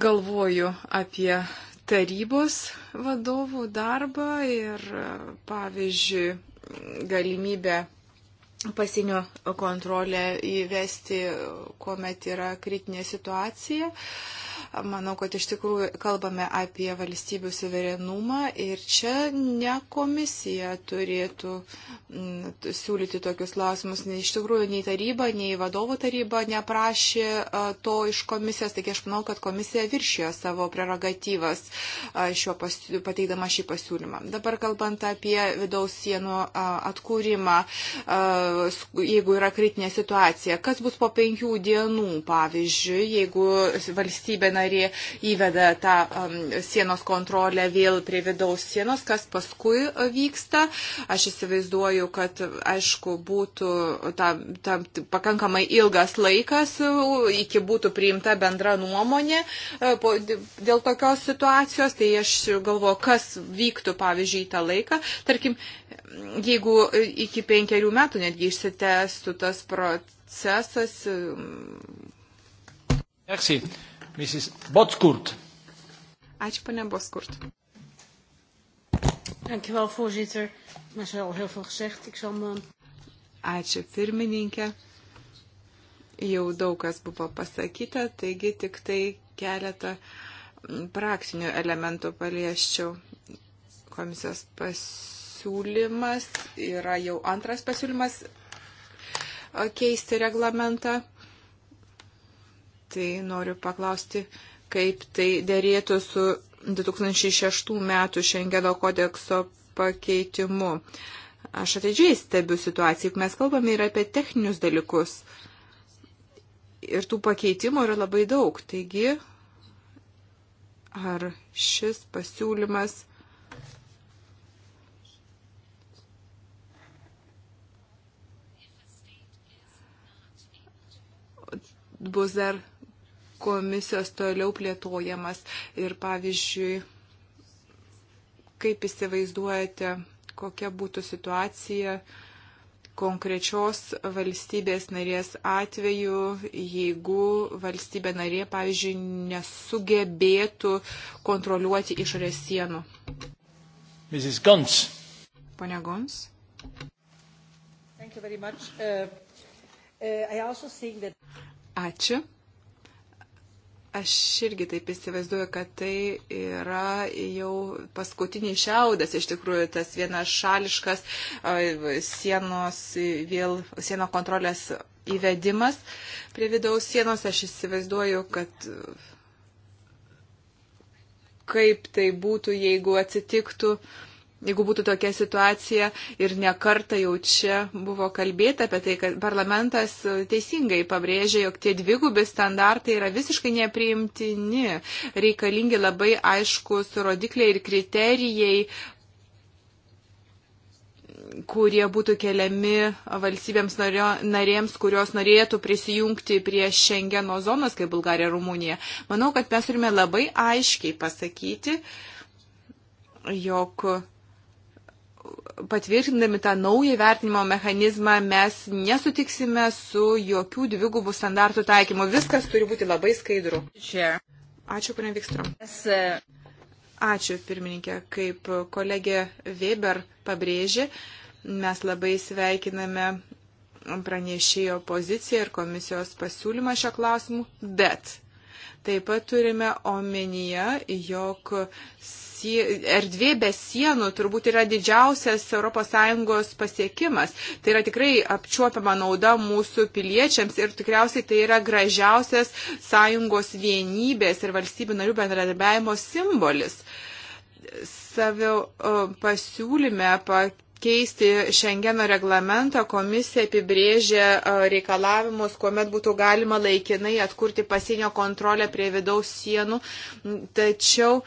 galvoju apie tarybos vadovų darbą ir, e, pavyzdžiui, galimybę pasienio kontrolę įvesti, kuomet yra kritinė situacija. Uh, Manau, kad iš tikrųjų kalbame apie valstybių suverenumą ir čia ne komisija turėtų mm, siūlyti tokius klausimus. Iš tikrųjų, nei taryba, nei vadovų taryba neprašė to iš komisijos, taigi aš manau, kad komisija viršijo savo prerogatyvas šio pasiūlymą, pateikdama šį pasiūlymą. Dabar kalbant apie vidaus sienų atkūrimą, jeigu yra kritinė situacija, kas bus po penkių dienų, pavyzdžiui, jeigu valstybė narė įveda tą um, sienos kontrolę vėl prie vidaus sienos, kas paskui uh, vyksta. Aš įsivaizduoju, kad aišku būtų tam, tam pakankamai ilgas laikas, uh, iki būtų priimta bendra nuomonė uh, po, dėl tokios situacijos. Tai aš galvoju, kas vyktų, pavyzdžiui, tą laiką. Tarkim, jeigu iki penkerių metų netgi išsitęstų tas procesas. Um, Merci. Mrs. Botskurt. Ačiū, pane Boskurt. Dankjewel, voorzitter. Maar is al heel veel gezegd. Ik zal me... Ačiū, pirmininkė. Jau daug kas buvo pasakyta, taigi tik tai keletą mm, praktinių elementų palieščiau. Komisijos pasiūlymas yra jau antras pasiūlymas keisti reglamentą. Tai noriu paklausti, kaip tai dėrėtų su 2006 metų Šengeno kodekso pakeitimu. Aš ateidžiai stebiu situaciją, juk mes kalbame ir apie techninius dalykus. Ir tų pakeitimų yra labai daug. Taigi, ar šis pasiūlymas bus dar komisijos toliau plėtojamas ir pavyzdžiui, kaip įsivaizduojate, kokia būtų situacija konkrečios valstybės narės atveju, jeigu valstybė narė, pavyzdžiui, nesugebėtų kontroliuoti išorės sienų. Mrs. Gons. Pone Gons. Uh, uh, that... Ačiū. Aš irgi taip įsivaizduoju, kad tai yra jau paskutinis šiaudas, iš tikrųjų, tas vienas šališkas sienos, vėl sieno kontrolės įvedimas prie vidaus sienos. Aš įsivaizduoju, kad kaip tai būtų, jeigu atsitiktų uh, jeigu būtų tokia situacija ir nekarta jau čia buvo kalbėta apie tai, kad parlamentas teisingai pabrėžė, jog tie dvigubi standartai yra visiškai nepriimtini, reikalingi labai aiškus rodikliai ir kriterijai, kurie būtų keliami valstybėms nario, narėms, kurios norėtų prisijungti prie Schengeno zonos, kaip Bulgarija, Rumunija. Manau, kad mes turime labai aiškiai pasakyti, jog patvirtindami tą naują vertinimo mechanizmą mes nesutiksime su jokių dvigubų standartų taikymu. Viskas turi būti labai skaidru. Čia. Ačiū, ponė Vikstrom. Ačiū, pirmininkė. Kaip kolegė Weber pabrėžė, mes labai sveikiname pranešėjo poziciją ir komisijos pasiūlymą šio klausimu, bet taip pat turime omenyje, jog erdvė be sienų turbūt yra didžiausias ES pasiekimas. Tai yra tikrai apčiuopiama nauda mūsų piliečiams ir tikriausiai tai yra gražiausias sąjungos vienybės ir valstybių narių bendradarbiavimo simbolis. Savo pasiūlyme keisti Šengeno reglamentą, komisija apibrėžė reikalavimus, kuomet būtų galima laikinai atkurti pasienio kontrolę prie vidaus sienų, tačiau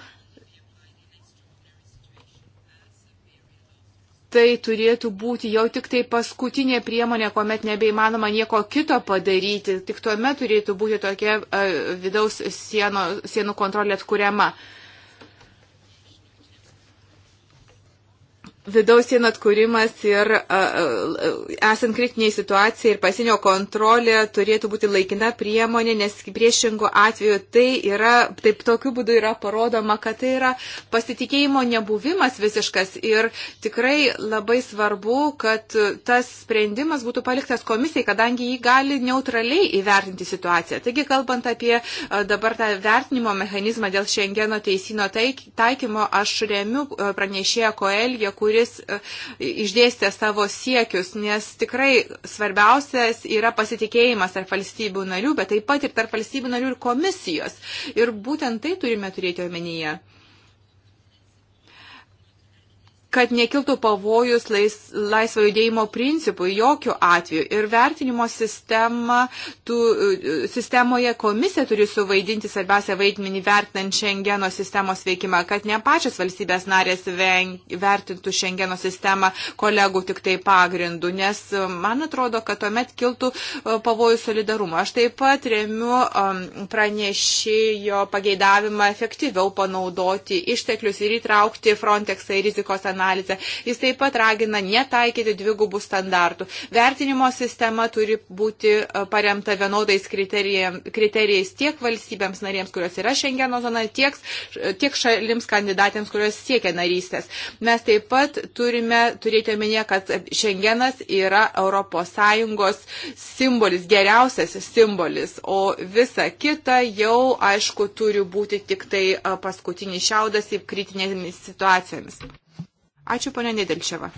tai turėtų būti jau tik tai paskutinė priemonė, kuomet nebeįmanoma nieko kito padaryti. Tik tuomet turėtų būti tokia vidaus sieno, sienų kontrolė atkuriama. Uh, vidaus sienų atkūrimas ir esant kritiniai situacijai ir pasienio kontrolė turėtų būti laikina priemonė, nes priešingų atveju tai yra, taip tokiu būdu yra parodoma, kad tai yra pasitikėjimo nebuvimas visiškas ir tikrai labai svarbu, kad tas sprendimas būtų paliktas komisijai, kadangi jį gali neutraliai įvertinti situaciją. Taigi, kalbant apie dabar tą vertinimo mechanizmą dėl Šengeno teisino taikymo, aš remiu pranešėją Koelgę, kuri kuris e, išdėstė savo siekius, nes tikrai svarbiausias yra pasitikėjimas tarp valstybių narių, bet taip pat ir tarp valstybių narių ir komisijos. Ir būtent tai turime turėti omenyje kad nekiltų pavojus lais, laisvo judėjimo principui jokių atveju. Ir vertinimo sistema, tu, sistemoje komisija turi suvaidinti svarbiausią vaidmenį vertinant Šengeno sistemos veikimą, kad ne pačias valstybės narės vertintų Šengeno sistemą kolegų tik tai pagrindų, nes man atrodo, kad tuomet kiltų e, pavojus solidarumo. Aš taip pat remiu pranešėjo pageidavimą efektyviau panaudoti išteklius ir įtraukti Frontexą į rizikos analizę analizę. Jis taip pat ragina netaikyti dvigubų standartų. Vertinimo sistema turi būti e, paremta vienodais kriterijais tiek valstybėms narėms, kurios yra Šengeno zona, tiek, e, tiek šalims kandidatėms, kurios siekia narystės. Mes taip pat turime turėti omenyje, kad Šengenas yra ES simbolis, geriausias simbolis, o visa kita jau, aišku, turi būti tik tai e, paskutinis šiaudas į kritinėmis situacijomis. Ačiū, ponė Nedelčiava.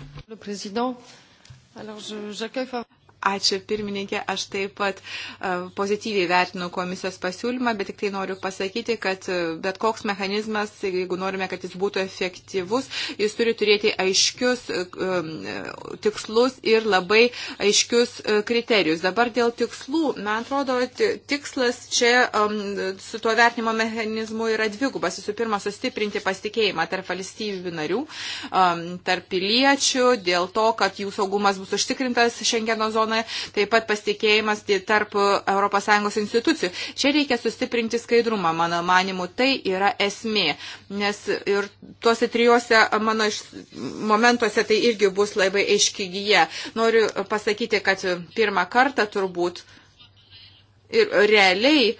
Ačiū pirmininkė, aš taip pat e, pozityviai vertinu komisijos pasiūlymą, bet tik tai noriu pasakyti, kad e, bet koks mechanizmas, jeigu norime, kad jis būtų efektyvus, jis turi turėti aiškius e, tikslus ir labai aiškius kriterijus. Dabar dėl tikslų, man atrodo, tikslas čia su tuo vertinimo mechanizmu yra dvigubas. Visų pirma, sustiprinti pasitikėjimą tarp valstybių narių, tarp piliečių, dėl to, kad jų saugumas bus užtikrintas Šengeno zonoje klausimai, taip pat pasitikėjimas tarp ES institucijų. Čia reikia sustiprinti skaidrumą, mano manimu, tai yra esmė, nes ir tuose trijuose mano momentuose tai irgi bus labai aiški gyja. Noriu pasakyti, kad pirmą kartą turbūt Ir realiai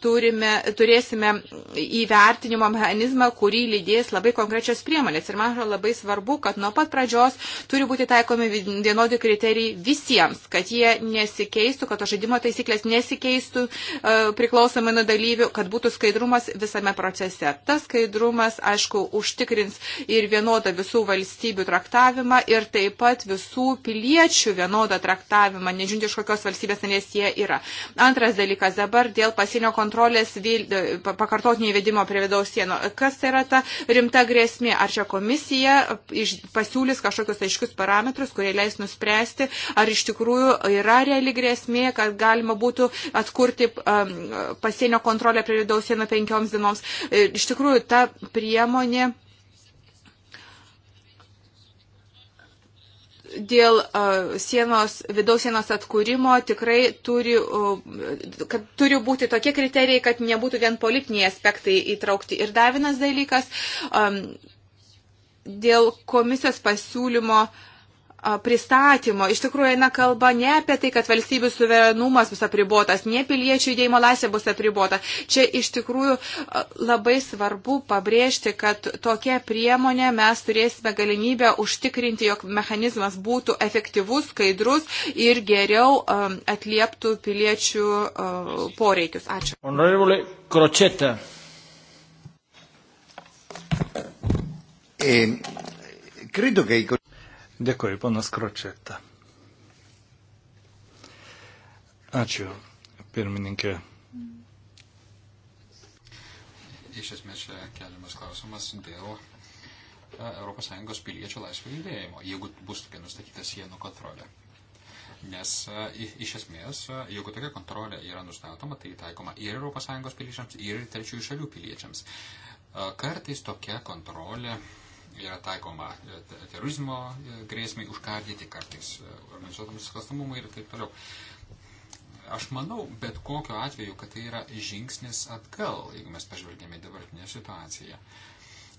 turime, turėsime įvertinimo mechanizmą, kurį lydės labai konkrečios priemonės. Ir man atrodo labai svarbu, kad nuo pat pradžios turi būti taikomi vienodi kriterijai visiems, kad jie nesikeistų, kad to žaidimo taisyklės nesikeistų priklausomai nuo dalyvių, kad būtų skaidrumas visame procese. Tas skaidrumas, aišku, užtikrins ir vienodą visų valstybių traktavimą ir taip pat visų piliečių vienodą traktavimą, nežiūrint iš kokios valstybės narės jie yra. Antra, Antras dalykas dabar dėl pasienio kontrolės pakartotinio įvedimo prie vidaus sienų. Kas yra ta rimta grėsmė? Ar čia komisija pasiūlys kažkokius aiškius parametrus, kurie leis nuspręsti, ar iš tikrųjų yra reali grėsmė, kad galima būtų atkurti pasienio kontrolę prie vidaus sienų penkioms dienoms. E, iš tikrųjų, ta priemonė dėl uh, sienos, vidaus sienos atkūrimo tikrai turi, uh, kad turi būti tokie kriterijai, kad nebūtų vien politiniai aspektai įtraukti. Ir dar vienas dalykas, um, dėl komisijos pasiūlymo uh, pristatymo. Iš tikrųjų eina kalba ne apie tai, kad valstybių suverenumas bus apribotas, ne piliečių judėjimo laisvė bus apribota. Čia iš tikrųjų labai svarbu pabrėžti, kad tokia priemonė mes turėsime galimybę užtikrinti, jog mechanizmas būtų efektyvus, skaidrus ir geriau atlieptų piliečių poreikius. Ačiū. Honorable Crocetta. Eh, credo che i Dėkoju, panas Kročeta. Ačiū, pirmininkė. Iš esmės čia keliamas klausimas dėl ES piliečių laisvų judėjimo, jeigu bus tokia nustatyta sienų kontrolė. Nes e, iš esmės, e, jeigu tokia kontrolė yra nustatoma, tai taikoma ir ES piliečiams, ir trečiųjų šalių piliečiams. E, kartais tokia kontrolė yra taikoma e, terorizmo e, grėsmai užkardyti kartais e, organizuotam nusikalstamumui ir taip toliau. Aš manau, bet kokiu atveju, kad tai yra žingsnis atgal, jeigu mes pažvelgėme į dabartinę situaciją.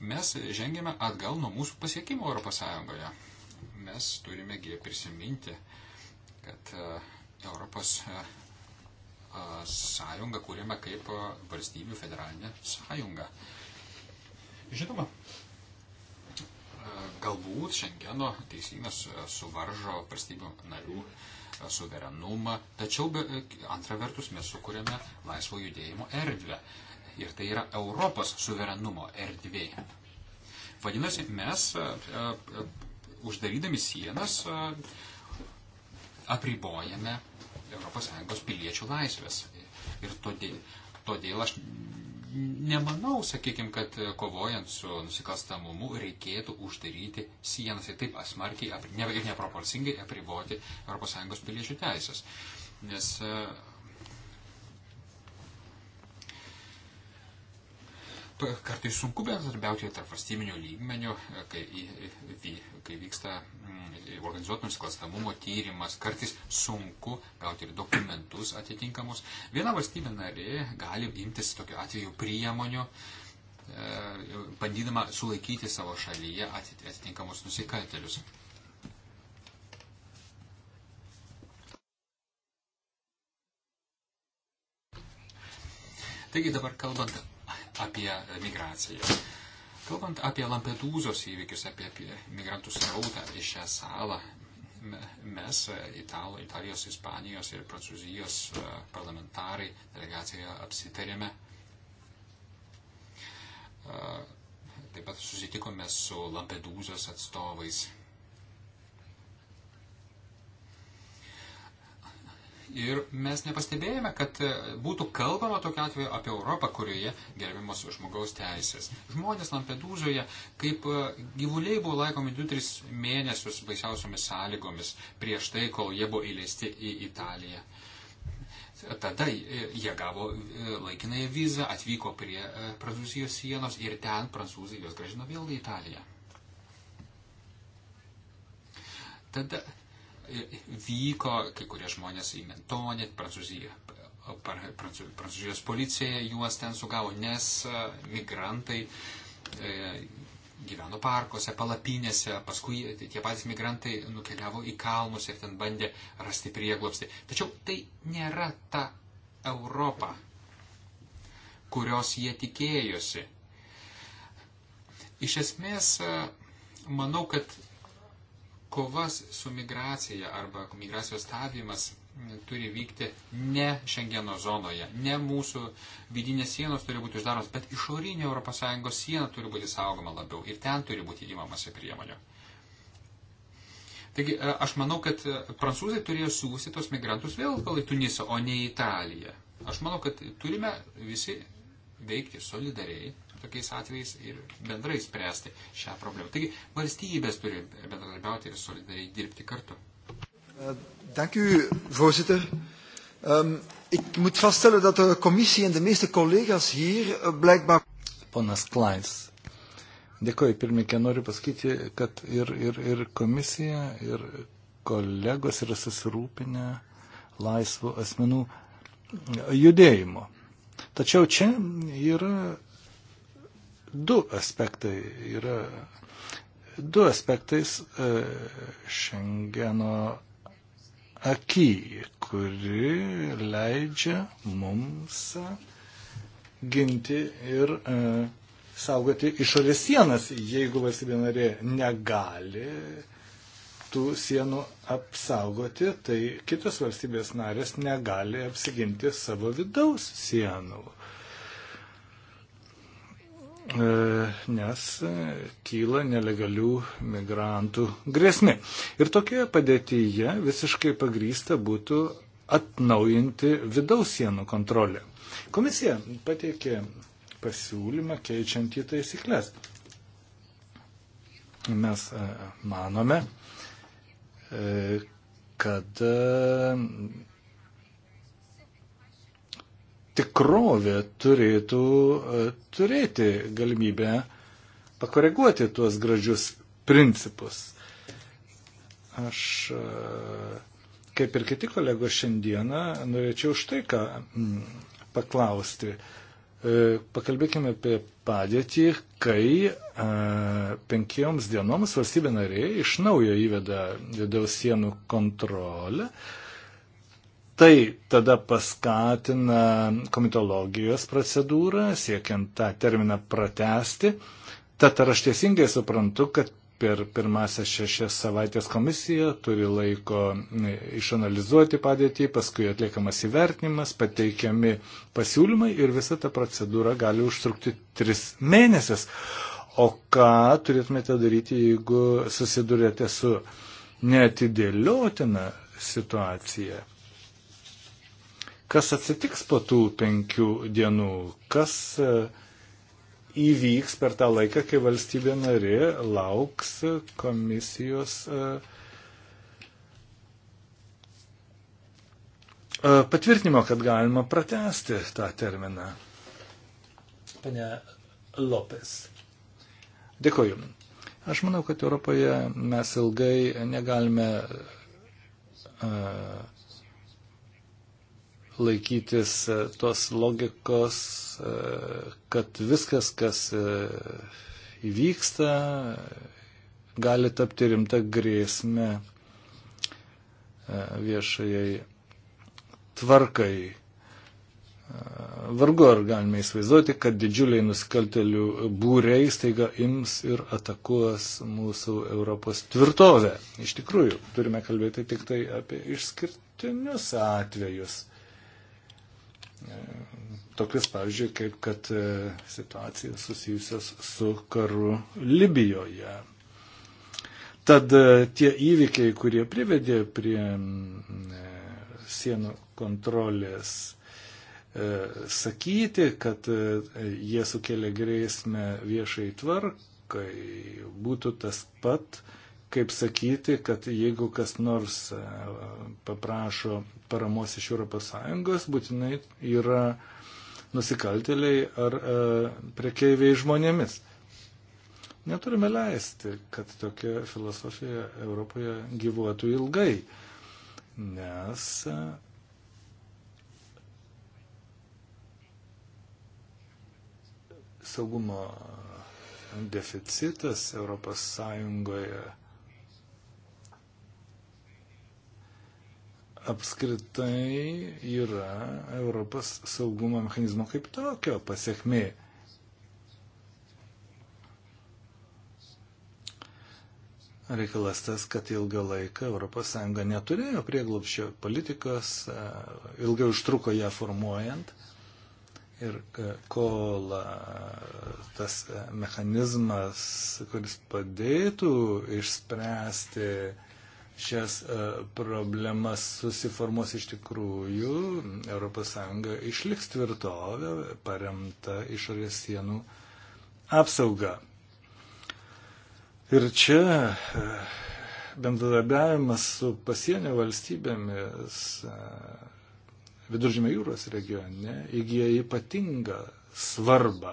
Mes žengėme atgal nuo mūsų pasiekimo Europos Sąjungoje. Mes turime prisiminti, kad Europos sąjungą kūrėme kaip valstybių federalinę sąjungą. Žinoma, Galbūt Šengeno teisynas e, suvaržo valstybių narių e, suverenumą, tačiau be, e, antra vertus mes sukūrėme laisvo judėjimo erdvę. Ir tai yra Europos suverenumo erdvė. Vadinasi, mes uždarydami sienas apribojame ES piliečių laisvės. Ir todėl, todėl aš nemanau, sakykime, kad e, kovojant su nusikalstamumu reikėtų uždaryti sienas ir taip smarkiai ir neproporcingai apriboti ES piliečių teisės. Nes e, kartais sunku bendradarbiauti tarp valstybinio lygmenio, e, kai, kai vyksta mm, organizuotų nusikalstamumo tyrimas, kartais sunku gauti ir dokumentus atitinkamus. Viena valstybė narė gali imtis tokiu atveju priemonių, e, bandydama sulaikyti savo šalyje atitinkamus nusikaltelius. Taigi dabar kalbant apie e, migraciją. Kalbant apie Lampedūzos įvykius, apie, apie migrantų srautą į šią salą, mes, e, Italo, Italijos, Ispanijos ir Prancūzijos e, parlamentarai delegacijoje apsitarėme. Taip pat susitikome su Lampedūzos atstovais Ir mes nepastebėjome, kad e, būtų kalbama tokia atveju apie Europą, kurioje gerbiamos žmogaus teisės. Žmonės Lampedūzoje kaip e, gyvuliai buvo laikomi 2-3 mėnesius baisiausiomis sąlygomis prieš tai, kol jie buvo įleisti į Italiją. Tada e, jie gavo laikinąją vizą, atvyko prie Prancūzijos sienos ir ten prancūzai juos gražino vėl į Italiją. Tada vyko, kai kurie žmonės į Mentonį, Prancūziją, Prancūzijos policija juos ten sugavo, nes e, migrantai e, gyveno parkuose, palapinėse, paskui tie patys migrantai nukeliavo į kalnus ir ten bandė rasti prieglobstį. Tačiau tai nėra ta Europa, kurios jie tikėjosi. Iš esmės, e, manau, kad kovas su migracija arba migracijos stabimas mm, turi vykti ne Šengeno zonoje, ne mūsų vidinės sienos turi būti uždaros, bet išorinė ES siena turi būti saugoma labiau ir ten turi būti įmamasi priemonių. Taigi e, aš manau, kad e, prancūzai turėjo siūsti tos migrantus vėl gal į Tunisą, o ne į Italiją. Aš manau, kad turime visi veikti solidariai tokiais atvejais ir bendrai spręsti šią problemą. Taigi valstybės turi bendradarbiauti ir solidariai dirbti kartu. Uh, dank u, voorzitter. Um, ik moet vaststellen dat de commissie en de meeste collega's hier uh, blijkbaar. Ponas Klais. Dėkoju, pirmininkė, noriu pasakyti, kad ir, ir, ir komisija, ir kolegos yra susirūpinę laisvų asmenų judėjimo. Tačiau čia yra du aspektai yra. Du aspektais Šengeno e, aky, kuri leidžia mums ginti ir e, saugoti išorės sienas, jeigu valstybė narė negali tų sienų apsaugoti, tai kitos valstybės narės negali apsiginti savo vidaus sienų. E, nes e, kyla nelegalių migrantų grėsmė. Ir tokioje padėtyje visiškai pagrysta būtų atnaujinti vidaus sienų kontrolę. Komisija pateikė pasiūlymą keičiant į taisyklės. Mes e, manome, kad tikrovė turėtų e, turėti galimybę pakoreguoti tuos gražius principus. Aš, e, kaip ir kiti kolegos šiandieną, norėčiau štai ką mm, paklausti. E, pakalbėkime apie padėtį, kai penkioms dienoms valstybė narė iš naujo įveda vidaus sienų kontrolę, tai tada paskatina komitologijos procedūrą, siekiant tą terminą pratesti. Tad ar aš teisingai suprantu, kad per pirmąsias šešias savaitės komisija turi laiko e, išanalizuoti padėtį, paskui atliekamas įvertinimas, pateikiami pasiūlymai ir visa ta procedūra gali užtrukti tris mėnesius. O ką turėtumėte daryti, jeigu susidurėte su neatidėliotina situacija? kas atsitiks po tų penkių dienų, kas e, įvyks per tą laiką, kai valstybė narė lauks komisijos e, e, patvirtinimo, kad galima pratesti tą terminą. Pane Lopes. Dėkoju. Aš manau, kad Europoje mes ilgai negalime uh, laikytis e, tos logikos, e, kad viskas, kas e, įvyksta, gali tapti rimta grėsme viešajai tvarkai. Vargu ar galime įsivaizduoti, kad didžiuliai nusikaltelių būrei staiga ims ir atakuos mūsų Europos tvirtovę. Iš tikrųjų, turime kalbėti tik tai apie išskirtinius atvejus tokius, pavyzdžiui, kaip kad e, situacija susijusios su karu Libijoje. Tad e, tie įvykiai, kurie privedė prie e, sienų kontrolės, sakyti, kad jie sukelia grėsmę viešai tvarkai, būtų tas pat, kaip sakyti, kad jeigu kas nors e, paprašo paramos iš ES, būtinai yra nusikaltėliai ar e, prekeiviai žmonėmis. Neturime leisti, kad tokia filosofija Europoje gyvuotų ilgai, nes e, saugumo deficitas Europos Sąjungoje apskritai yra Europos saugumo mechanizmo kaip tokio pasiekmė. Reikalas tas, kad ilgą laiką ES neturėjo prieglopščio politikos, e, ilgai užtruko ją formuojant ir e, kol e, tas mechanizmas, kuris padėtų išspręsti uh, šias e, problemas susiformuos iš tikrųjų, ES išliks tvirtovė paremta išorės sienų apsauga. Ir čia e, bendradarbiavimas su pasienio valstybėmis e, Viduržymė jūros regione įgyja ypatingą svarbą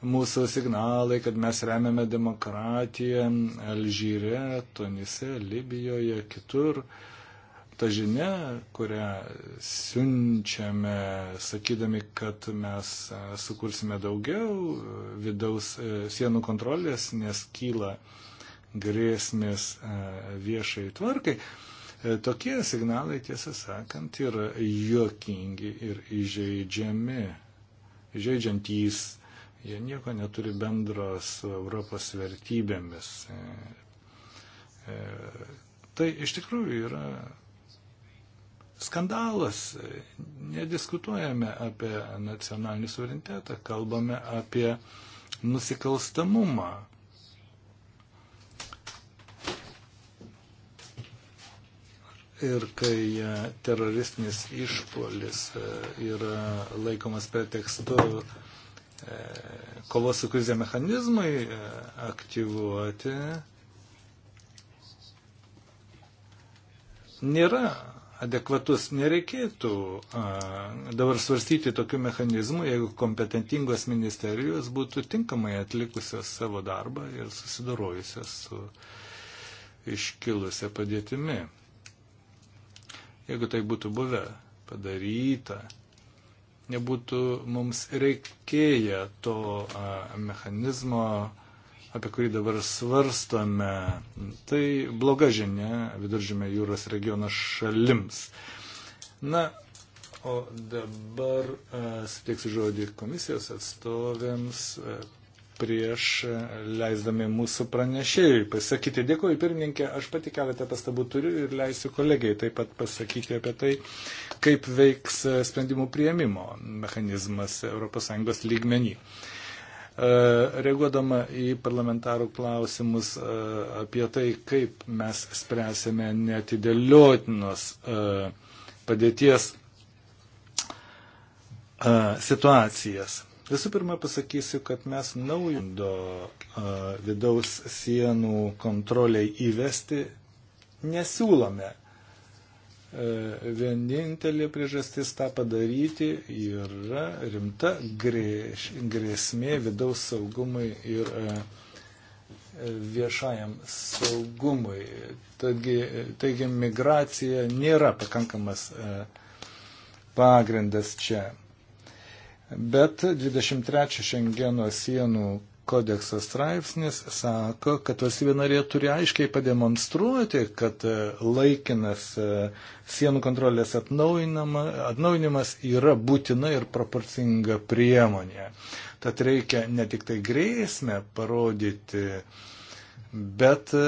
mūsų signalai, kad mes remiame demokratiją Alžyre, Tunise, Libijoje, kitur. Ta žinia, kurią siunčiame, sakydami, kad mes e, sukursime daugiau e, vidaus e, sienų kontrolės, nes kyla grėsmės viešai tvarkai. Tokie signalai, tiesą sakant, yra juokingi ir įžeidžiami. Žaidžiantys Jie nieko neturi bendro su Europos vertybėmis. E, e, tai iš tikrųjų yra skandalas. Nediskutuojame apie nacionalinį suverenitetą, kalbame apie nusikalstamumą. Ir kai e, teroristinis išpolis yra laikomas pretekstu kovos su krizė mechanizmai e, aktyvuoti nėra adekvatus, nereikėtų a, e, dabar svarstyti tokių mechanizmų, jeigu kompetentingos ministerijos būtų tinkamai atlikusios savo darbą ir susidorojusios su iškilusią padėtimi. Jeigu tai būtų buvę padaryta, nebūtų mums reikėję to mechanizmo, apie kurį dabar svarstome. Tai bloga žinia viduržymė jūros regiono šalims. Na, o dabar suteiksiu žodį komisijos atstovėms, prieš e, leisdami mūsų pranešėjui pasakyti. Dėkuoju, pirmininkė, aš pati keletą pastabų turiu ir leisiu kolegiai taip pat pasakyti apie tai, kaip veiks e, sprendimų prieimimo mechanizmas ES lygmenį. E, reaguodama į parlamentarų klausimus apie tai, kaip mes spręsime netidėliotinos padėties situacijas Visų pirma, pasakysiu, kad mes naujo vidaus sienų kontroliai įvesti nesiūlome. E, vienintelė priežastis tą padaryti yra rimta grėsmė vidaus saugumui ir e, viešajam saugumui. Taigi, taigi migracija nėra pakankamas e, pagrindas čia. Bet 23 Šengeno sienų kodeksas straipsnis sako, kad valstybė narė turi aiškiai pademonstruoti, kad e, laikinas e, sienų kontrolės atnaujinimas yra būtina ir proporcinga priemonė. Tad reikia ne tik tai grėsmę parodyti, bet e,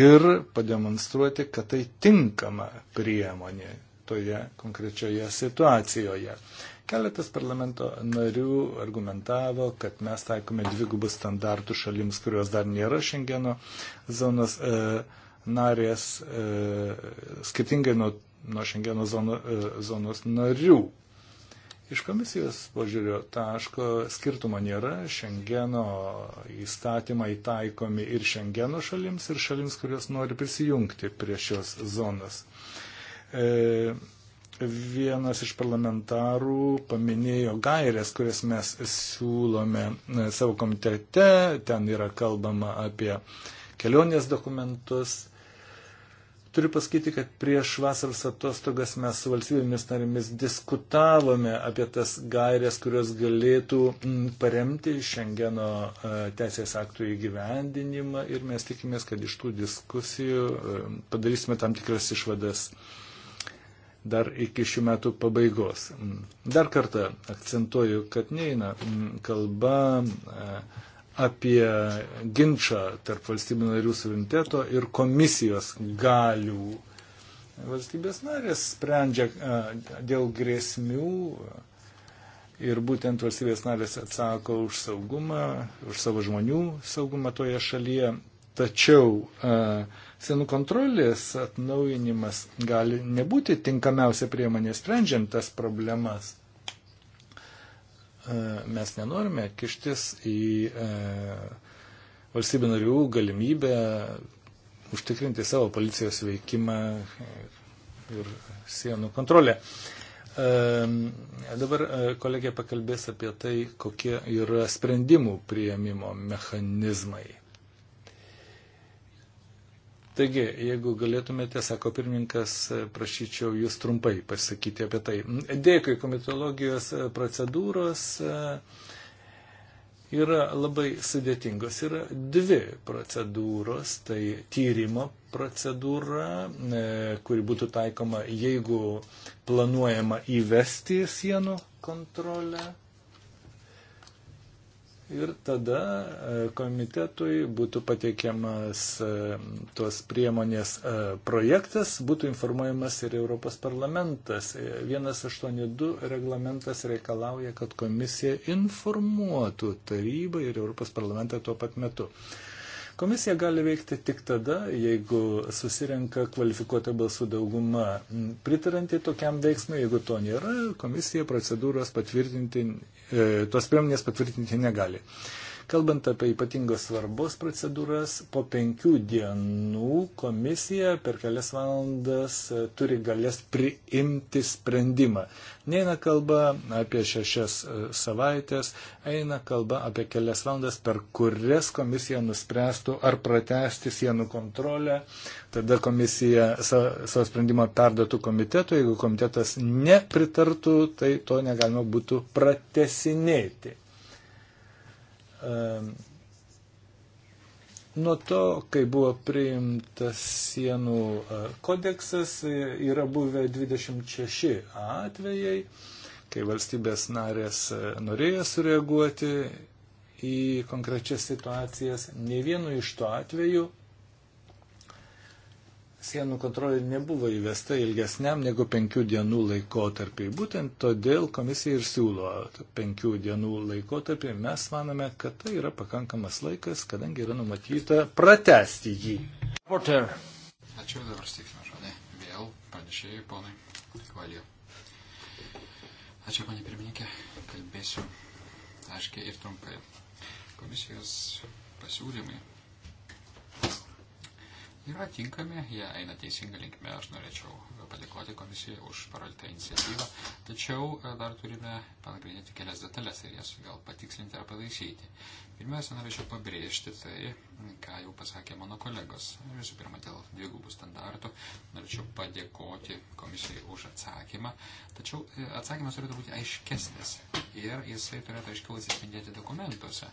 ir pademonstruoti, kad tai tinkama priemonė toje konkrečioje situacijoje. Keletas parlamento narių argumentavo, kad mes taikome dvigubus standartus šalims, kurios dar nėra Šengeno zonos e, narės, e, skirtingai nuo, nuo Šengeno zono, e, zonos narių. Iš komisijos požiūrio taško skirtumo nėra. Šengeno įstatymai taikomi ir Šengeno šalims, ir šalims, kurios nori prisijungti prie šios zonos. E, vienas iš parlamentarų paminėjo gairės, kurias mes siūlome e, savo komitete. Ten yra kalbama apie kelionės dokumentus. Turiu pasakyti, kad prieš vasaros atostogas mes su valstybėmis narėmis diskutavome apie tas gairės, kurios galėtų mm, paremti Šengeno e, teisės aktų įgyvendinimą ir mes tikimės, kad iš tų diskusijų e, padarysime tam tikras išvadas dar iki šių metų pabaigos. Dar kartą akcentuoju, kad neina mm, kalba e, apie ginčą tarp valstybių narių suvereniteto ir komisijos galių. Valstybės narės sprendžia e, dėl grėsmių ir būtent valstybės narės atsako už saugumą, už savo žmonių saugumą toje šalyje. Tačiau uh, Senų kontrolės atnaujinimas gali nebūti tinkamiausia priemonė sprendžiant tas problemas. E, mes nenorime kištis į e, valstybių narių galimybę užtikrinti savo policijos veikimą ir sienų kontrolę. E, dabar kolegė pakalbės apie tai, kokie yra sprendimų prieimimo mechanizmai. Taigi, jeigu galėtumėte, sako pirmininkas, prašyčiau jūs trumpai pasakyti apie tai. Dėkui, komitologijos procedūros e, yra labai sudėtingos. Yra dvi procedūros, tai tyrimo procedūra, e, kuri būtų taikoma, jeigu planuojama įvesti sienų kontrolę ir tada e, komitetui būtų pateikiamas e, tos priemonės e, projektas, būtų informuojamas ir Europos parlamentas. 182 reglamentas reikalauja, kad komisija informuotų tarybą ir Europos parlamentą tuo pat metu. Komisija gali veikti tik tada, jeigu susirenka kvalifikuota balsų dauguma. Pritaranti tokiam veiksmui, jeigu to nėra, komisija procedūros patvirtinti, e, tos priemonės patvirtinti negali. E, Kalbant apie ypatingos svarbos procedūras, po penkių dienų komisija per kelias valandas e, turi galės priimti sprendimą. Neina kalba apie šešias e, savaitės, eina kalba apie kelias valandas, per kurias komisija nuspręstų ar pratesti sienų kontrolę. Tada komisija savo sprendimą perdotų komitetui, jeigu komitetas nepritartų, tai to negalima būtų pratesinėti. Nuo to, kai buvo priimtas sienų e, kodeksas, e, yra buvę 26 atvejai, kai valstybės narės e, norėjo sureaguoti į konkrečias situacijas. Ne vienu iš to atveju sienų kontrolė nebuvo įvesta ilgesniam negu penkių dienų laikotarpiai. Būtent todėl komisija ir siūlo penkių dienų laikotarpį. Mes manome, kad tai yra pakankamas laikas, kadangi yra numatyta pratesti jį. Porter. Ačiū dabar stiksime žodį. Vėl pranešėjai, ponai. Kvalio. Ačiū, ponė pirmininkė. Kalbėsiu aiškiai ir trumpai. Komisijos pasiūlymai yra tinkami, jie eina teisinga linkme. Aš norėčiau padėkoti komisijai už parodytą iniciatyvą, tačiau e, dar turime panagrinėti kelias detalės ir jas gal patikslinti ar pataisyti. Pirmiausia, norėčiau pabrėžti tai, ką jau pasakė mano kolegos. Visų pirma, dėl dvigubų standartų norėčiau padėkoti komisijai už atsakymą, tačiau e, atsakymas turėtų būti aiškesnis ir jisai turėtų aiškiau atsispindėti dokumentuose,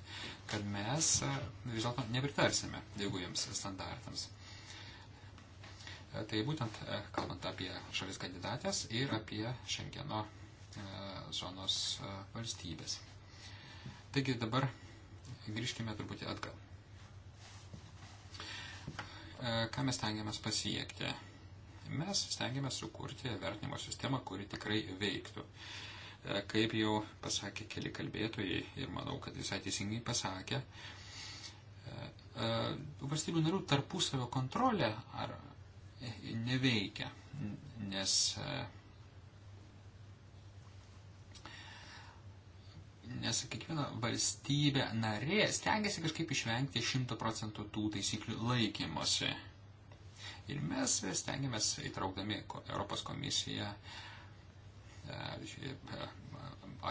kad mes e, vis dėlto nepritarsime dvigubiems standartams. Tai būtent e, kalbant apie šalis kandidatės ir apie Šengeno e, zonos e, valstybės. Taigi dabar grįžkime truputį atgal. Ką mes stengiamės pasiekti? Mes stengiamės sukurti vertinimo sistemą, kuri tikrai veiktų. Kaip jau pasakė keli kalbėtojai ir manau, kad visai teisingai pasakė, valstybių narių tarpusavio kontrolė ar neveikia, nes nes kiekviena valstybė narė stengiasi kažkaip išvengti 100 procentų tų taisyklių laikymosi. Ir mes stengiamės įtraukdami Europos komisiją, e, e,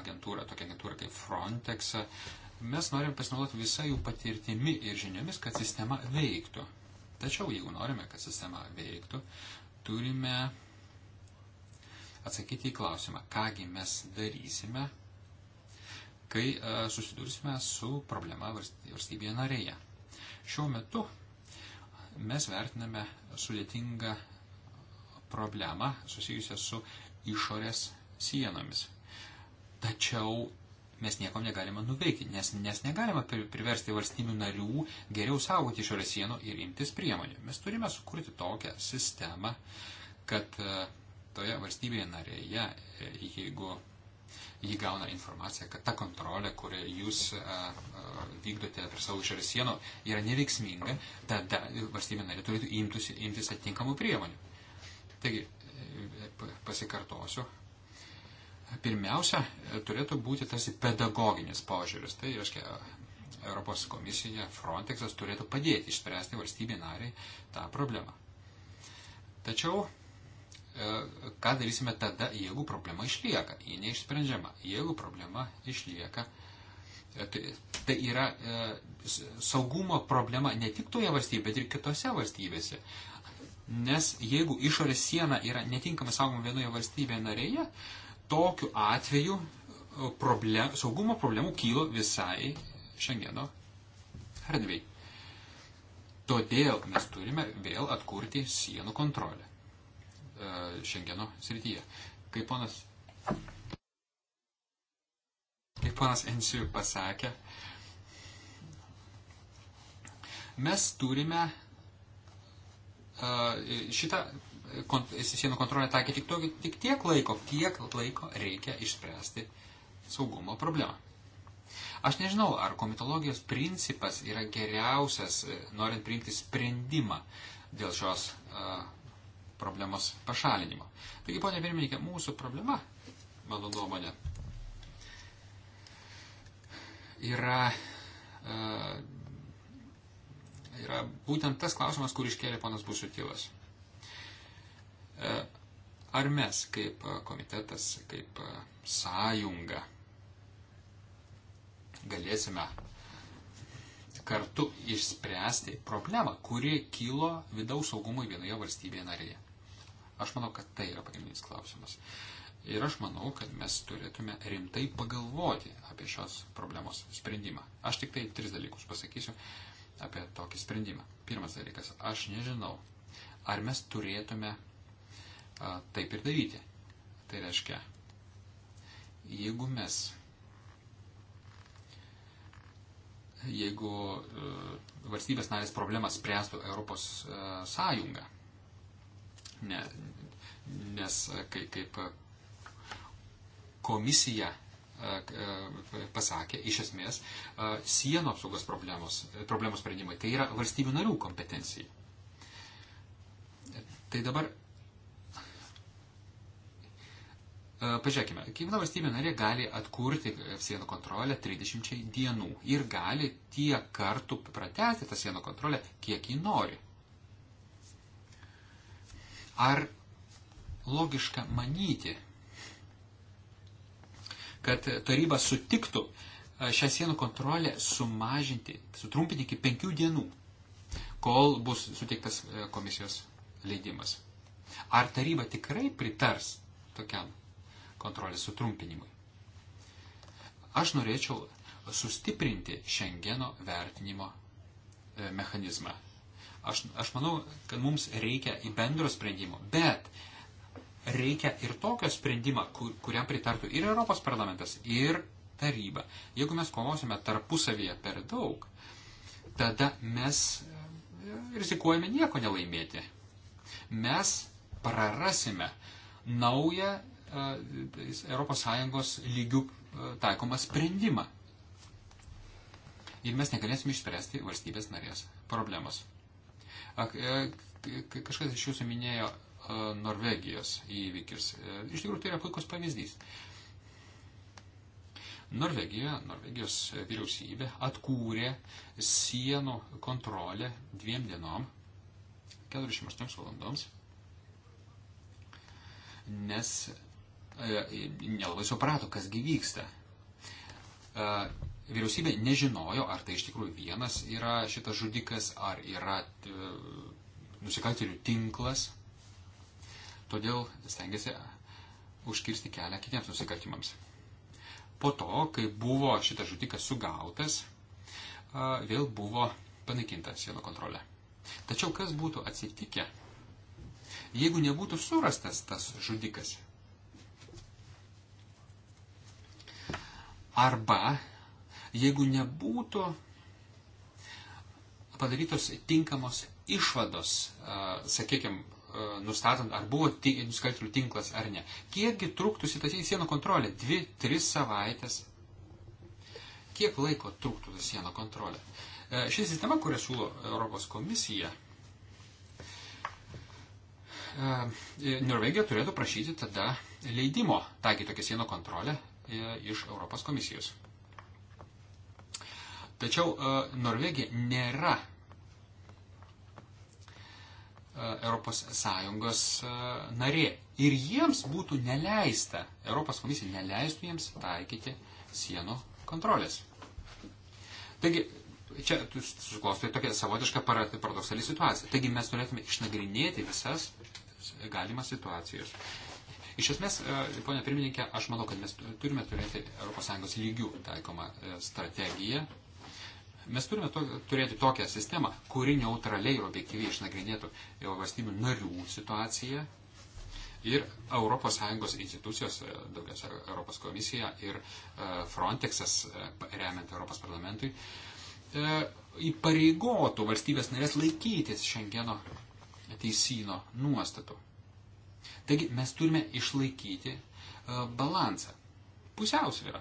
agentūrą, tokią agentūrą kaip Frontex, mes norim pasinaudoti visą jų patirtimi ir žiniomis, kad sistema veiktų. Tačiau, jeigu norime, kad sistema veiktų, turime atsakyti į klausimą, kągi mes darysime, kai e, susidursime su problema valstybėje narėje. Šiuo metu mes vertiname sudėtingą problemą susijusią su išorės sienomis. Tačiau mes nieko negalime nuveikti, nes, nes negalime priversti valstybių narių geriau saugoti išorės sienų ir imtis priemonių. Mes turime sukurti tokią sistemą, kad e, toje valstybėje narėje, e, jeigu jį gauna informaciją, kad ta kontrolė, kurią jūs a, e, a, vykdote per savo išorės sienų, yra neveiksminga, tada valstybė narė turėtų imtis, imtis atitinkamų priemonių. Taigi, pasikartosiu, pirmiausia e, turėtų būti tas pedagoginis požiūris. Tai reiškia, e, Europos komisija, Frontexas turėtų padėti išspręsti valstybė nariai tą problemą. Tačiau, e, ką darysime tada, jeigu problema išlieka, ji neišsprendžiama. Jeigu problema išlieka, tai, tai yra saugumo problema ne tik toje valstybėje, bet ir kitose valstybėse. Nes jeigu išorės siena yra netinkamai saugoma vienoje valstybėje narėje, tokiu atveju e, problem, saugumo problemų kyla visai Šengeno erdvėjai. Todėl mes turime vėl atkurti sienų kontrolę e, Šengeno srityje. Kaip ponas, kaip ponas Ensijų pasakė, mes turime e, šitą kont, sienų kontrolę taikė tik, to, tik tiek laiko, kiek laiko reikia išspręsti saugumo problemą. Aš nežinau, ar komitologijos principas yra geriausias, e, norint priimti sprendimą dėl šios a, e, problemos pašalinimo. Taigi, ponia pirmininkė, mūsų problema, mano nuomonė, yra, a, e, yra būtent tas klausimas, kurį iškėlė ponas Busutilas. Ar mes kaip e, komitetas, kaip e, sąjunga galėsime kartu išspręsti problemą, kuri kilo vidaus saugumui vienoje valstybėje narėje? Aš manau, kad tai yra pagrindinis klausimas. Ir aš manau, kad mes turėtume rimtai pagalvoti apie šios problemos sprendimą. Aš tik tai tris dalykus pasakysiu apie tokį sprendimą. Pirmas dalykas, aš nežinau, ar mes turėtume taip ir daryti. Tai reiškia, jeigu mes, jeigu e, valstybės narės problemas spręstų Europos e, sąjunga, ne, nes e, kaip, kaip komisija pasakė, iš esmės, sienų apsaugos problemos, problemos sprendimai tai yra valstybių narių kompetencija. Tai dabar E, pažiūrėkime, kiekviena valstybė narė gali atkurti sienų kontrolę 30 dienų ir gali tiek kartų pratesti tą sienų kontrolę, kiek ji nori. Ar logiška manyti, kad taryba sutiktų e, šią sienų kontrolę sumažinti, sutrumpinti iki penkių dienų, kol bus suteiktas e, komisijos leidimas. Ar taryba tikrai pritars tokiam kontrolės sutrumpinimui. Aš norėčiau sustiprinti Šengeno vertinimo e, mechanizmą. Aš, aš manau, kad mums reikia į bendro sprendimo, bet reikia ir tokio sprendimą, kur, kuriam pritartų ir Europos parlamentas, ir taryba. Jeigu mes kovosime tarpusavyje per daug, tada mes e, rizikuojame nieko nelaimėti. Mes prarasime naują ES lygių e, taikomą sprendimą. Ir mes negalėsime išspręsti valstybės narės problemos. E, kažkas iš jūsų minėjo e, Norvegijos įvykis. Iš tikrųjų, tai yra puikus pavyzdys. Norvegija, Norvegijos vyriausybė atkūrė sienų kontrolę dviem dienom, 48 valandoms, nes E, nelabai suprato, kas gyvyksta. E, vyriausybė nežinojo, ar tai iš tikrųjų vienas yra šitas žudikas, ar yra e, nusikaltėlių tinklas. Todėl stengiasi užkirsti kelią kitiems nusikaltimams. Po to, kai buvo šitas žudikas sugautas, vėl buvo panaikinta sienų kontrolė. Tačiau kas būtų atsitikę, jeigu nebūtų surastas tas žudikas? Arba jeigu nebūtų padarytos tinkamos išvados, sakykime, nustatant, ar buvo nusikaltėlių tinklas ar ne. Kiekgi truktų situacija sienų kontrolė? Dvi, tris savaitės. Kiek laiko truktų ta sienų kontrolė? Ši sistema, kurią siūlo Europos komisija, Norvegija turėtų prašyti tada leidimo taikyti tokią sienų kontrolę E, iš Europos komisijos. Tačiau e, Norvegija nėra e, Europos Sąjungos narė. Ir jiems būtų neleista, Europos komisija neleistų jiems taikyti sienų kontrolės. Taigi, čia susiklosto tokia savotiška paradoksali situacija. Taigi mes norėtume išnagrinėti visas galimas situacijas. Iš esmės, e, ponia pirmininkė, aš manau, kad mes turime turėti ES lygių taikomą e, strategiją. Mes turime to, turėti tokią sistemą, kuri neutraliai ir objektyviai išnagrinėtų e, valstybių narių situaciją ir ES institucijos, daugiausia Europos komisija ir Frontexas, remiant Europos parlamentui, įpareigotų valstybės narės laikytis Šengeno teisino nuostatų. Taigi mes turime išlaikyti e, balansą, pusiausvyrą.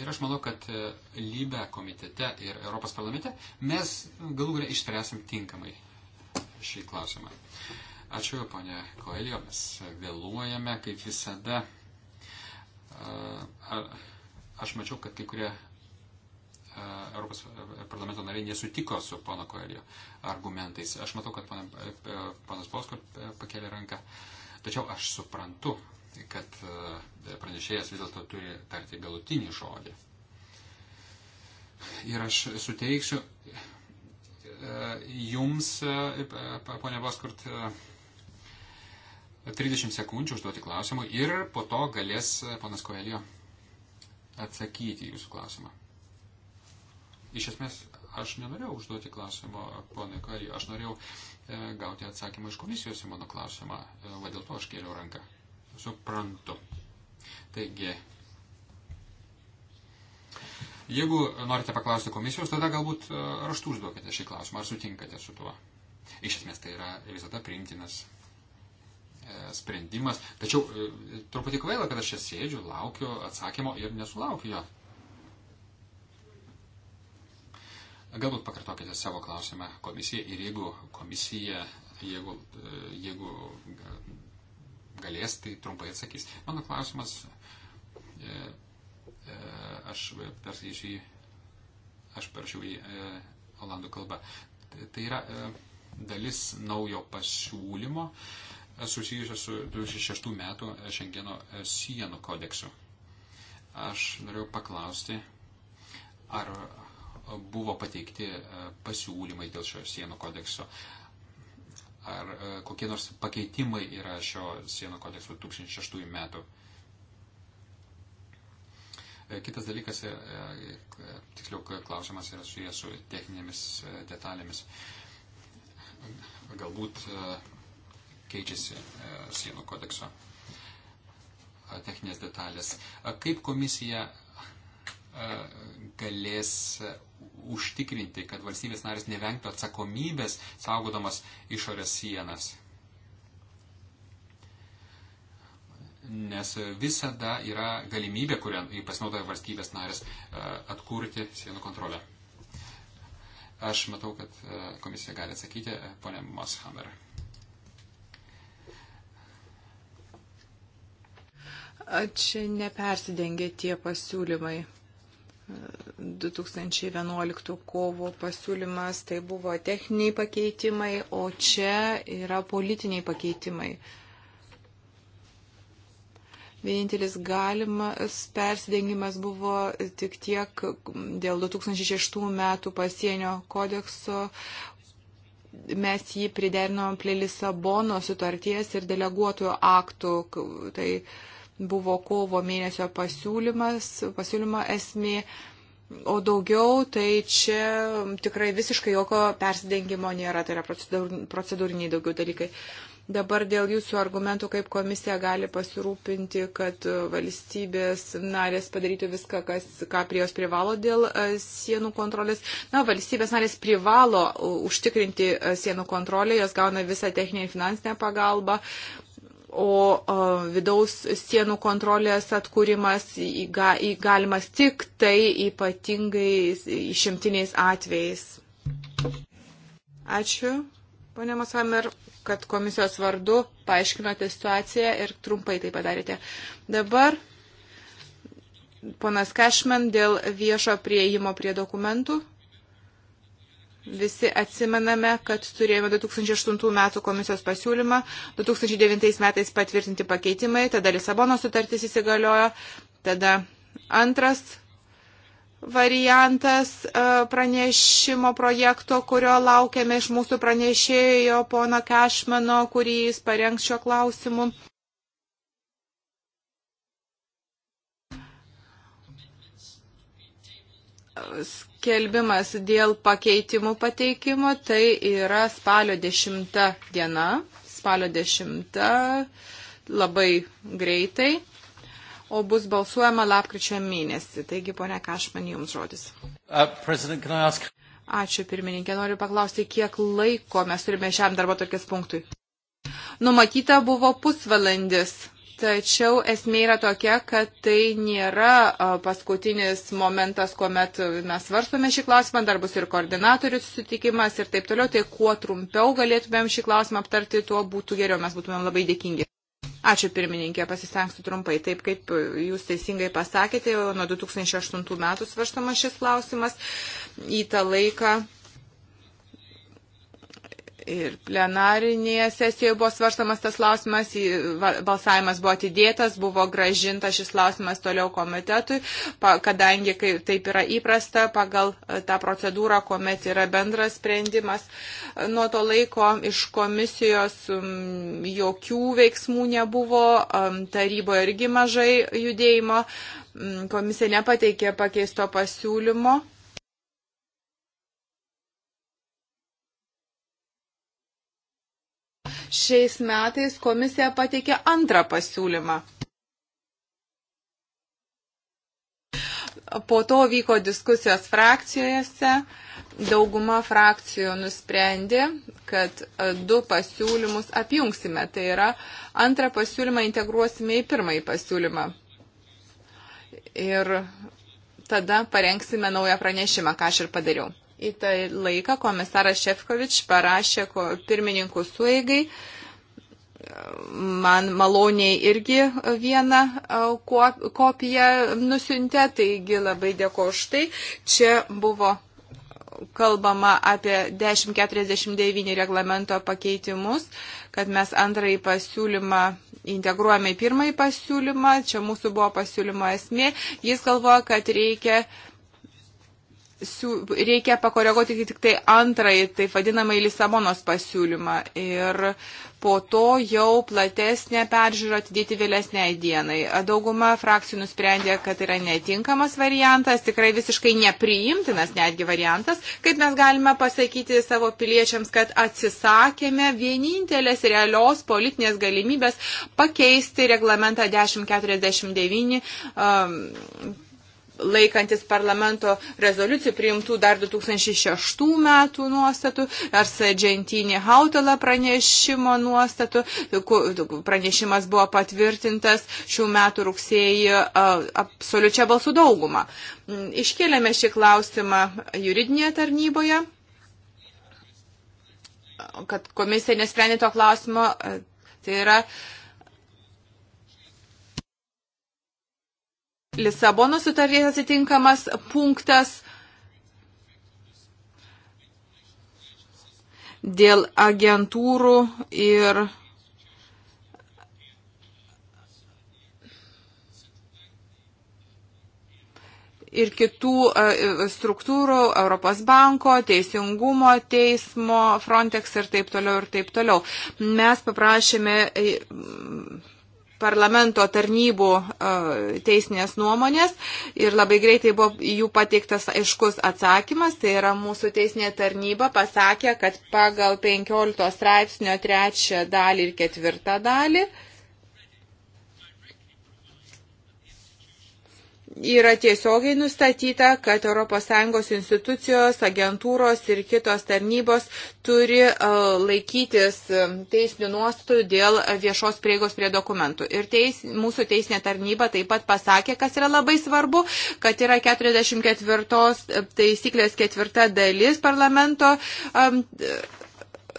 Ir aš manau, kad e, lybe komitete ir Europos parlamente mes galų galę išspręsim tinkamai šį klausimą. Ačiū, ponė Koelio, mes vėluojame, kaip visada. E, aš mačiau, kad kai kurie Europos e, parlamento nariai nesutiko su pono Koelio argumentais. Aš matau, kad ponas e, e, Bosko pakėlė ranką. Tačiau aš suprantu, kad pranešėjas vis dėlto turi tarti galutinį žodį. Ir aš suteiksiu jums, ponė Boskurt, 30 sekundžių užduoti klausimų ir po to galės ponas Koelio atsakyti jūsų klausimą. Iš esmės, aš nenorėjau užduoti klausimo ponui Kari, aš norėjau e, gauti atsakymą iš komisijos į mano klausimą, e, va dėl to aš kėliau ranką. Suprantu. Taigi, jeigu norite paklausti komisijos, tada galbūt e, raštų užduokite šį klausimą, ar sutinkate su tuo. Iš esmės, tai yra visada priimtinas e, sprendimas. Tačiau e, truputį kvaila, kad aš čia sėdžiu, laukiu atsakymo ir nesulaukiu jo. Galbūt pakartokite savo klausimą komisijai ir jeigu komisija, jeigu, jeigu galės, tai trumpai atsakys. Mano klausimas, e, e, aš perskaičiu jį, aš peršiau jį e, olandų kalbą. Tai, tai yra e, dalis naujo pasiūlymo e, susijusio su 2006 metų e, Šengeno e, sienų kodeksu. Aš norėjau paklausti, ar buvo pateikti e, pasiūlymai dėl šio sienų kodekso? Ar e, kokie nors pakeitimai yra šio sienų kodekso 2006 metų? E, kitas dalykas, tiksliau klausimas yra susijęs su techninėmis detalėmis. Galbūt keičiasi sienų kodekso techninės detalės. Kaip komisija E, galės užtikrinti, kad valstybės narės nevengtų atsakomybės saugodamas išorės sienas. Nes visada yra galimybė, kurią pasinaudoja valstybės narės, e, atkurti sienų kontrolę. Aš matau, kad e, komisija gali atsakyti, ponė Moshammer. Čia nepersidengia tie pasiūlymai. 2011 kovo pasiūlymas, tai buvo techniniai pakeitimai, o čia yra politiniai pakeitimai. Vienintelis galimas persidengimas buvo tik tiek dėl 2006 metų pasienio kodekso. Mes jį priderinom prie Lisabono sutarties ir deleguotojų aktų. Tai uh, buvo kovo mėnesio pasiūlymas, pasiūlymo esmė. O daugiau, tai čia tikrai visiškai jokio persidengimo nėra, tai yra procedūriniai daugiau dalykai. Dabar dėl jūsų argumentų, kaip komisija gali pasirūpinti, kad valstybės narės padarytų viską, kas, ką prie jos privalo dėl e, sienų kontrolės. Na, valstybės narės privalo užtikrinti e, sienų kontrolę, jos gauna visą techninę ir finansinę pagalbą, o, o vidaus sienų kontrolės atkūrimas įga, įgalimas tik tai ypatingai išimtiniais atvejais. Ačiū, ponė Masamer, kad komisijos vardu paaiškinote situaciją ir trumpai tai padarėte. Dabar ponas Kešmen dėl viešo prieimo prie dokumentų. Visi atsimename, kad turėjome 2008 metų komisijos pasiūlymą, 2009 metais patvirtinti pakeitimai, tada Lisabono sutartis įsigaliojo, tada antras variantas e, pranešimo projekto, kurio laukiame iš mūsų pranešėjo pono Kešmano, kurį jis parengs šiuo klausimu skelbimas dėl pakeitimų pateikimo, tai yra spalio 10 diena, spalio 10 labai greitai, o bus balsuojama lapkričio mėnesį. Taigi, ponia Kašman, jums žodis. Uh, Ačiū, pirmininkė, noriu paklausti, kiek laiko mes turime šiam darbo tokias punktui. Numatyta buvo pusvalandis Tačiau esmė yra tokia, kad tai nėra paskutinis momentas, kuomet mes svarstome šį klausimą, dar bus ir koordinatorių susitikimas ir taip toliau. Tai kuo trumpiau galėtumėm šį klausimą aptarti, tuo būtų geriau, mes būtumėm labai dėkingi. Ačiū pirmininkė, pasistengsiu trumpai. Taip kaip jūs teisingai pasakėte, nuo 2008 metų svarstamas šis klausimas į tą laiką Ir plenarinėje sesijoje buvo svarstamas tas klausimas, balsavimas buvo atidėtas, buvo gražintas šis klausimas toliau komitetui, kadangi taip yra įprasta pagal e, tą procedūrą, kuomet yra bendras sprendimas. E, nuo to laiko iš komisijos jokių veiksmų nebuvo, taryboje irgi mažai judėjimo, komisija nepateikė pakeisto pasiūlymo šiais metais komisija pateikė antrą pasiūlymą. Po to vyko diskusijos frakcijose. Dauguma frakcijų nusprendė, kad e, du pasiūlymus apjungsime. Tai yra antrą pasiūlymą integruosime į pirmąjį pasiūlymą. Ir tada parengsime naują pranešimą, ką aš ir padariau į tą laiką komisaras Šefkovič parašė pirmininkų suėgai. Man maloniai irgi vieną e, kopiją nusintė, taigi labai dėkoju už tai. Čia buvo kalbama apie 1049 reglamento pakeitimus, kad mes antrąjį pasiūlymą integruojame į pirmąjį pasiūlymą, čia mūsų buvo pasiūlymo esmė. Jis galvoja, kad reikia uh, reikia pakoreguoti tik tai antrąjį, tai vadinamai Lisabonos pasiūlymą. Ir po to jau platesnė peržiūra atidėti vėlesniai dienai. Dauguma frakcijų nusprendė, kad yra netinkamas variantas, tikrai visiškai nepriimtinas netgi variantas, kaip mes galime pasakyti savo piliečiams, kad atsisakėme vienintelės realios politinės galimybės pakeisti reglamentą 1049. Um, laikantis parlamento rezoliucijų priimtų dar 2006 metų nuostatų, ar Sargentinė Hautala pranešimo nuostatų. Pranešimas buvo patvirtintas šių metų rugsėjį absoliučia balsų daugumą. Iškėlėme šį klausimą juridinėje tarnyboje kad komisija nesprendė to klausimo, tai yra uh, Lisabono sutarties atitinkamas punktas dėl agentūrų ir ir kitų e, struktūrų, Europos banko, teisingumo teismo, Frontex ir taip toliau ir taip toliau. Mes paprašėme e, parlamento tarnybų e, teisinės nuomonės ir labai greitai buvo jų pateiktas aiškus atsakymas, tai yra mūsų teisinė tarnyba pasakė, kad pagal 15 straipsnio trečią dalį ir ketvirtą dalį, yra tiesiogiai nustatyta, kad ES institucijos, agentūros ir kitos tarnybos turi e, laikytis e, teisinių nuostatų dėl viešos prieigos prie dokumentų. Ir teis, mūsų teisinė tarnyba taip pat pasakė, kas yra labai svarbu, kad yra 44 e, taisyklės ketvirta dalis parlamento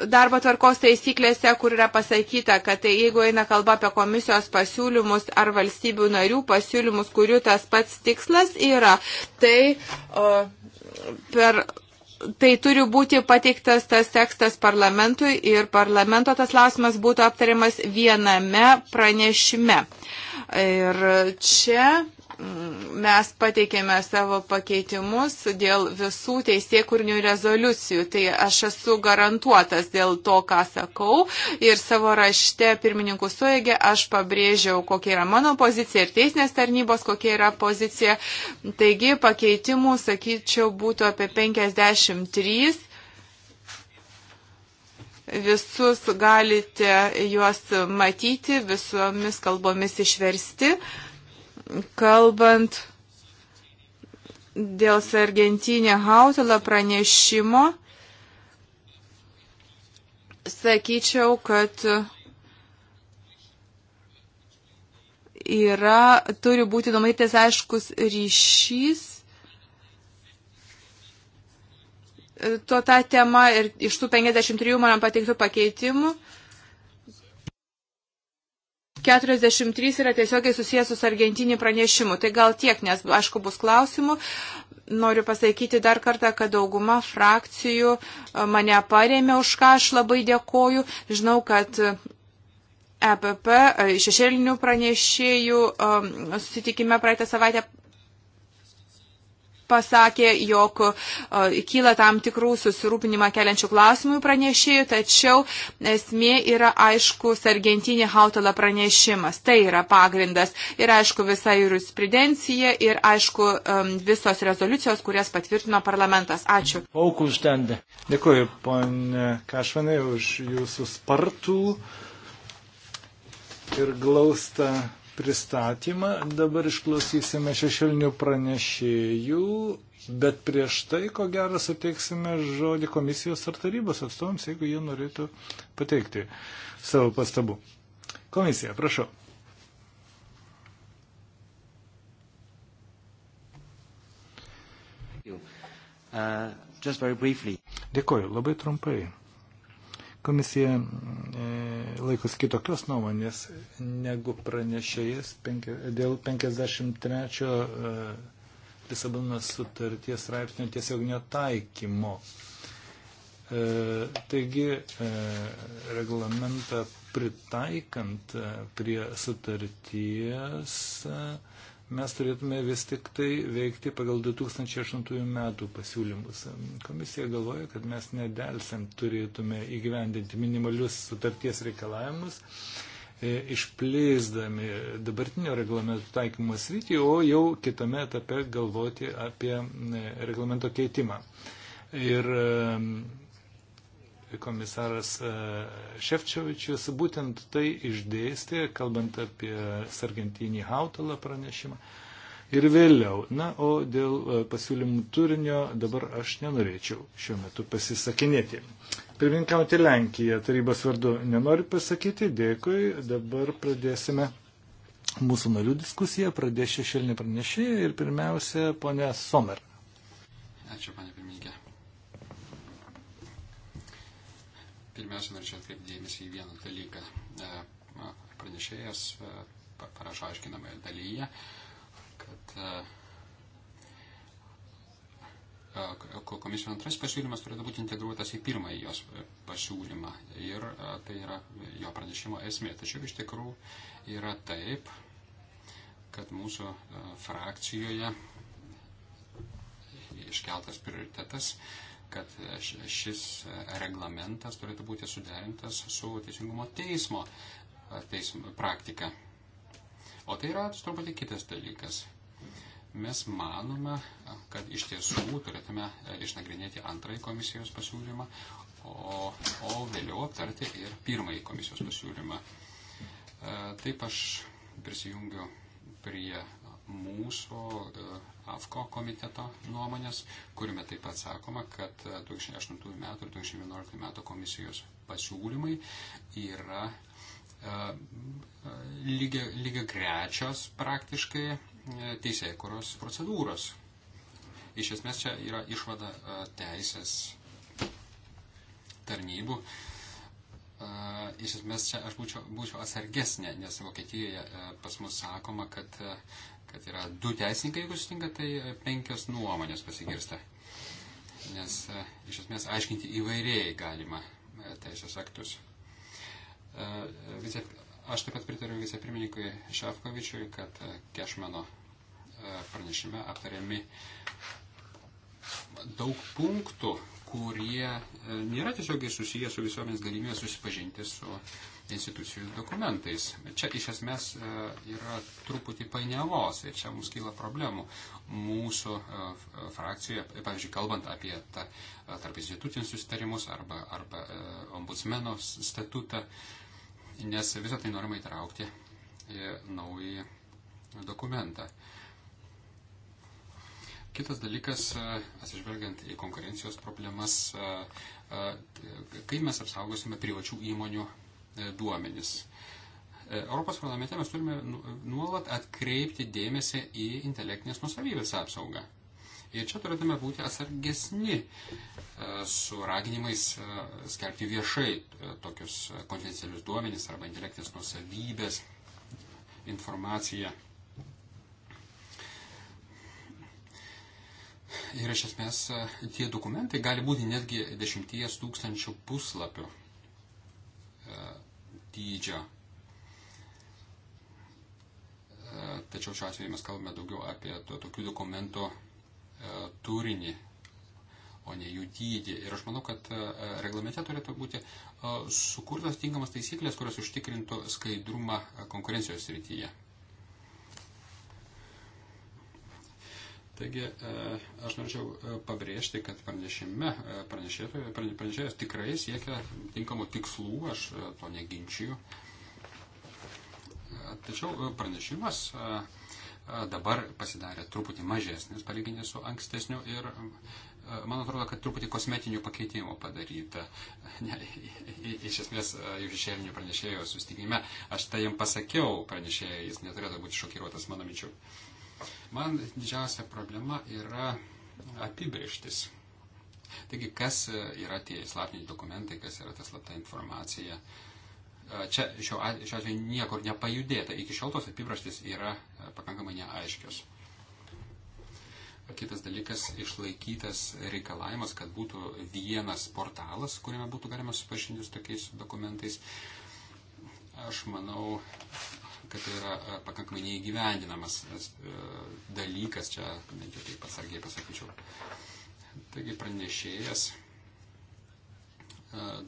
darbo tvarkos taisyklėse, kur yra pasakyta, kad tai, jeigu eina kalba apie komisijos pasiūlymus ar valstybių narių pasiūlymus, kurių tas pats tikslas yra, tai o, per. Tai turi būti pateiktas tas tekstas parlamentui ir parlamento tas lausimas būtų aptariamas viename pranešime. Ir čia mes pateikėme savo pakeitimus dėl visų teisėkurnių rezoliucijų. Tai aš esu garantuotas dėl to, ką sakau. Ir savo rašte pirmininkų suėgė aš pabrėžiau, kokia yra mano pozicija ir teisinės tarnybos, kokia yra pozicija. Taigi pakeitimų, sakyčiau, būtų apie 53 visus galite juos matyti, visomis kalbomis išversti kalbant dėl Sargentinė Hautala pranešimo, sakyčiau, kad yra, turi būti numatytas aiškus ryšys tuo tą temą ir iš tų 53 man pateiktų pakeitimų 43 yra tiesiogiai susijęs su Argentinį pranešimu. Tai gal tiek, nes aišku bus klausimų. Noriu pasakyti dar kartą, kad dauguma frakcijų e, mane parėmė, už ką aš labai dėkoju. Žinau, kad EPP e, šešėlinių pranešėjų e, susitikime praeitą savaitę pasakė, jog e, kyla tam tikrų susirūpinimą keliančių klausimų pranešėjų, tačiau esmė yra aiškus Argentinė Hautala pranešimas. Tai yra pagrindas. Ir aišku visa jurisprudencija ir aišku visos rezoliucijos, kurias patvirtino parlamentas. Ačiū. Aukų užtendė. Dėkuoju, ponė Kašvanai, už jūsų spartų ir glaustą pristatymą. Dabar išklausysime šešėlinių pranešėjų, bet prieš tai, ko gero, suteiksime žodį komisijos ar tarybos atstovams, jeigu jie norėtų pateikti savo pastabų. Komisija, prašau. Uh, Dėkuoju, labai trumpai. Komisija e, laikos kitokios nuomonės negu pranešėjas dėl 53 e, Lisabonos sutarties straipsnio tiesioginio taikymo. E, taigi reglamentą pritaikant prie sutarties mes turėtume vis tik tai veikti pagal 2008 metų pasiūlymus. Komisija galvoja, kad mes nedelsiant turėtume įgyvendinti minimalius sutarties reikalavimus, e, išplėsdami dabartinio reglamento taikymo sritį, o jau kitame etape galvoti apie e, reglamento keitimą. Ir komisaras e, Šefčiovičius būtent tai išdėstė, kalbant apie Sargentinį Hautalą pranešimą. Ir vėliau, na, o dėl e, pasiūlymų turinio dabar aš nenorėčiau šiuo metu pasisakinėti. Pirminkauti Lenkiją tarybos vardu nenoriu pasakyti, dėkui, dabar pradėsime mūsų narių diskusiją, pradės šešėlinį pranešėją ir pirmiausia, ponė Somer. Ačiū, panė pirmininkė. Pirmiausia, norėčiau atkreipti dėmesį į vieną dalyką. E, pranešėjas e, parašo aiškinamoje dalyje, kad e, komisijos antras pasiūlymas turėtų būti integruotas į pirmąjį jos pasiūlymą. Ir tai yra jo pranešimo esmė. Tačiau iš tikrųjų yra taip, kad mūsų frakcijoje iškeltas prioritetas kad šis reglamentas turėtų būti suderintas su Teisingumo teismo teism, praktika. O tai yra truputį kitas dalykas. Mes manome, kad iš tiesų turėtume išnagrinėti antrąjį komisijos pasiūlymą, o, o vėliau aptarti ir pirmąjį komisijos pasiūlymą. Taip aš prisijungiu prie mūsų AFKO komiteto nuomonės, kuriame taip pat sakoma, kad 2008 metų ir 2011 metų komisijos pasiūlymai yra e, e, lygia, lygia grečios praktiškai e, teisėjai kurios procedūros. Iš esmės čia yra išvada teisės tarnybų. Iš esmės čia aš būčiau, būčiau atsargesnė, nes Vokietijoje pas mus sakoma, kad kad yra du teisininkai, jeigu sutinka, tai e, penkios nuomonės pasigirsta. Nes e, iš esmės aiškinti įvairiai galima e, teisės aktus. Vice, aš taip pat pritariu vicepirmininkui Šafkovičiui, kad Kešmano pranešime aptariami daug punktų, kurie nėra tiesiogiai susiję su visuomenės galimybė susipažinti su institucijų dokumentais. Čia iš esmės e, yra truputį painiavos ir čia mums kyla problemų. Mūsų e, e, frakcijoje, pavyzdžiui, kalbant apie tą tarp institucijų susitarimus arba, arba ombudsmeno statutą, nes visą tai norima įtraukti į naują dokumentą. Kitas dalykas, atsižvelgiant į konkurencijos problemas, kai mes apsaugosime privačių įmonių E, duomenis. E, Europos parlamente mes turime nu, nuolat atkreipti dėmesį į intelektinės nusavybės apsaugą. Ir čia turėtume būti atsargesni e, su raginimais skelbti viešai tokius konfidencialius duomenys arba intelektinės nusavybės informaciją. Ir iš esmės tie dokumentai gali būti netgi dešimties tūkstančių puslapių dydžio. Tačiau šiuo atveju mes kalbame daugiau apie to, tokių dokumentų e, turinį, o ne jų dydį. Ir aš manau, kad e, reglamente turėtų būti e, sukurtos tinkamas taisyklės, kurios užtikrintų skaidrumą konkurencijos srityje. Taigi e, aš norėčiau e, pabrėžti, kad pranešime e, pranešėjas tikrai siekia tinkamų tikslų, aš to neginčiu. Tačiau pranešimas dabar pasidarė truputį mažesnis palyginti su ankstesniu ir man atrodo, kad truputį kosmetinių pakeitimų padaryta. Ne, iš esmės, jų šešėlinių pranešėjo sustikime, aš tai jam pasakiau pranešėjai, jis neturėtų būti šokiruotas mano minčių. Uh, Man didžiausia problema yra apibrieštis. Taigi, kas yra tie slaptiniai dokumentai, kas yra ta slapta informacija. Čia šiuo atveju niekur nepajudėta. Iki šiol tos apibrieštis yra pakankamai neaiškios. Kitas dalykas - išlaikytas reikalavimas, kad būtų vienas portalas, kuriame būtų galima supažinti su tokiais dokumentais. Aš manau, kad tai yra e, pakankamai neįgyvendinamas e, dalykas, čia bent jau taip atsargiai pasakyčiau. Taigi pranešėjas e,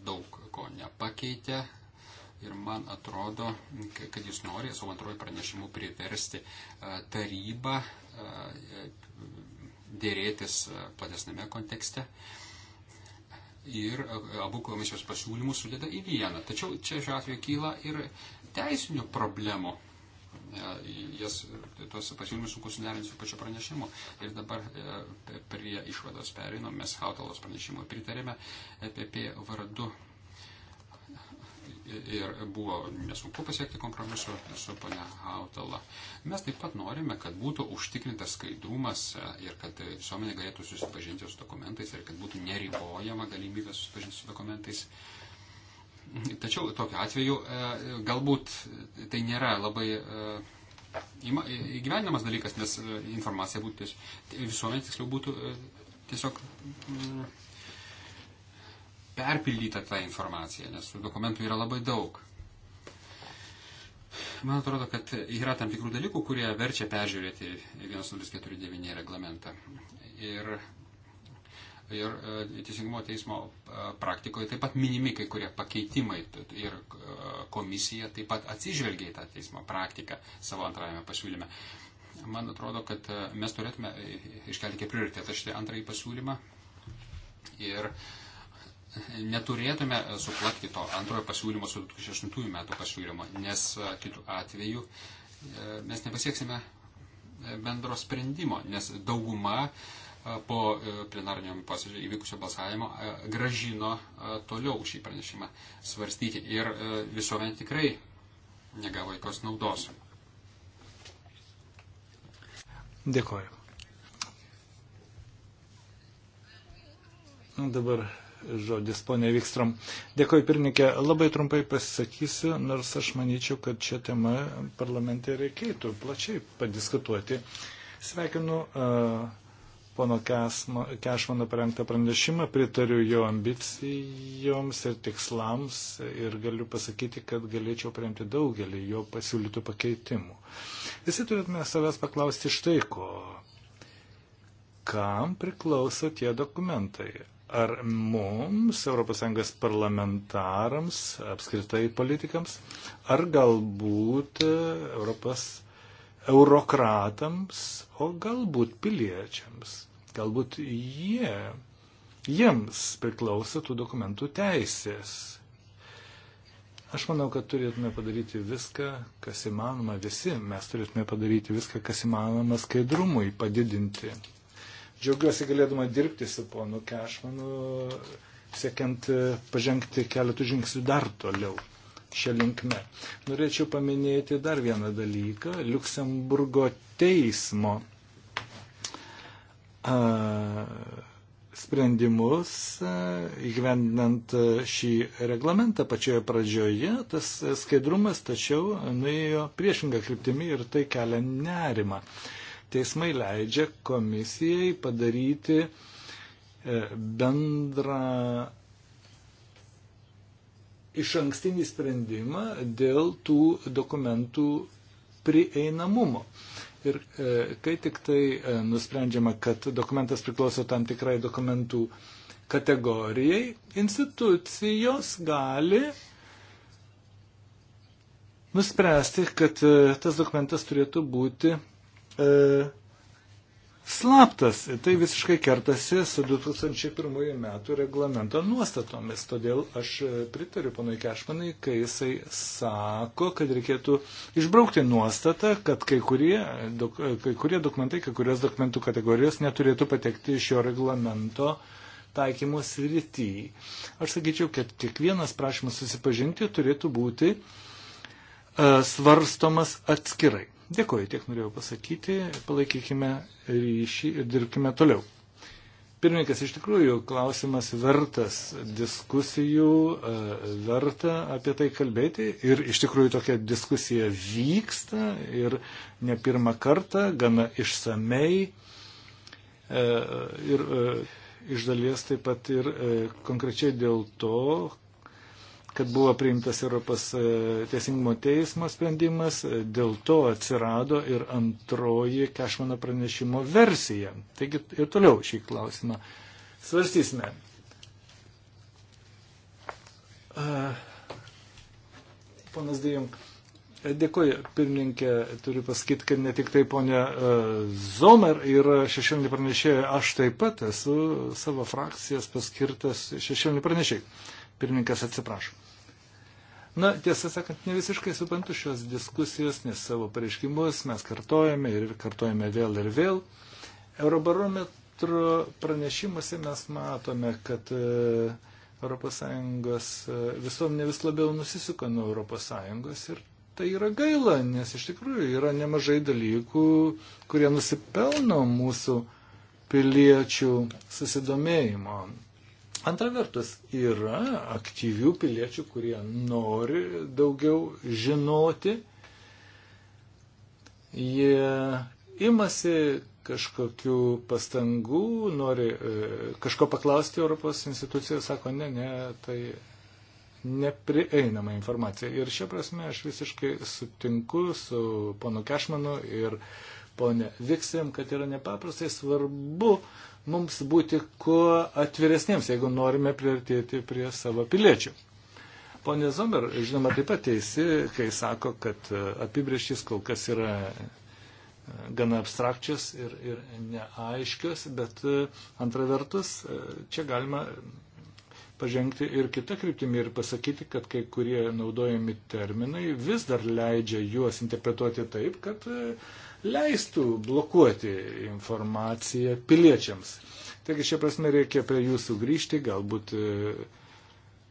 daug ko nepakeitė ir man atrodo, kad jis nori savo antroji pranešimu priversti tarybą dėrėtis platesnėme kontekste ir abu komisijos pasiūlymus sudeda į vieną. Tačiau čia šiuo atveju kyla ir teisinių problemų. E, jas, tuos pasiūlymus sunku suderinti su pačiu pranešimu. Ir dabar e, prie išvados perinom, mes Hautalos pranešimui pritarėme PP e vardu. Ir buvo nesunku pasiekti kompromisu su ponia Hautala. Mes taip pat norime, kad būtų užtikrintas skaidrumas ir kad visuomenė galėtų susipažinti su dokumentais ir kad būtų neribojama galimybė susipažinti su dokumentais. Uh, Tačiau tokiu atveju e, galbūt tai nėra labai e, įgyvenimas dalykas, nes e, informacija būtų visuomenė tiksliau būtų tiesiog mm, perpildyta tą informaciją, nes dokumentų yra labai daug. Man atrodo, kad yra tam tikrų dalykų, kurie verčia peržiūrėti 1049 reglamentą. Ir ir e, Teisingumo teismo e, praktikoje taip pat minimi kai kurie pakeitimai ir e, komisija taip pat atsižvelgia į tą teismo praktiką savo antrajame pasiūlyme. Man atrodo, kad mes turėtume iškelti kaip prioritetą šitą antrąjį pasiūlymą ir neturėtume suplakti to antrojo pasiūlymo su 2008 metų pasiūlymo, nes kitų atveju mes nepasieksime bendro sprendimo, nes dauguma uh, po e, plenariniam posėdžio įvykusio balsavimo e, gražino e, toliau šį pranešimą svarstyti ir visuomenė tikrai negavo jokios naudos. Dėkoju. Dabar žodis, ponė Vikstrom. Dėkoju, pirmininkė. Labai trumpai pasisakysiu, nors aš manyčiau, kad šią temą parlamente reikėtų plačiai padiskutuoti. Sveikinu uh, pono Kešmano parengtą pranešimą, pritariu jo ambicijoms ir tikslams ir galiu pasakyti, kad galėčiau paremti daugelį jo pasiūlytų pakeitimų. Visi turėtume savęs paklausti štai ko. Kam priklauso tie dokumentai? Ar mums, ES parlamentarams, apskritai politikams, ar galbūt ES eurokratams, o galbūt piliečiams. Galbūt jie, jiems priklauso tų dokumentų teisės. Aš manau, kad turėtume padaryti viską, kas įmanoma, visi mes turėtume padaryti viską, kas įmanoma skaidrumui padidinti. Džiaugiuosi galėdama dirbti su ponu Kešmanu, siekiant pažengti keletų žingsnių dar toliau šią linkmę. Norėčiau paminėti dar vieną dalyką. Luksemburgo teismo a, sprendimus įgyvendinant šį reglamentą pačioje pradžioje, tas skaidrumas tačiau nuėjo priešingą kryptimį ir tai kelia nerimą. Teismai leidžia komisijai padaryti e, bendrą iš ankstinį sprendimą dėl tų dokumentų prieinamumo. Ir e, kai tik tai e, nusprendžiama, kad dokumentas priklauso tam tikrai dokumentų kategorijai, institucijos gali nuspręsti, kad e, tas dokumentas turėtų būti e, slaptas. Tai visiškai kertasi su 2001 metų reglamento nuostatomis. Todėl aš e, pritariu panui Kešmanai, kai jisai sako, kad reikėtų išbraukti nuostatą, kad kai kurie, e, dok, e, kai kurie dokumentai, kai kurios dokumentų kategorijos neturėtų patekti iš šio reglamento taikymo srity. Aš sakyčiau, kad kiekvienas prašymas susipažinti turėtų būti svarstomas atskirai. Dėkuoju, tiek norėjau pasakyti, palaikykime ryšį ir dirbkime toliau. Pirmininkas, iš tikrųjų, klausimas vertas diskusijų, e, verta apie tai kalbėti ir iš tikrųjų tokia diskusija vyksta ir ne pirmą kartą, gana išsamei e, ir e, iš dalies taip pat ir konkrečiai dėl to, kad buvo priimtas Europos e, teisingumo teismo sprendimas, e, dėl to atsirado ir antroji Kešmano pranešimo versija. Taigi ir toliau šį klausimą svarstysime. E, ponas Dėjom, dėkoju, pirmininkė, turiu pasakyti, kad ne tik tai ponė Zomer yra šešėlinė pranešėja, aš taip pat esu savo frakcijas paskirtas šešėlinė pranešėjai. Pirmininkas atsiprašau. Na, tiesą sakant, ne visiškai suprantu šios diskusijos, nes savo pareiškimus mes kartojame ir kartojame vėl ir vėl. Eurobarometro pranešimuose mes matome, kad ES e, visuomenė vis labiau nusisuka nuo ES ir tai yra gaila, nes iš tikrųjų yra nemažai dalykų, kurie nusipelno mūsų piliečių susidomėjimo. Antra vertus, yra aktyvių piliečių, kurie nori daugiau žinoti, jie imasi kažkokių pastangų, nori e, kažko paklausti Europos institucijų, sako, ne, ne, tai neprieinama informacija. Ir šia prasme aš visiškai sutinku su ponu Kešmanu ir uh, ponė Viksim, kad yra nepaprastai svarbu mums būti kuo atviresniems, jeigu norime priartėti prie savo piliečių. Pone Zomer, žinoma, taip pat teisi, kai sako, kad e, apibrieštis kol kas yra e, gana abstrakčios ir, ir neaiškios, bet e, antra vertus, čia galima pažengti ir kitą kryptimį ir pasakyti, kad kai kurie naudojami terminai vis dar leidžia juos interpretuoti taip, kad uh, leistų blokuoti informaciją piliečiams. Taigi šia prasme reikia prie jų sugrįžti, galbūt e,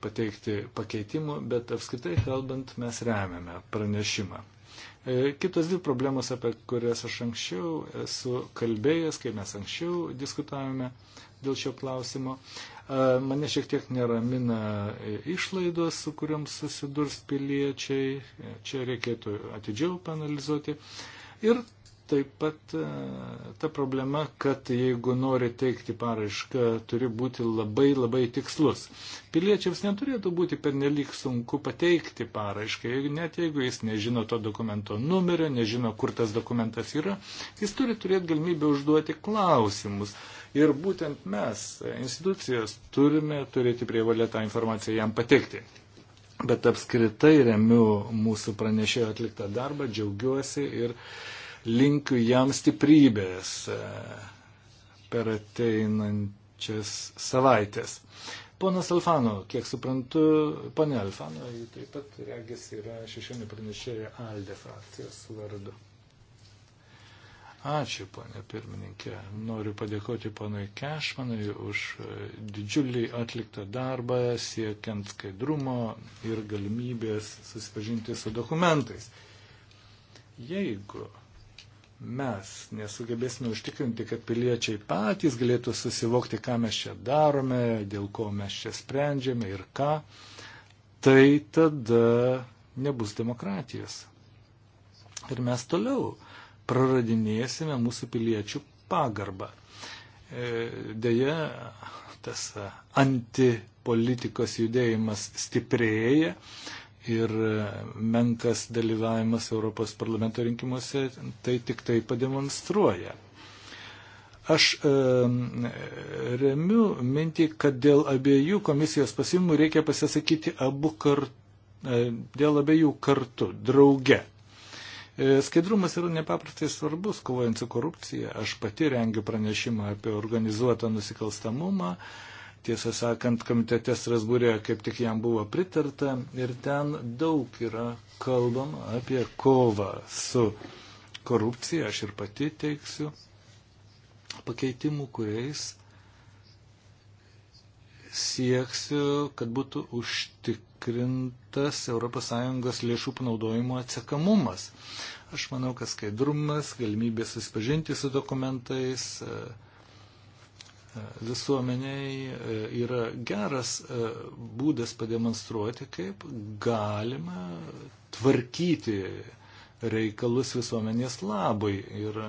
pateikti pakeitimų, bet apskritai kalbant mes remiame pranešimą. E, kitos dvi problemos, apie kurias aš anksčiau esu kalbėjęs, kai mes anksčiau diskutavome dėl šio klausimo, e, mane šiek tiek neramina išlaidos, su kuriams susidurs piliečiai, čia reikėtų atidžiau panalizuoti. Ir taip pat e, ta problema, kad jeigu nori teikti paraišką, turi būti labai labai tikslus. Piliečiams neturėtų būti pernelyg sunku pateikti paraišką, net jeigu jis nežino to dokumento numerio, nežino, kur tas dokumentas yra, jis turi turėti galimybę užduoti klausimus. Ir būtent mes, institucijos, turime turėti prievalę tą informaciją jam pateikti bet apskritai remiu mūsų pranešėjo atliktą darbą, džiaugiuosi ir linkiu jam stiprybės e, per ateinančias savaitės. Ponas Alfano, kiek suprantu, ponė Alfano, taip pat regis yra šešienį pranešėja Alde frakcijos vardu. Ačiū, ponė pirmininkė. Noriu padėkoti ponui Kešmanui už e, didžiulį atliktą darbą, siekiant skaidrumo ir galimybės susipažinti su dokumentais. Jeigu mes nesugebėsime užtikrinti, kad piliečiai patys galėtų susivokti, ką mes čia darome, dėl ko mes čia sprendžiame ir ką, tai tada nebus demokratijos. Ir mes toliau praradinėsime mūsų piliečių pagarbą. E, deja, tas antipolitikos judėjimas stiprėja ir menkas dalyvavimas Europos parlamento rinkimuose tai tik tai pademonstruoja. Aš e, remiu mintį, kad dėl abiejų komisijos pasimų reikia pasisakyti abu kartu, e, dėl abiejų kartu, drauge. E, skaidrumas yra nepaprastai svarbus, kovojant su korupcija. Aš pati rengiu pranešimą apie organizuotą nusikalstamumą. Tiesą sakant, komitete Strasbūrė kaip tik jam buvo pritarta ir ten daug yra kalbama apie kovą su korupcija. Aš ir pati teiksiu pakeitimų, kuriais sieksiu, kad būtų užtikrintas ES lėšų panaudojimo atsekamumas. Aš manau, kad skaidrumas, galimybė susipažinti su dokumentais e, e, visuomeniai e, yra geras būdas pademonstruoti, kaip galima tvarkyti reikalus visuomenės labai. Ir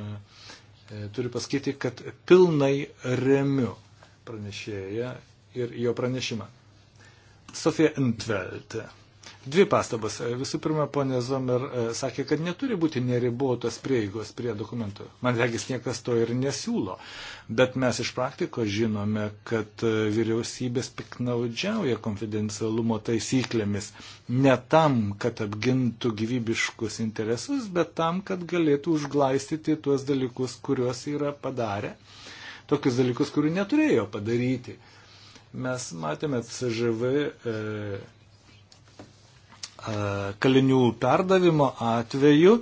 turiu pasakyti, kad pilnai remiu pranešėją ir jo pranešimą. Sofija Entvelt. Dvi pastabas. Visų pirma, ponė Zomer e, sakė, kad neturi būti neribotos prieigos prie dokumentų. Man regis niekas to ir nesiūlo. Bet mes iš praktikos žinome, kad e, vyriausybės piknaudžiauja konfidencialumo taisyklėmis ne tam, kad apgintų gyvybiškus interesus, bet tam, kad galėtų užglaistyti tuos dalykus, kuriuos yra padarę. Tokius dalykus, kurių neturėjo padaryti. Mes matėme CŽV e, e, kalinių perdavimo atveju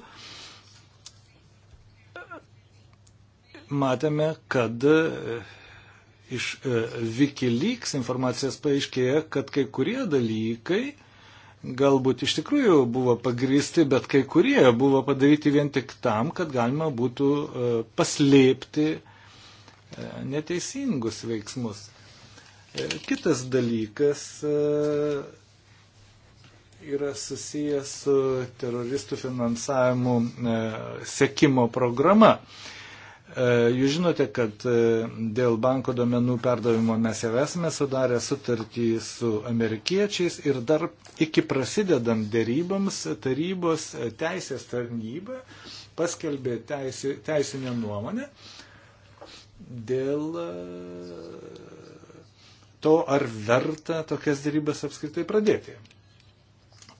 matėme, kad e, iš e, Wikileaks informacijos paaiškėjo, kad kai kurie dalykai galbūt iš tikrųjų buvo pagristi, bet kai kurie buvo padaryti vien tik tam, kad galima būtų paslėpti neteisingus veiksmus. E, kitas dalykas e, yra susijęs su teroristų finansavimu e, sekimo programa. Jūs žinote, kad dėl banko domenų perdavimo mes jau esame sudarę sutartį su amerikiečiais ir dar iki prasidedant dėrybams tarybos teisės tarnyba paskelbė teisi, teisinę nuomonę dėl to, ar verta tokias dėrybas apskritai pradėti.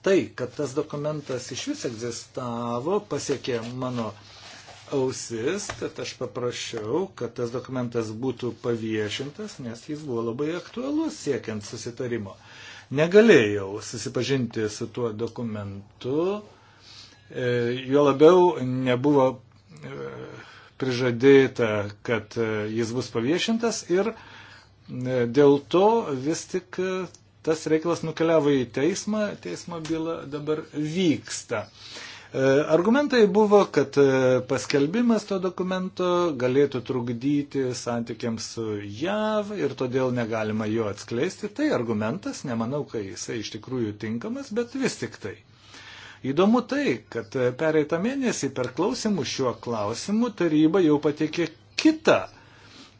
Tai, kad tas dokumentas iš vis egzistavo, pasiekė mano ausis, tad aš paprašiau, kad tas dokumentas būtų paviešintas, nes jis buvo labai aktualus siekiant susitarimo. Negalėjau susipažinti su tuo dokumentu, e, jo labiau nebuvo e, prižadėta, kad e, jis bus paviešintas ir E, dėl to vis tik e, tas reikalas nukeliavo į teismą, teismo byla dabar vyksta. E, argumentai buvo, kad paskelbimas to dokumento galėtų trukdyti santykiams su JAV ir todėl negalima jo atskleisti. Tai argumentas, nemanau, kai jisai iš tikrųjų tinkamas, bet vis tik tai. Įdomu tai, kad pereitą mėnesį per klausimų šiuo klausimu taryba jau patikė kitą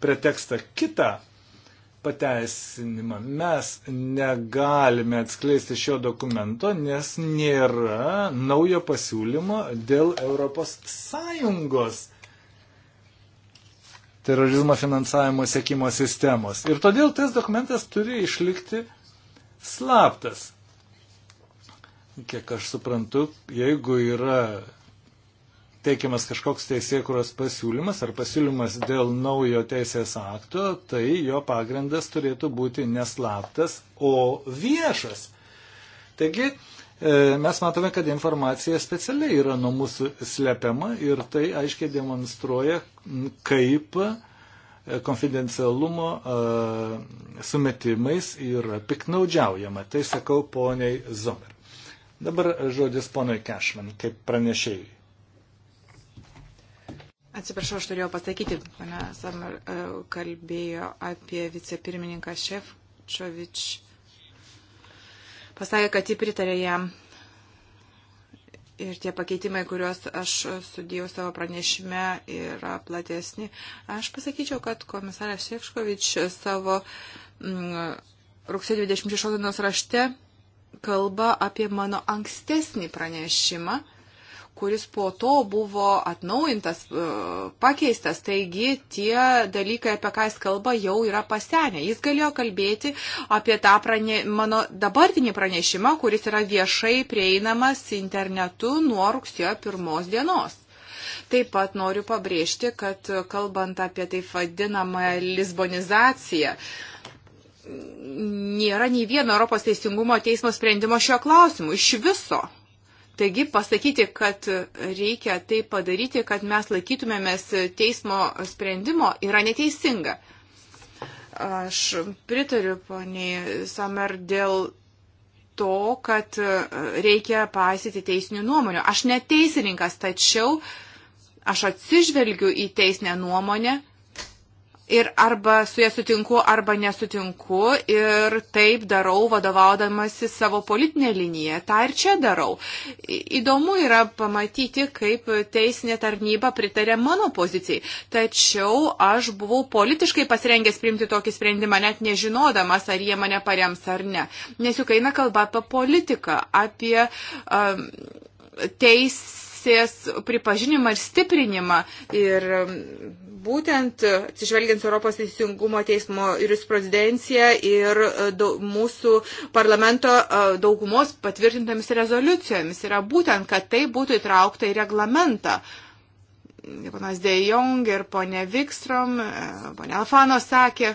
pretekstą, kitą pateisinimą. Mes negalime atskleisti šio dokumento, nes nėra naujo pasiūlymo dėl Europos Sąjungos terorizmo finansavimo sėkimo sistemos. Ir todėl tas dokumentas turi išlikti slaptas. Kiek aš suprantu, jeigu yra teikiamas kažkoks teisėkuros pasiūlymas ar pasiūlymas dėl naujo teisės akto, tai jo pagrindas turėtų būti neslaptas, o viešas. Taigi, e, mes matome, kad informacija specialiai yra nuo mūsų slepiama ir tai aiškiai demonstruoja, kaip e, konfidencialumo e, sumetimais yra piknaudžiaujama. Tai sakau poniai Zomer. Dabar žodis ponui Kešman, kaip pranešėjai. Atsiprašau, aš turėjau pasakyti, pana Samar e, kalbėjo apie vicepirmininką Šefčovič. Pasakė, kad ji pritarė jam. Ir tie pakeitimai, kuriuos aš sudėjau savo pranešime, yra platesni. Aš pasakyčiau, kad komisaras Šefčovič savo m, mm, rugsėjo 26 dienos rašte kalba apie mano ankstesnį pranešimą kuris po to buvo atnaujintas, e, pakeistas. Taigi tie dalykai, apie ką jis kalba, jau yra pasenę. Jis galėjo kalbėti apie tą prane, mano dabartinį pranešimą, kuris yra viešai prieinamas internetu nuo rugsėjo pirmos dienos. Taip pat noriu pabrėžti, kad kalbant apie taip vadinamą lisbonizaciją, nėra nei vieno Europos teisingumo teismo sprendimo šio klausimu iš viso. Taigi pasakyti, kad reikia tai padaryti, kad mes laikytumėmės teismo sprendimo, yra neteisinga. Aš pritariu poniai Samer dėl to, kad reikia paisyti teisinių nuomonių. Aš neteisininkas, tačiau aš atsižvelgiu į teisinę nuomonę ir arba su ja sutinku, arba nesutinku ir taip darau, vadovaudamasi savo politinę liniją. Ta ir čia darau. Įdomu yra pamatyti, kaip teisinė tarnyba pritarė mano pozicijai. Tačiau aš buvau politiškai pasirengęs priimti tokį sprendimą, net nežinodamas, ar jie mane parems ar ne. Nes juk eina kalba apie politiką, apie um, teisę teisės pripažinimą ir stiprinimą. Ir um, būtent uh, atsižvelgiant Europos teisingumo teismo jurisprudenciją ir uh, daug, mūsų parlamento uh, daugumos patvirtintomis rezoliucijomis yra būtent, kad tai būtų įtraukta į reglamentą ponas De Jong ir ponė Vikstrom, ponė Alfano sakė,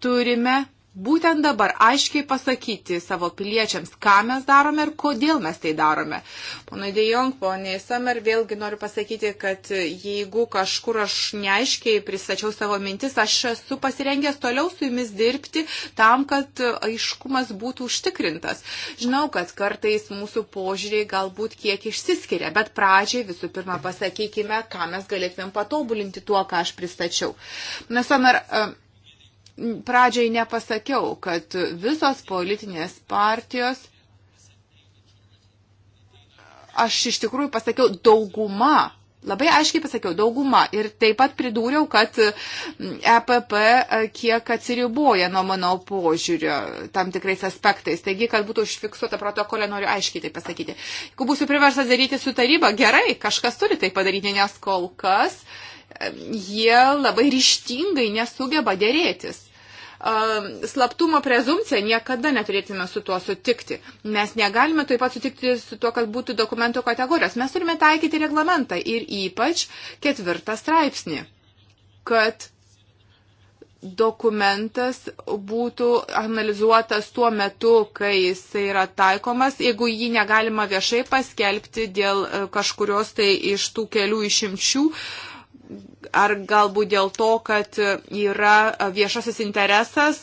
turime būtent dabar aiškiai pasakyti savo piliečiams, ką mes darome ir kodėl mes tai darome. Pono Dejong, ponė Samer, vėlgi noriu pasakyti, kad jeigu kažkur aš neaiškiai pristačiau savo mintis, aš esu pasirengęs toliau su jumis dirbti tam, kad aiškumas būtų užtikrintas. Žinau, kad kartais mūsų požiūriai galbūt kiek išsiskiria, bet pradžiai visų pirma pasakykime, ką mes galėtumėm patobulinti tuo, ką aš pristačiau. Nes, Samer, uh, pradžiai nepasakiau, kad visos politinės partijos, aš iš tikrųjų pasakiau dauguma, labai aiškiai pasakiau dauguma ir taip pat pridūriau, kad EPP kiek atsiriboja nuo mano požiūrio tam tikrais aspektais. Taigi, kad būtų užfiksuota protokolė, noriu aiškiai tai pasakyti. Jeigu būsiu priversas daryti su taryba, gerai, kažkas turi tai padaryti, nes kol kas. Uh, jie labai ryštingai nesugeba dėrėtis. Slaptumo prezumcija niekada neturėtume su tuo sutikti. Mes negalime taip pat sutikti su tuo, kad būtų dokumento kategorijos. Mes turime taikyti reglamentą ir ypač ketvirtą straipsnį, kad dokumentas būtų analizuotas tuo metu, kai jis yra taikomas, jeigu jį negalima viešai paskelbti dėl e, kažkurios tai iš tų kelių išimčių. Uh, ar galbūt dėl to, kad yra viešasis interesas,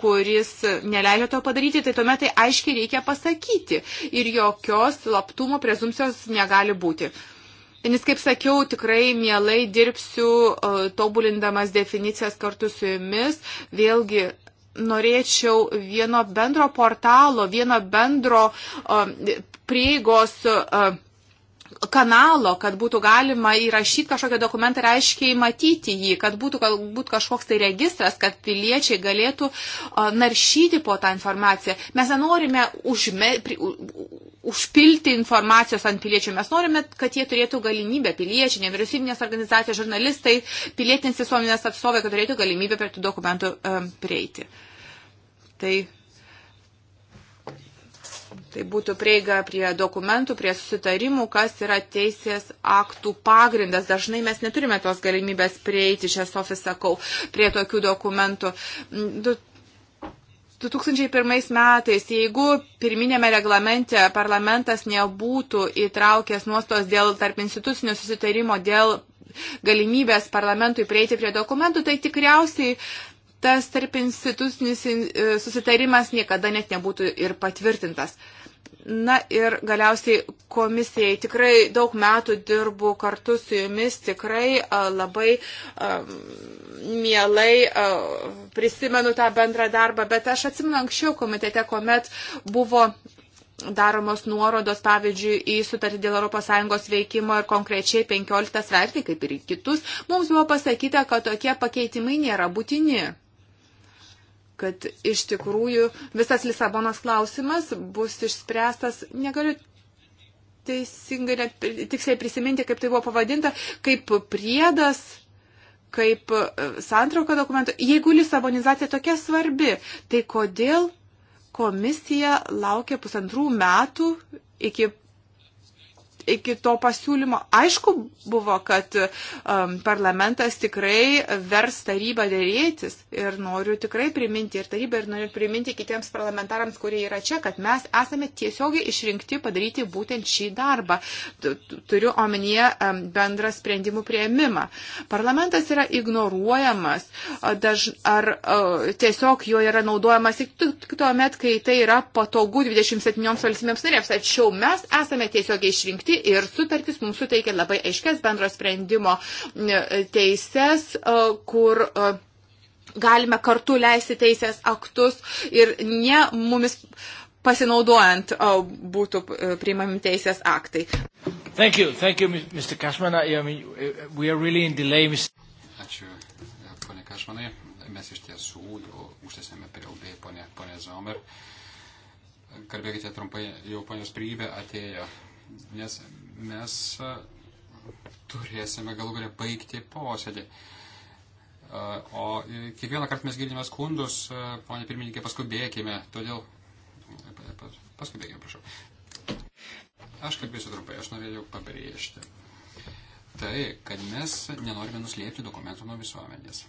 kuris neleidžia to padaryti, tai tuomet tai aiškiai reikia pasakyti ir jokios slaptumo prezumcijos negali būti. Nes, kaip sakiau, tikrai mielai dirbsiu, e, tobulindamas definicijas kartu su jumis. Vėlgi, norėčiau vieno bendro portalo, vieno bendro e, prieigos. Uh, kanalo, kad būtų galima įrašyti kažkokią dokumentą ir aiškiai matyti jį, kad būtų galbūt kažkoks tai registras, kad piliečiai galėtų naršyti po tą informaciją. Mes nenorime užme, užpilti informacijos ant piliečių, mes norime, kad jie turėtų galimybę, piliečiai, nevyriausybinės organizacijos, žurnalistai, pilietinės visuomenės atstovai, kad turėtų galimybę prie tų dokumentų um, prieiti. Tai Tai būtų prieiga prie dokumentų, prie susitarimų, kas yra teisės aktų pagrindas. Dažnai mes neturime tos galimybės prieiti, šią sofį sakau, prie tokių dokumentų. 2001 metais, jeigu pirminėme reglamente parlamentas nebūtų įtraukęs nuostos dėl tarp institucinio susitarimo, dėl galimybės parlamentui prieiti prie dokumentų, tai tikriausiai tas tarp institucinis e, susitarimas niekada net nebūtų ir patvirtintas. Na ir galiausiai komisijai tikrai daug metų dirbu kartu su jumis, tikrai labai um, mielai um, prisimenu tą bendrą darbą, bet aš atsimenu anksčiau komitete, kuomet buvo daromos nuorodos, pavyzdžiui, į sutartį dėl ES veikimo ir konkrečiai 15 straipsnį, kaip ir kitus, mums buvo pasakyta, kad tokie pakeitimai nėra būtini kad iš tikrųjų visas Lisabonos klausimas bus išspręstas, negaliu teisingai, net tiksliai prisiminti, kaip tai buvo pavadinta, kaip priedas, kaip e, santrauka dokumentų. Jeigu Lisabonizacija tokia svarbi, tai kodėl komisija laukia pusantrų metų iki iki to pasiūlymo. Aišku buvo, kad um, parlamentas tikrai vers tarybą dėrėtis ir noriu tikrai priminti ir tarybą ir noriu priminti kitiems parlamentarams, kurie yra čia, kad mes esame tiesiogiai išrinkti padaryti būtent šį darbą. Turiu omenyje um, bendrą sprendimų prieimimą. Parlamentas yra ignoruojamas daž, ar uh, tiesiog jo yra naudojamas tik tuo met, kai tai yra patogu 27 valstybėms narėms. Tačiau mes esame tiesiogiai išrinkti ir sutartis mums suteikia labai aiškes bendro sprendimo e, teises, e, kur e, galime kartu leisti teisės aktus ir ne mumis pasinaudojant būtų priimami teisės aktai. Thank you, thank you, Mr. Cashman. I mean, we are really in delay. Ačiū, ponė Kašmanai. Mes iš tiesų jau užtęsėme per ilgai, ponė, ponė Zomer. Kalbėkite trumpai, jau ponios prieibė atėjo nes mes e, turėsime galų galę baigti posėdį. E, o e, kiekvieną kartą mes girdime skundus, ponė pirmininkė, paskubėkime, todėl paskubėkime, prašau. Aš kalbėsiu trumpai, aš norėjau pabrėžti. Tai, kad mes nenorime nuslėpti dokumentų nuo visuomenės.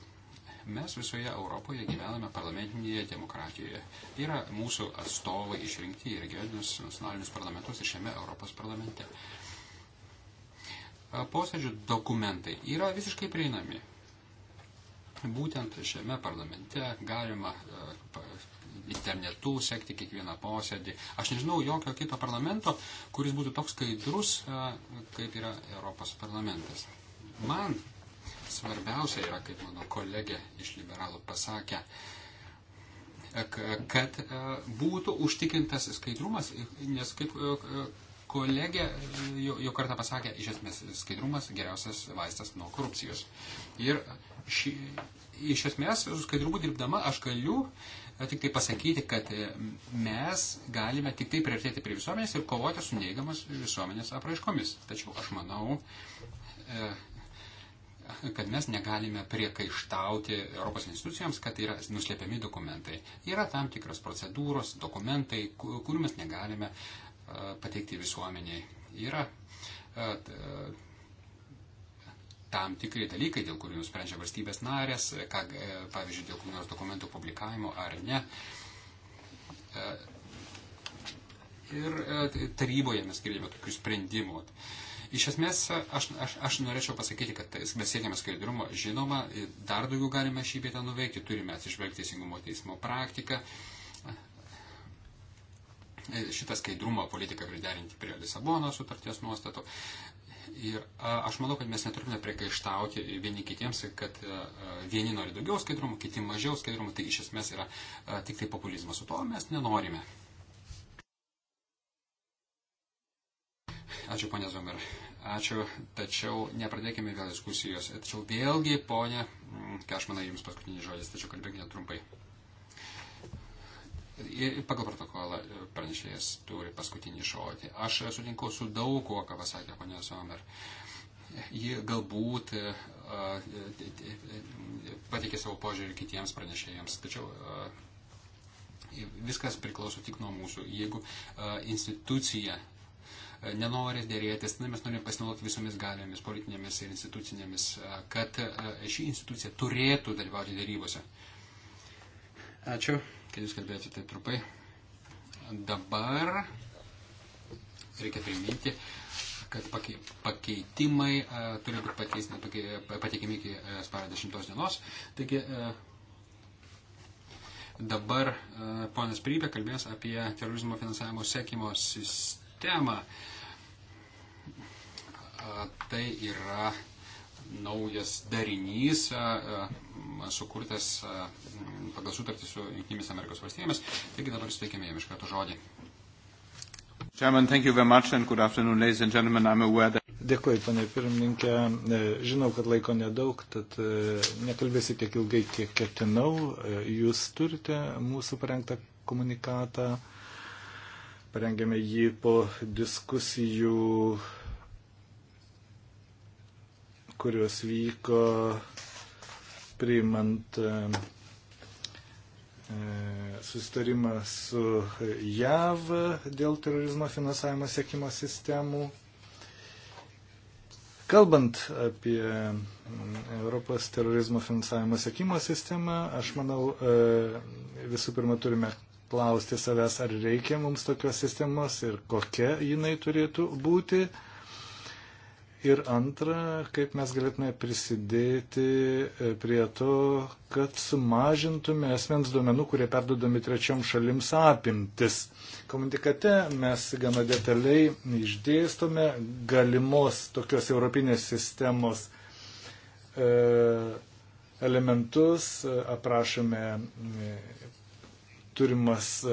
Mes visoje Europoje gyvename parlamentinėje demokratijoje. Yra mūsų atstovai išrinkti į regioninius nacionalinius parlamentus ir šiame Europos parlamente. Posėdžių dokumentai yra visiškai prieinami. Būtent šiame parlamente galima internetu sekti kiekvieną posėdį. Aš nežinau jokio kito parlamento, kuris būtų toks skaidrus, kaip yra Europos parlamentas. Man svarbiausia yra, kaip mano kolegė iš liberalų pasakė, kad e, būtų užtikrintas skaidrumas, nes kaip e, kolegė jau, e, jau kartą pasakė, iš esmės skaidrumas geriausias vaistas nuo korupcijos. Ir ši, iš esmės su skaidrumu dirbdama aš galiu tik tai pasakyti, kad mes galime tik tai priartėti prie visuomenės ir kovoti su neigiamas visuomenės apraiškomis. Tačiau aš manau, kad mes negalime priekaištauti Europos institucijoms, kad yra nuslėpiami dokumentai. Yra tam tikras procedūros, dokumentai, kurių mes negalime pateikti visuomeniai. Yra tam tikri dalykai, dėl kurių nusprendžia valstybės narės, ką, e, pavyzdžiui, dėl kurių nors dokumentų publikavimo ar ne. Ir taryboje mes girdime tokių sprendimų. Iš esmės, aš, aš, aš norėčiau pasakyti, kad mes tai siekiame skaidrumo, žinoma, dar daugiau galime šį bėtą nuveikti, turime atsižvelgti teisingumo teismo praktiką. Šitą skaidrumo politiką priderinti prie Lisabono sutarties nuostatų. Ir aš manau, kad mes neturime priekaištauti vieni kitiems, kad vieni nori daugiau skaidrumo, kiti mažiau skaidrumo. Tai iš esmės yra tik tai populizmas. Su to mes nenorime Ačiū, ponė Zomer. Ačiū, tačiau nepradėkime vėl diskusijos. Tačiau vėlgi, ponė, mm, Kešmanai, jums paskutinis žodis, tačiau kalbėkite trumpai. Ir pagal protokolą e, pranešėjas turi paskutinį žodį. Aš sutinku su daug kuo, ką pasakė ponė Zomer. Ji galbūt e, e, patikė savo požiūrį kitiems pranešėjams, tačiau viskas priklauso tik nuo mūsų. Jeigu institucija nenori dėrėtis, na, mes norime pasinaudoti visomis galiomis, politinėmis ir institucinėmis, kad ši institucija turėtų dalyvauti dėrybose. Ačiū, kad jūs kalbėjote taip trupai. Dabar reikia priminti, kad pakeitimai turi būti pateikiami iki spalio 10 dienos. Taigi dabar ponas Prybė kalbės apie terorizmo finansavimo sekimo sistemą temą. Tai yra naujas darinys, sukurtas pagal sutartį su Junktinėmis Amerikos valstybėmis. Taigi dabar suteikime jam iš karto žodį. Chairman, thank you very much and good afternoon, ladies and gentlemen. I'm aware that... Dėkui, panai pirmininkė. E, žinau, kad laiko nedaug, tad e, nekalbėsiu tiek ilgai, kiek ketinau. E, jūs turite mūsų parengtą komunikatą. Parengėme jį po diskusijų, kurios vyko priimant e, susitarimą su JAV dėl terorizmo finansavimo sėkimo sistemų. Kalbant apie mm, Europos terorizmo finansavimo sėkimo sistemą, aš manau, e, visų pirma turime klausti savęs, ar reikia mums tokios sistemos ir kokia jinai turėtų būti. Ir antra, kaip mes galėtume prisidėti e, prie to, kad sumažintume asmens duomenų, kurie perdodami trečiom šalims apimtis. Komunikate mes gana detaliai išdėstome galimos tokios europinės sistemos e, elementus, e, aprašome turimas e,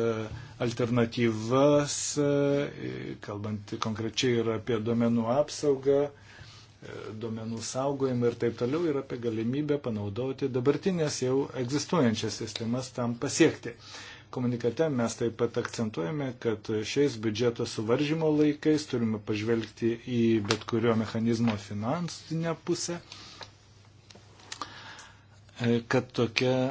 alternatyvas, e, kalbant konkrečiai ir apie duomenų apsaugą, e, duomenų saugojimą ir taip toliau, ir apie galimybę panaudoti dabartinės jau egzistuojančias sistemas tam pasiekti. Komunikate mes taip pat akcentuojame, kad šiais biudžeto suvaržymo laikais turime pažvelgti į bet kurio mechanizmo finansinę pusę kad, tokia,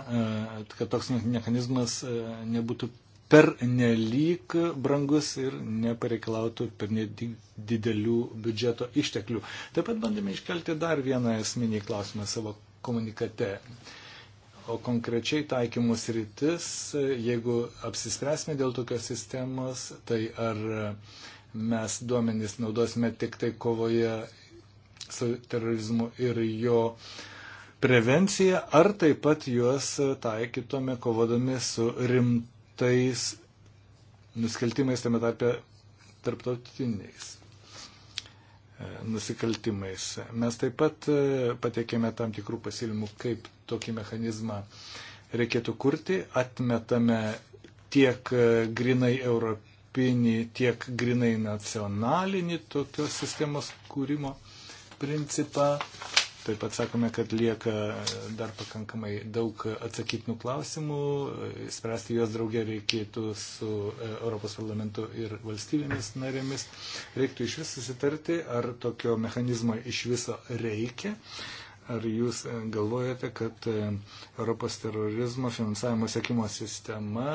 e, kad toks mechanizmas e, nebūtų per nelyg brangus ir nepareikalautų per didelių biudžeto išteklių. Taip pat bandėme iškelti dar vieną esminį klausimą savo komunikate. O konkrečiai taikymus rytis, e, jeigu apsispręsime dėl tokios sistemos, tai ar mes duomenys naudosime tik tai kovoje su terorizmu ir jo uh, prevenciją, ar taip pat juos taikytume kovodami su rimtais nusikaltimais, tame tarpe tarptautiniais e, nusikaltimais. Mes taip pat e, patiekėme tam tikrų pasiūlymų, kaip tokį mechanizmą reikėtų kurti. Atmetame tiek e, grinai europinį, tiek grinai nacionalinį tokios sistemos kūrimo principą. Taip pat sakome, kad lieka e, dar pakankamai daug atsakytinų klausimų. E, spręsti juos draugė reikėtų su e, Europos parlamentu ir valstybėmis narėmis. Reiktų iš vis susitarti, ar tokio mechanizmo iš viso reikia. Ar jūs galvojate, kad Europos terorizmo finansavimo sėkimo sistema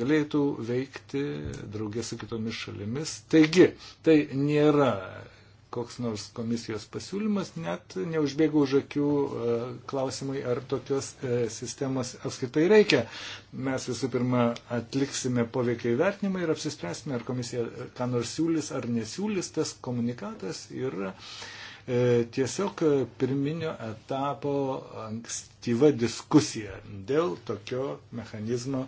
galėtų veikti draugė su kitomis šalimis? Taigi, tai nėra koks nors komisijos pasiūlymas, net neužbėga už akių e, klausimai, ar tokios e, sistemos apskritai reikia. Mes visų pirma atliksime poveikiai vertinimą ir apsispręsime, ar komisija e, ką nors siūlys ar nesiūlys. Tas komunikatas yra tiesiog pirminio etapo ankstyva diskusija dėl tokio mechanizmo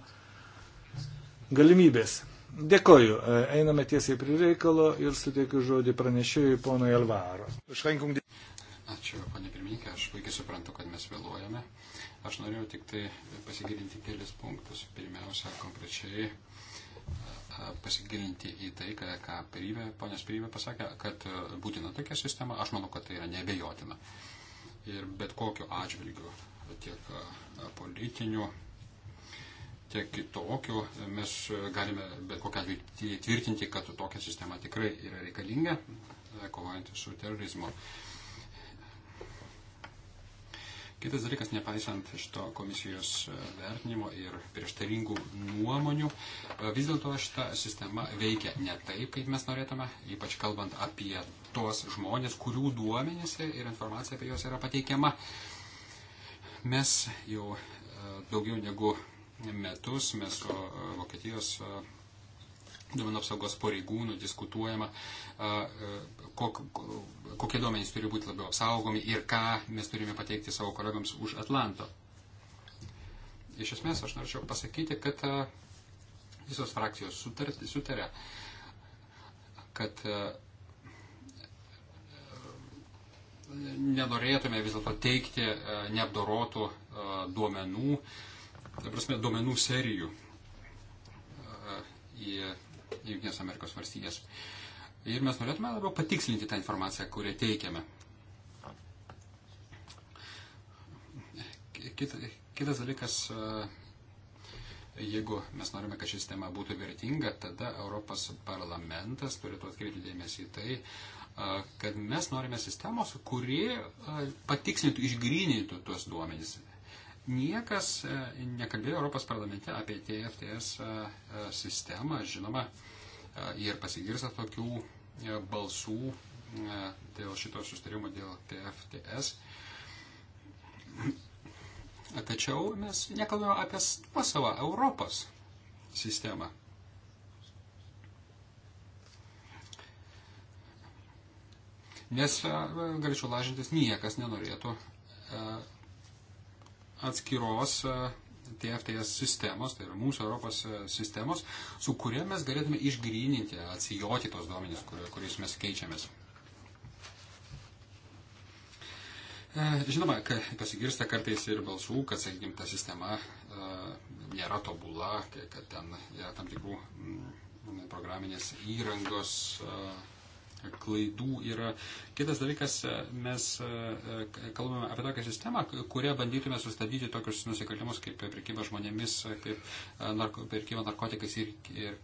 galimybės. Dėkoju. E, einame tiesiai prie reikalo ir suteikiu žodį pranešėjui ponui Alvaro. Ačiū, ponė pirmininkė, aš puikiai suprantu, kad mes vėluojame. Aš norėjau tik tai pasigilinti kelis punktus. Pirmiausia, konkrečiai e, pasigilinti į tai, ką Prybė, ponės Prybė pasakė, kad e, būtina tokia sistema, aš manau, kad tai yra nebejotina. Ir bet kokiu atžvilgiu, tiek politiniu, tiek kitokių, mes galime bet kokią atveju tvirtinti, kad tokia sistema tikrai yra reikalinga, kovojant su terorizmu. Kitas dalykas, nepaisant šito komisijos vertinimo ir prieštaringų nuomonių, vis dėlto šita sistema veikia ne taip, kaip mes norėtume, ypač kalbant apie tos žmonės, kurių duomenys ir informacija apie juos yra pateikiama. Mes jau e, daugiau negu metus mes su e, Vokietijos e, duomenų apsaugos pareigūnų diskutuojama, e, kok, kokie duomenys turi būti labiau apsaugomi ir ką mes turime pateikti savo kolegams už Atlanto. Iš esmės aš norėčiau pasakyti, kad visos frakcijos sutartį, sutarė, kad nenorėtume vis dėlto teikti neapdorotų duomenų, ta prasme, duomenų serijų į Junktinės Amerikos valstijas. Ir mes norėtume labiau patikslinti tą informaciją, kurią teikiame. Kita, kitas dalykas, jeigu mes norime, kad ši sistema būtų vertinga, tada Europos parlamentas turėtų atkreipti dėmesį į tai, kad mes norime sistemos, kuri patikslintų, išgrynintų tuos duomenys Niekas e, nekalbėjo Europos parlamente apie TFTS e, e, sistemą, žinoma, ir pasigirsta tokių balsų dėl šito sustarimo dėl TFTS. Tačiau mes nekalbame apie nuosavą Europos sistemą. Nes, galėčiau lažintis, niekas nenorėtų atskiros e, TFTS sistemos, tai yra mūsų Europos e, sistemos, su kuria mes galėtume išgrįninti, atsijoti tos duomenys, kuriais mes keičiamės. E, žinoma, pasigirsta kartais ir balsų, kad, sakykime, ta sistema nėra tobula, kad ten yra tam tikrų programinės įrangos klaidų yra. Kitas dalykas, e, mes e, e, kalbame apie tokią sistemą, kurią bandytume sustabdyti tokius nusikaltimus kaip prekyba žmonėmis, kaip narko, prekyba narkotikais ir, ir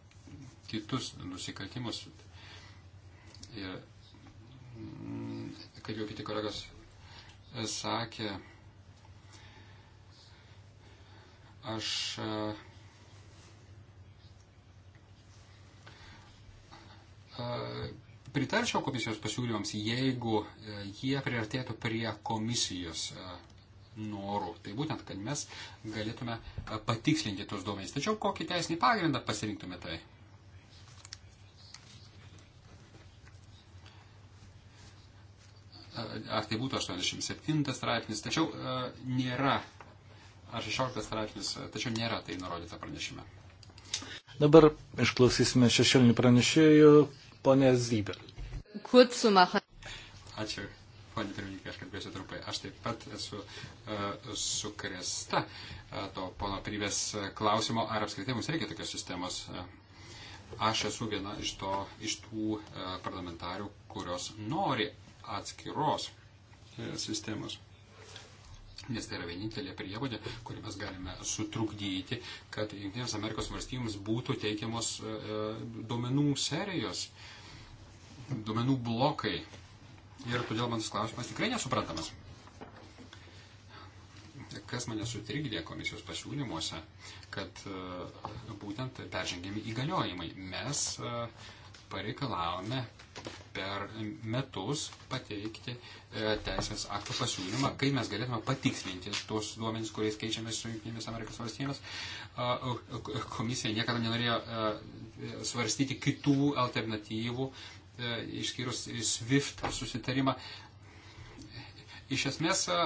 kitus nusikaltimus. Ir, mm, kaip jau kiti kolegos sakė, aš pritarčiau komisijos pasiūlymams, jeigu e, jie priartėtų prie komisijos e, norų. Tai būtent, kad mes galėtume e, patikslinti tuos duomenys. Tačiau kokį teisinį pagrindą pasirinktume tai? Ar tai būtų 87 straipsnis, tačiau nėra, ar 16 straipsnis, tačiau nėra tai nurodyta pranešime. Dabar išklausysime šešėlinį pranešėjų, ponė Zybel kurz zu machen. Ačiū, ponė pirmininkė, aš kalbėsiu trumpai. Aš taip pat esu uh, e, sukresta uh, e, to pono privės klausimo, ar apskritai mums reikia tokios sistemos. Uh, aš esu viena iš, to, iš tų uh, parlamentarių, kurios nori atskiros uh, sistemos. Nes tai yra vienintelė priemonė, kurį mes galime sutrukdyti, kad Junktinėms Amerikos valstybėms būtų teikiamos uh, duomenų serijos. Uh, duomenų blokai. Ir todėl man tas klausimas tikrai nesuprantamas. Kas mane sutrikdė komisijos pasiūlymuose, kad e, būtent peržengiami įgaliojimai. Mes e, pareikalavome per metus pateikti e, teisės aktų pasiūlymą, kai mes galėtume patikslinti tuos duomenys, kuriais keičiamės su Junktinėmis Amerikos valstybėmis. Komisija niekada nenorėjo svarstyti kitų alternatyvų E, išskyrus SWIFT susitarimą. Iš esmės, e,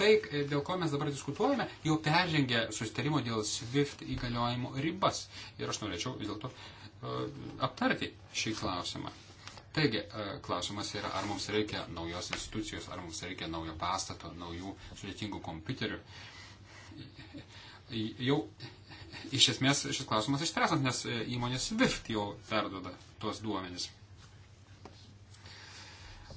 tai, dėl ko mes dabar diskutuojame, jau peržengia susitarimo dėl SWIFT įgaliojimų ribas. Ir aš norėčiau vis dėlto e, aptarti šį klausimą. Taigi, klausimas yra, ar mums reikia naujos institucijos, ar mums reikia naujo pastato, naujų sudėtingų kompiuterių. Jau iš esmės šis klausimas išspręstas, nes įmonės VIFT jau perdoda tuos duomenis.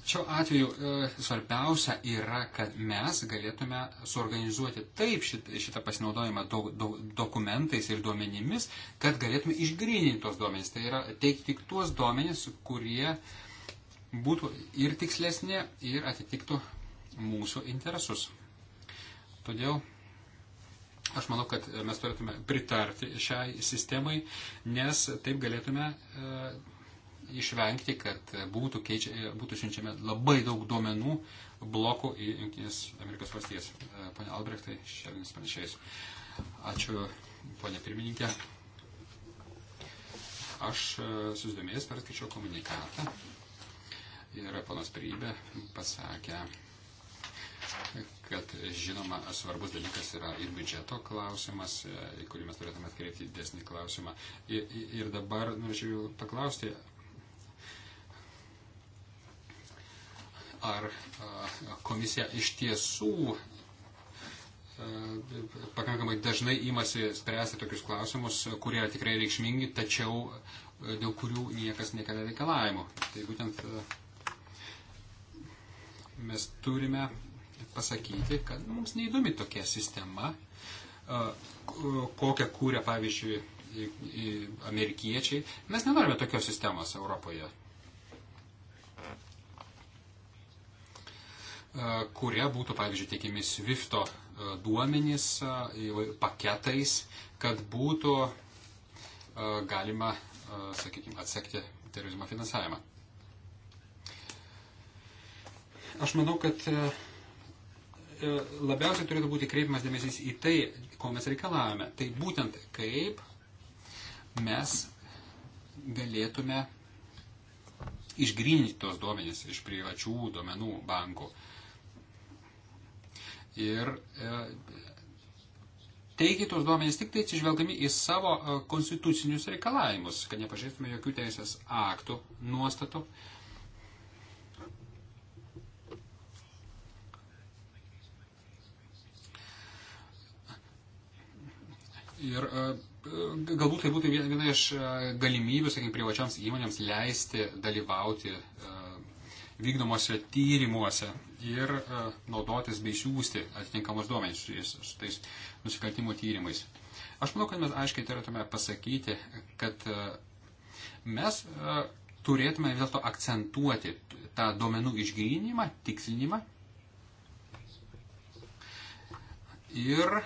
Šiuo atveju e, svarbiausia yra, kad mes galėtume suorganizuoti taip šitą, šitą pasinaudojimą do, do, dokumentais ir duomenimis, kad galėtume išgrininti tos duomenys. Tai yra teikti tik tuos duomenys, kurie būtų ir tikslesnė, ir atitiktų mūsų interesus. Todėl aš manau, kad mes turėtume pritarti šiai sistemai, nes taip galėtume. E, išvengti, kad būtų, keičia, būtų siunčiami labai daug duomenų blokų į Junktinės Amerikos valstijas. E, Pane Albrechtai, šiandienis pranešėjas. Ačiū, ponė pirmininkė. Aš e, susidomėjęs perskaičiau komunikatą ir panas Prybė pasakė, kad žinoma svarbus dalykas yra ir biudžeto klausimas, e, į kurį mes turėtume atkreipti didesnį klausimą. Ir, ir dabar norėčiau paklausti, ar komisija iš tiesų pakankamai dažnai imasi spręsti tokius klausimus, kurie yra tikrai reikšmingi, tačiau dėl kurių niekas nekelia reikalavimų. Tai būtent mes turime pasakyti, kad mums neįdomi tokia sistema, kokią kūrė, pavyzdžiui, amerikiečiai. Mes nenorime tokios sistemos Europoje. E, kuria būtų, pavyzdžiui, teikiami Swift'o e, duomenys e, paketais, kad būtų galima, sakykime, atsekti terorizmo finansavimą. Aš manau, kad labiausiai turėtų būti kreipimas dėmesys į tai, ko mes reikalavome. Tai būtent kaip mes galėtume išgrininti tos duomenys iš privačių duomenų bankų. Uh, ir e, teikia tos duomenys tik tai atsižvelgdami į savo e, konstitucinius reikalavimus, kad nepažeistume jokių teisės aktų nuostatų. Ir e, galbūt tai būtų viena iš galimybių, sakykime, privačiams įmonėms leisti dalyvauti vykdomose tyrimuose ir e, naudotis bei siūsti atitinkamus duomenys su tais nusikaltimų tyrimais. Aš manau, kad mes aiškiai turėtume pasakyti, kad e, mes e, turėtume vis dėlto akcentuoti tą duomenų išgrynimą, tikslinimą ir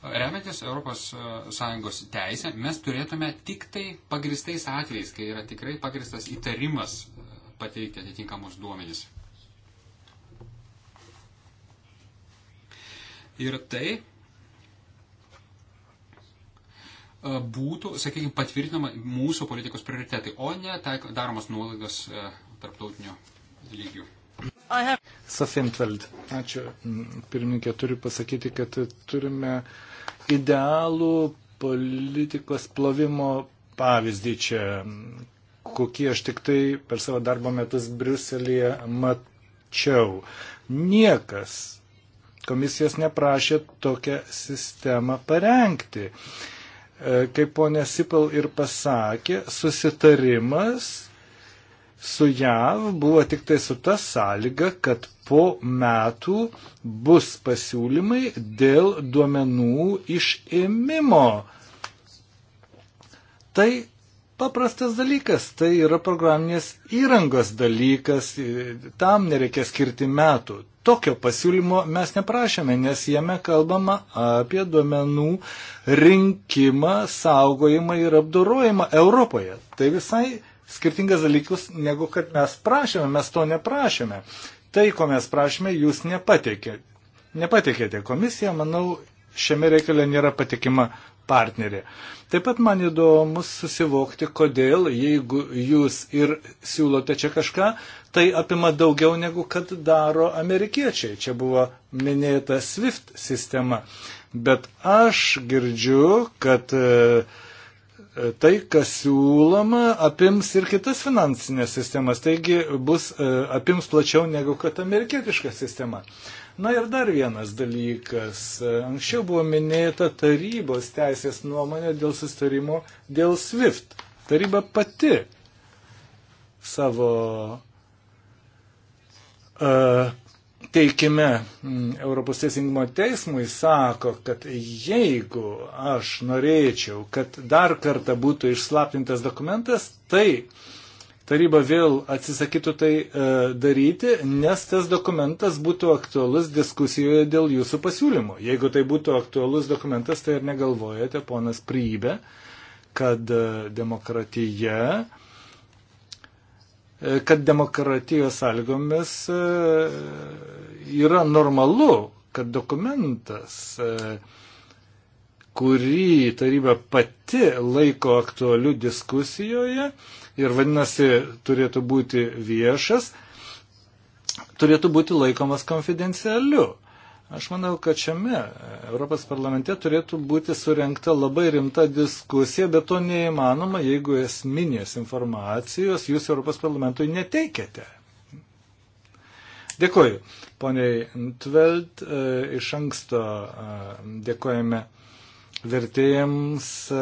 Remiantis ES teisę, mes turėtume tik tai pagristais atvejais, kai yra tikrai pagristas įtarimas pateikti atitinkamus duomenys. Ir tai e, būtų, sakykime, patvirtinama mūsų politikos prioritetai, o ne taik, daromas nuolaidos e, tarptautinio lygių. Safintfeld. Ačiū. Pirmininkė, turiu pasakyti, kad turime idealų politikos plovimo pavyzdį čia kokie aš tik tai per savo darbo metus Briuselėje mačiau. Niekas komisijos neprašė tokią sistemą parengti. E, kaip ponė Sipal ir pasakė, susitarimas su JAV buvo tik tai su ta sąlyga, kad po metų bus pasiūlymai dėl duomenų išėmimo. Tai paprastas dalykas, tai yra programinės įrangos dalykas, tam nereikia skirti metų. Tokio pasiūlymo mes neprašėme, nes jame kalbama apie duomenų rinkimą, saugojimą ir apdorojimą Europoje. Tai visai skirtingas dalykus, negu kad mes prašėme, mes to neprašėme. Tai, ko mes prašėme, jūs nepateikėte. Nepateikėte. Komisija, manau, šiame reikale nėra patikima partnerė. Taip pat man įdomu susivokti, kodėl, jeigu jūs ir siūlote čia kažką, tai apima daugiau negu kad daro amerikiečiai. Čia buvo minėta SWIFT sistema. Bet aš girdžiu, kad e, tai, kas siūloma, apims ir kitas finansinės sistemas, taigi bus e, apims plačiau negu kad amerikietiška sistema. Na ir dar vienas dalykas. Anksčiau buvo minėta tarybos teisės nuomonė dėl sustarimo dėl SWIFT. Taryba pati savo uh, teikime Europos teisingumo teismui sako, kad jeigu aš norėčiau, kad dar kartą būtų išslaptintas dokumentas, tai uh, taryba vėl atsisakytų tai e, daryti, nes tas dokumentas būtų aktualus diskusijoje dėl jūsų pasiūlymo. Jeigu tai būtų aktualus dokumentas, tai ar negalvojate, ponas Prybė, kad e, demokratija, e, kad demokratijos sąlygomis e, yra normalu, kad dokumentas e, kurį taryba pati laiko aktualiu diskusijoje ir vadinasi turėtų būti viešas, turėtų būti laikomas konfidencialiu. Aš manau, kad šiame Europos parlamente turėtų būti surinkta labai rimta diskusija, bet to neįmanoma, jeigu esminės informacijos jūs Europos parlamentui neteikėte. Dėkoju. Poniai Tvelt, e, iš anksto e, dėkojame vertėjams e,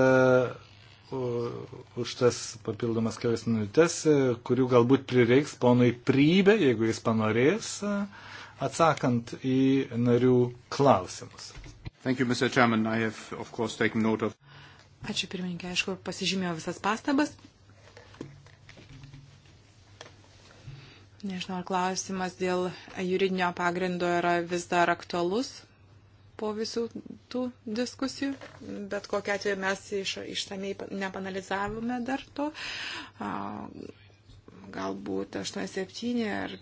už tas papildomas kelias minutės, e, kurių galbūt prireiks ponui Prybė, jeigu jis panorės, e, atsakant į narių klausimus. Thank you, Mr. Chairman. I have, of course, taken note of. Ačiū pirmininkė, aišku, pasižymėjau visas pastabas. Nežinau, ar klausimas dėl juridinio pagrindo yra vis dar aktualus po visų tų diskusijų. Bet kokia atveju mes iš, išsamei nepanalizavome dar to. Galbūt 87 ar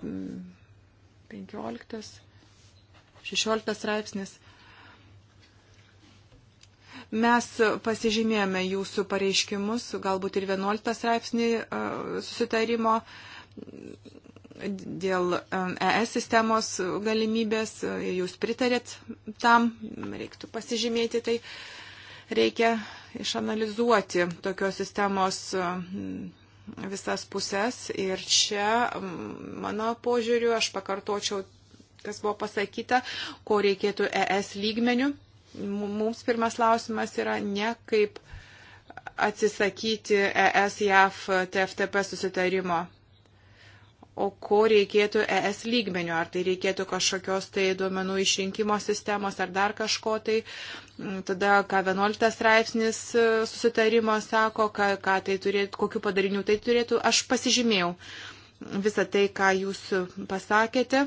15, mm, 16 straipsnis mes pasižymėjome jūsų pareiškimus, galbūt ir 11 straipsnį susitarimo dėl ES e sistemos galimybės, e, jūs pritarėt tam, reiktų pasižymėti tai. Reikia išanalizuoti tokios sistemos visas pusės ir čia, mano požiūriu, aš pakartočiau, kas buvo pasakyta, ko reikėtų ES lygmenių. Mums pirmas klausimas yra ne kaip atsisakyti ES-JAF TFTP susitarimo o ko reikėtų ES lygmenių, ar tai reikėtų kažkokios tai duomenų išrinkimo sistemos ar dar kažko tai. Mm, tada, ką 11 straipsnis e, susitarimo sako, ką, ką tai turėtų, kokiu padariniu tai turėtų, aš pasižymėjau visą tai, ką jūs pasakėte.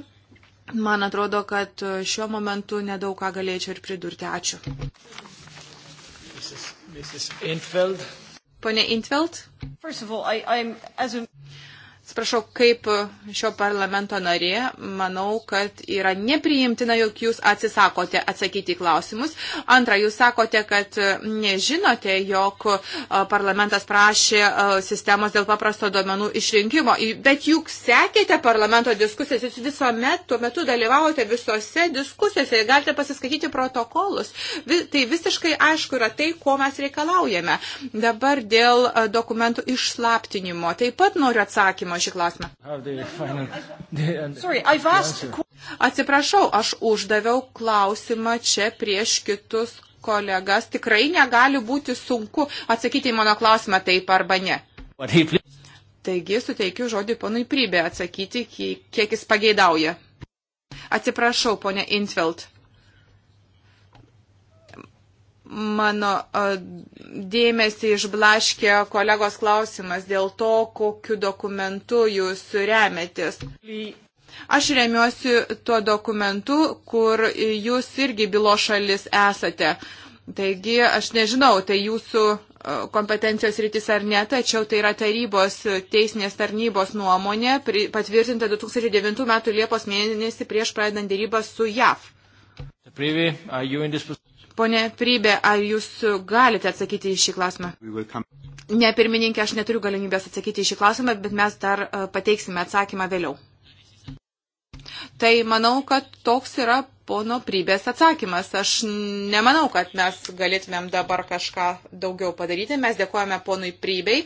Man atrodo, kad šiuo momentu nedaug ką galėčiau ir pridurti. Ačiū. Mrs. Mrs. Intveld. Pone Intveld. All, I, Sprašau, kaip šio parlamento narė, manau, kad yra nepriimtina, jog jūs atsisakote atsakyti į klausimus. Antra, jūs sakote, kad nežinote, jog e, parlamentas prašė e, sistemos dėl paprasto duomenų išrinkimo, bet juk sekėte parlamento diskusijas, jūs visuomet tuo metu dalyvavote visose diskusijose ir galite pasiskaityti protokolus. Tai visiškai aišku yra tai, ko mes reikalaujame. Dabar dėl e, dokumentų išslaptinimo. Taip pat noriu atsakymą man šį klausimą. Uh, Sorry, asked... Atsiprašau, aš uždaviau klausimą čia prieš kitus kolegas. Tikrai negali būti sunku atsakyti į mano klausimą taip arba ne. Taigi suteikiu žodį ponui Prybė atsakyti, kiek jis pageidauja. Atsiprašau, ponė Infeld mano dėmesį išblaškė kolegos klausimas dėl to, kokiu dokumentu jūs remiatės. Aš remiuosi tuo dokumentu, kur jūs irgi bylo šalis esate. Taigi, aš nežinau, tai jūsų kompetencijos rytis ar ne, tačiau tai yra tarybos teisinės tarnybos nuomonė patvirtinta 2009 m. Liepos mėnesį prieš pradedant dėrybą su JAV. Privy, Pone Prybė, ar jūs galite atsakyti į šį klausimą? Ne, pirmininkė, aš neturiu galimybės atsakyti į šį klausimą, bet mes dar e, pateiksime atsakymą vėliau. Tai manau, kad toks yra pono Prybės atsakymas. Aš nemanau, kad mes galėtumėm dabar kažką daugiau padaryti. Mes dėkojame ponui Prybei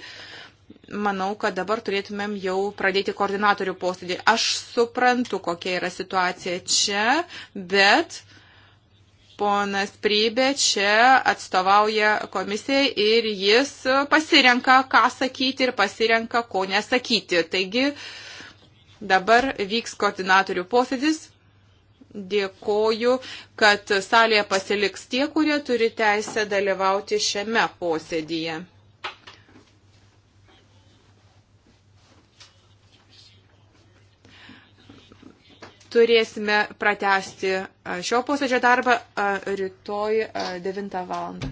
manau, kad dabar turėtumėm jau pradėti koordinatorių posėdį. Aš suprantu, kokia yra situacija čia, bet Ponas Prybė čia atstovauja komisijai ir jis pasirenka, ką sakyti ir pasirenka, ko nesakyti. Taigi dabar vyks koordinatorių posėdis. Dėkoju, kad salėje pasiliks tie, kurie turi teisę dalyvauti šiame posėdyje. turėsime pratesti šio posėdžio darbą rytoj 9 val.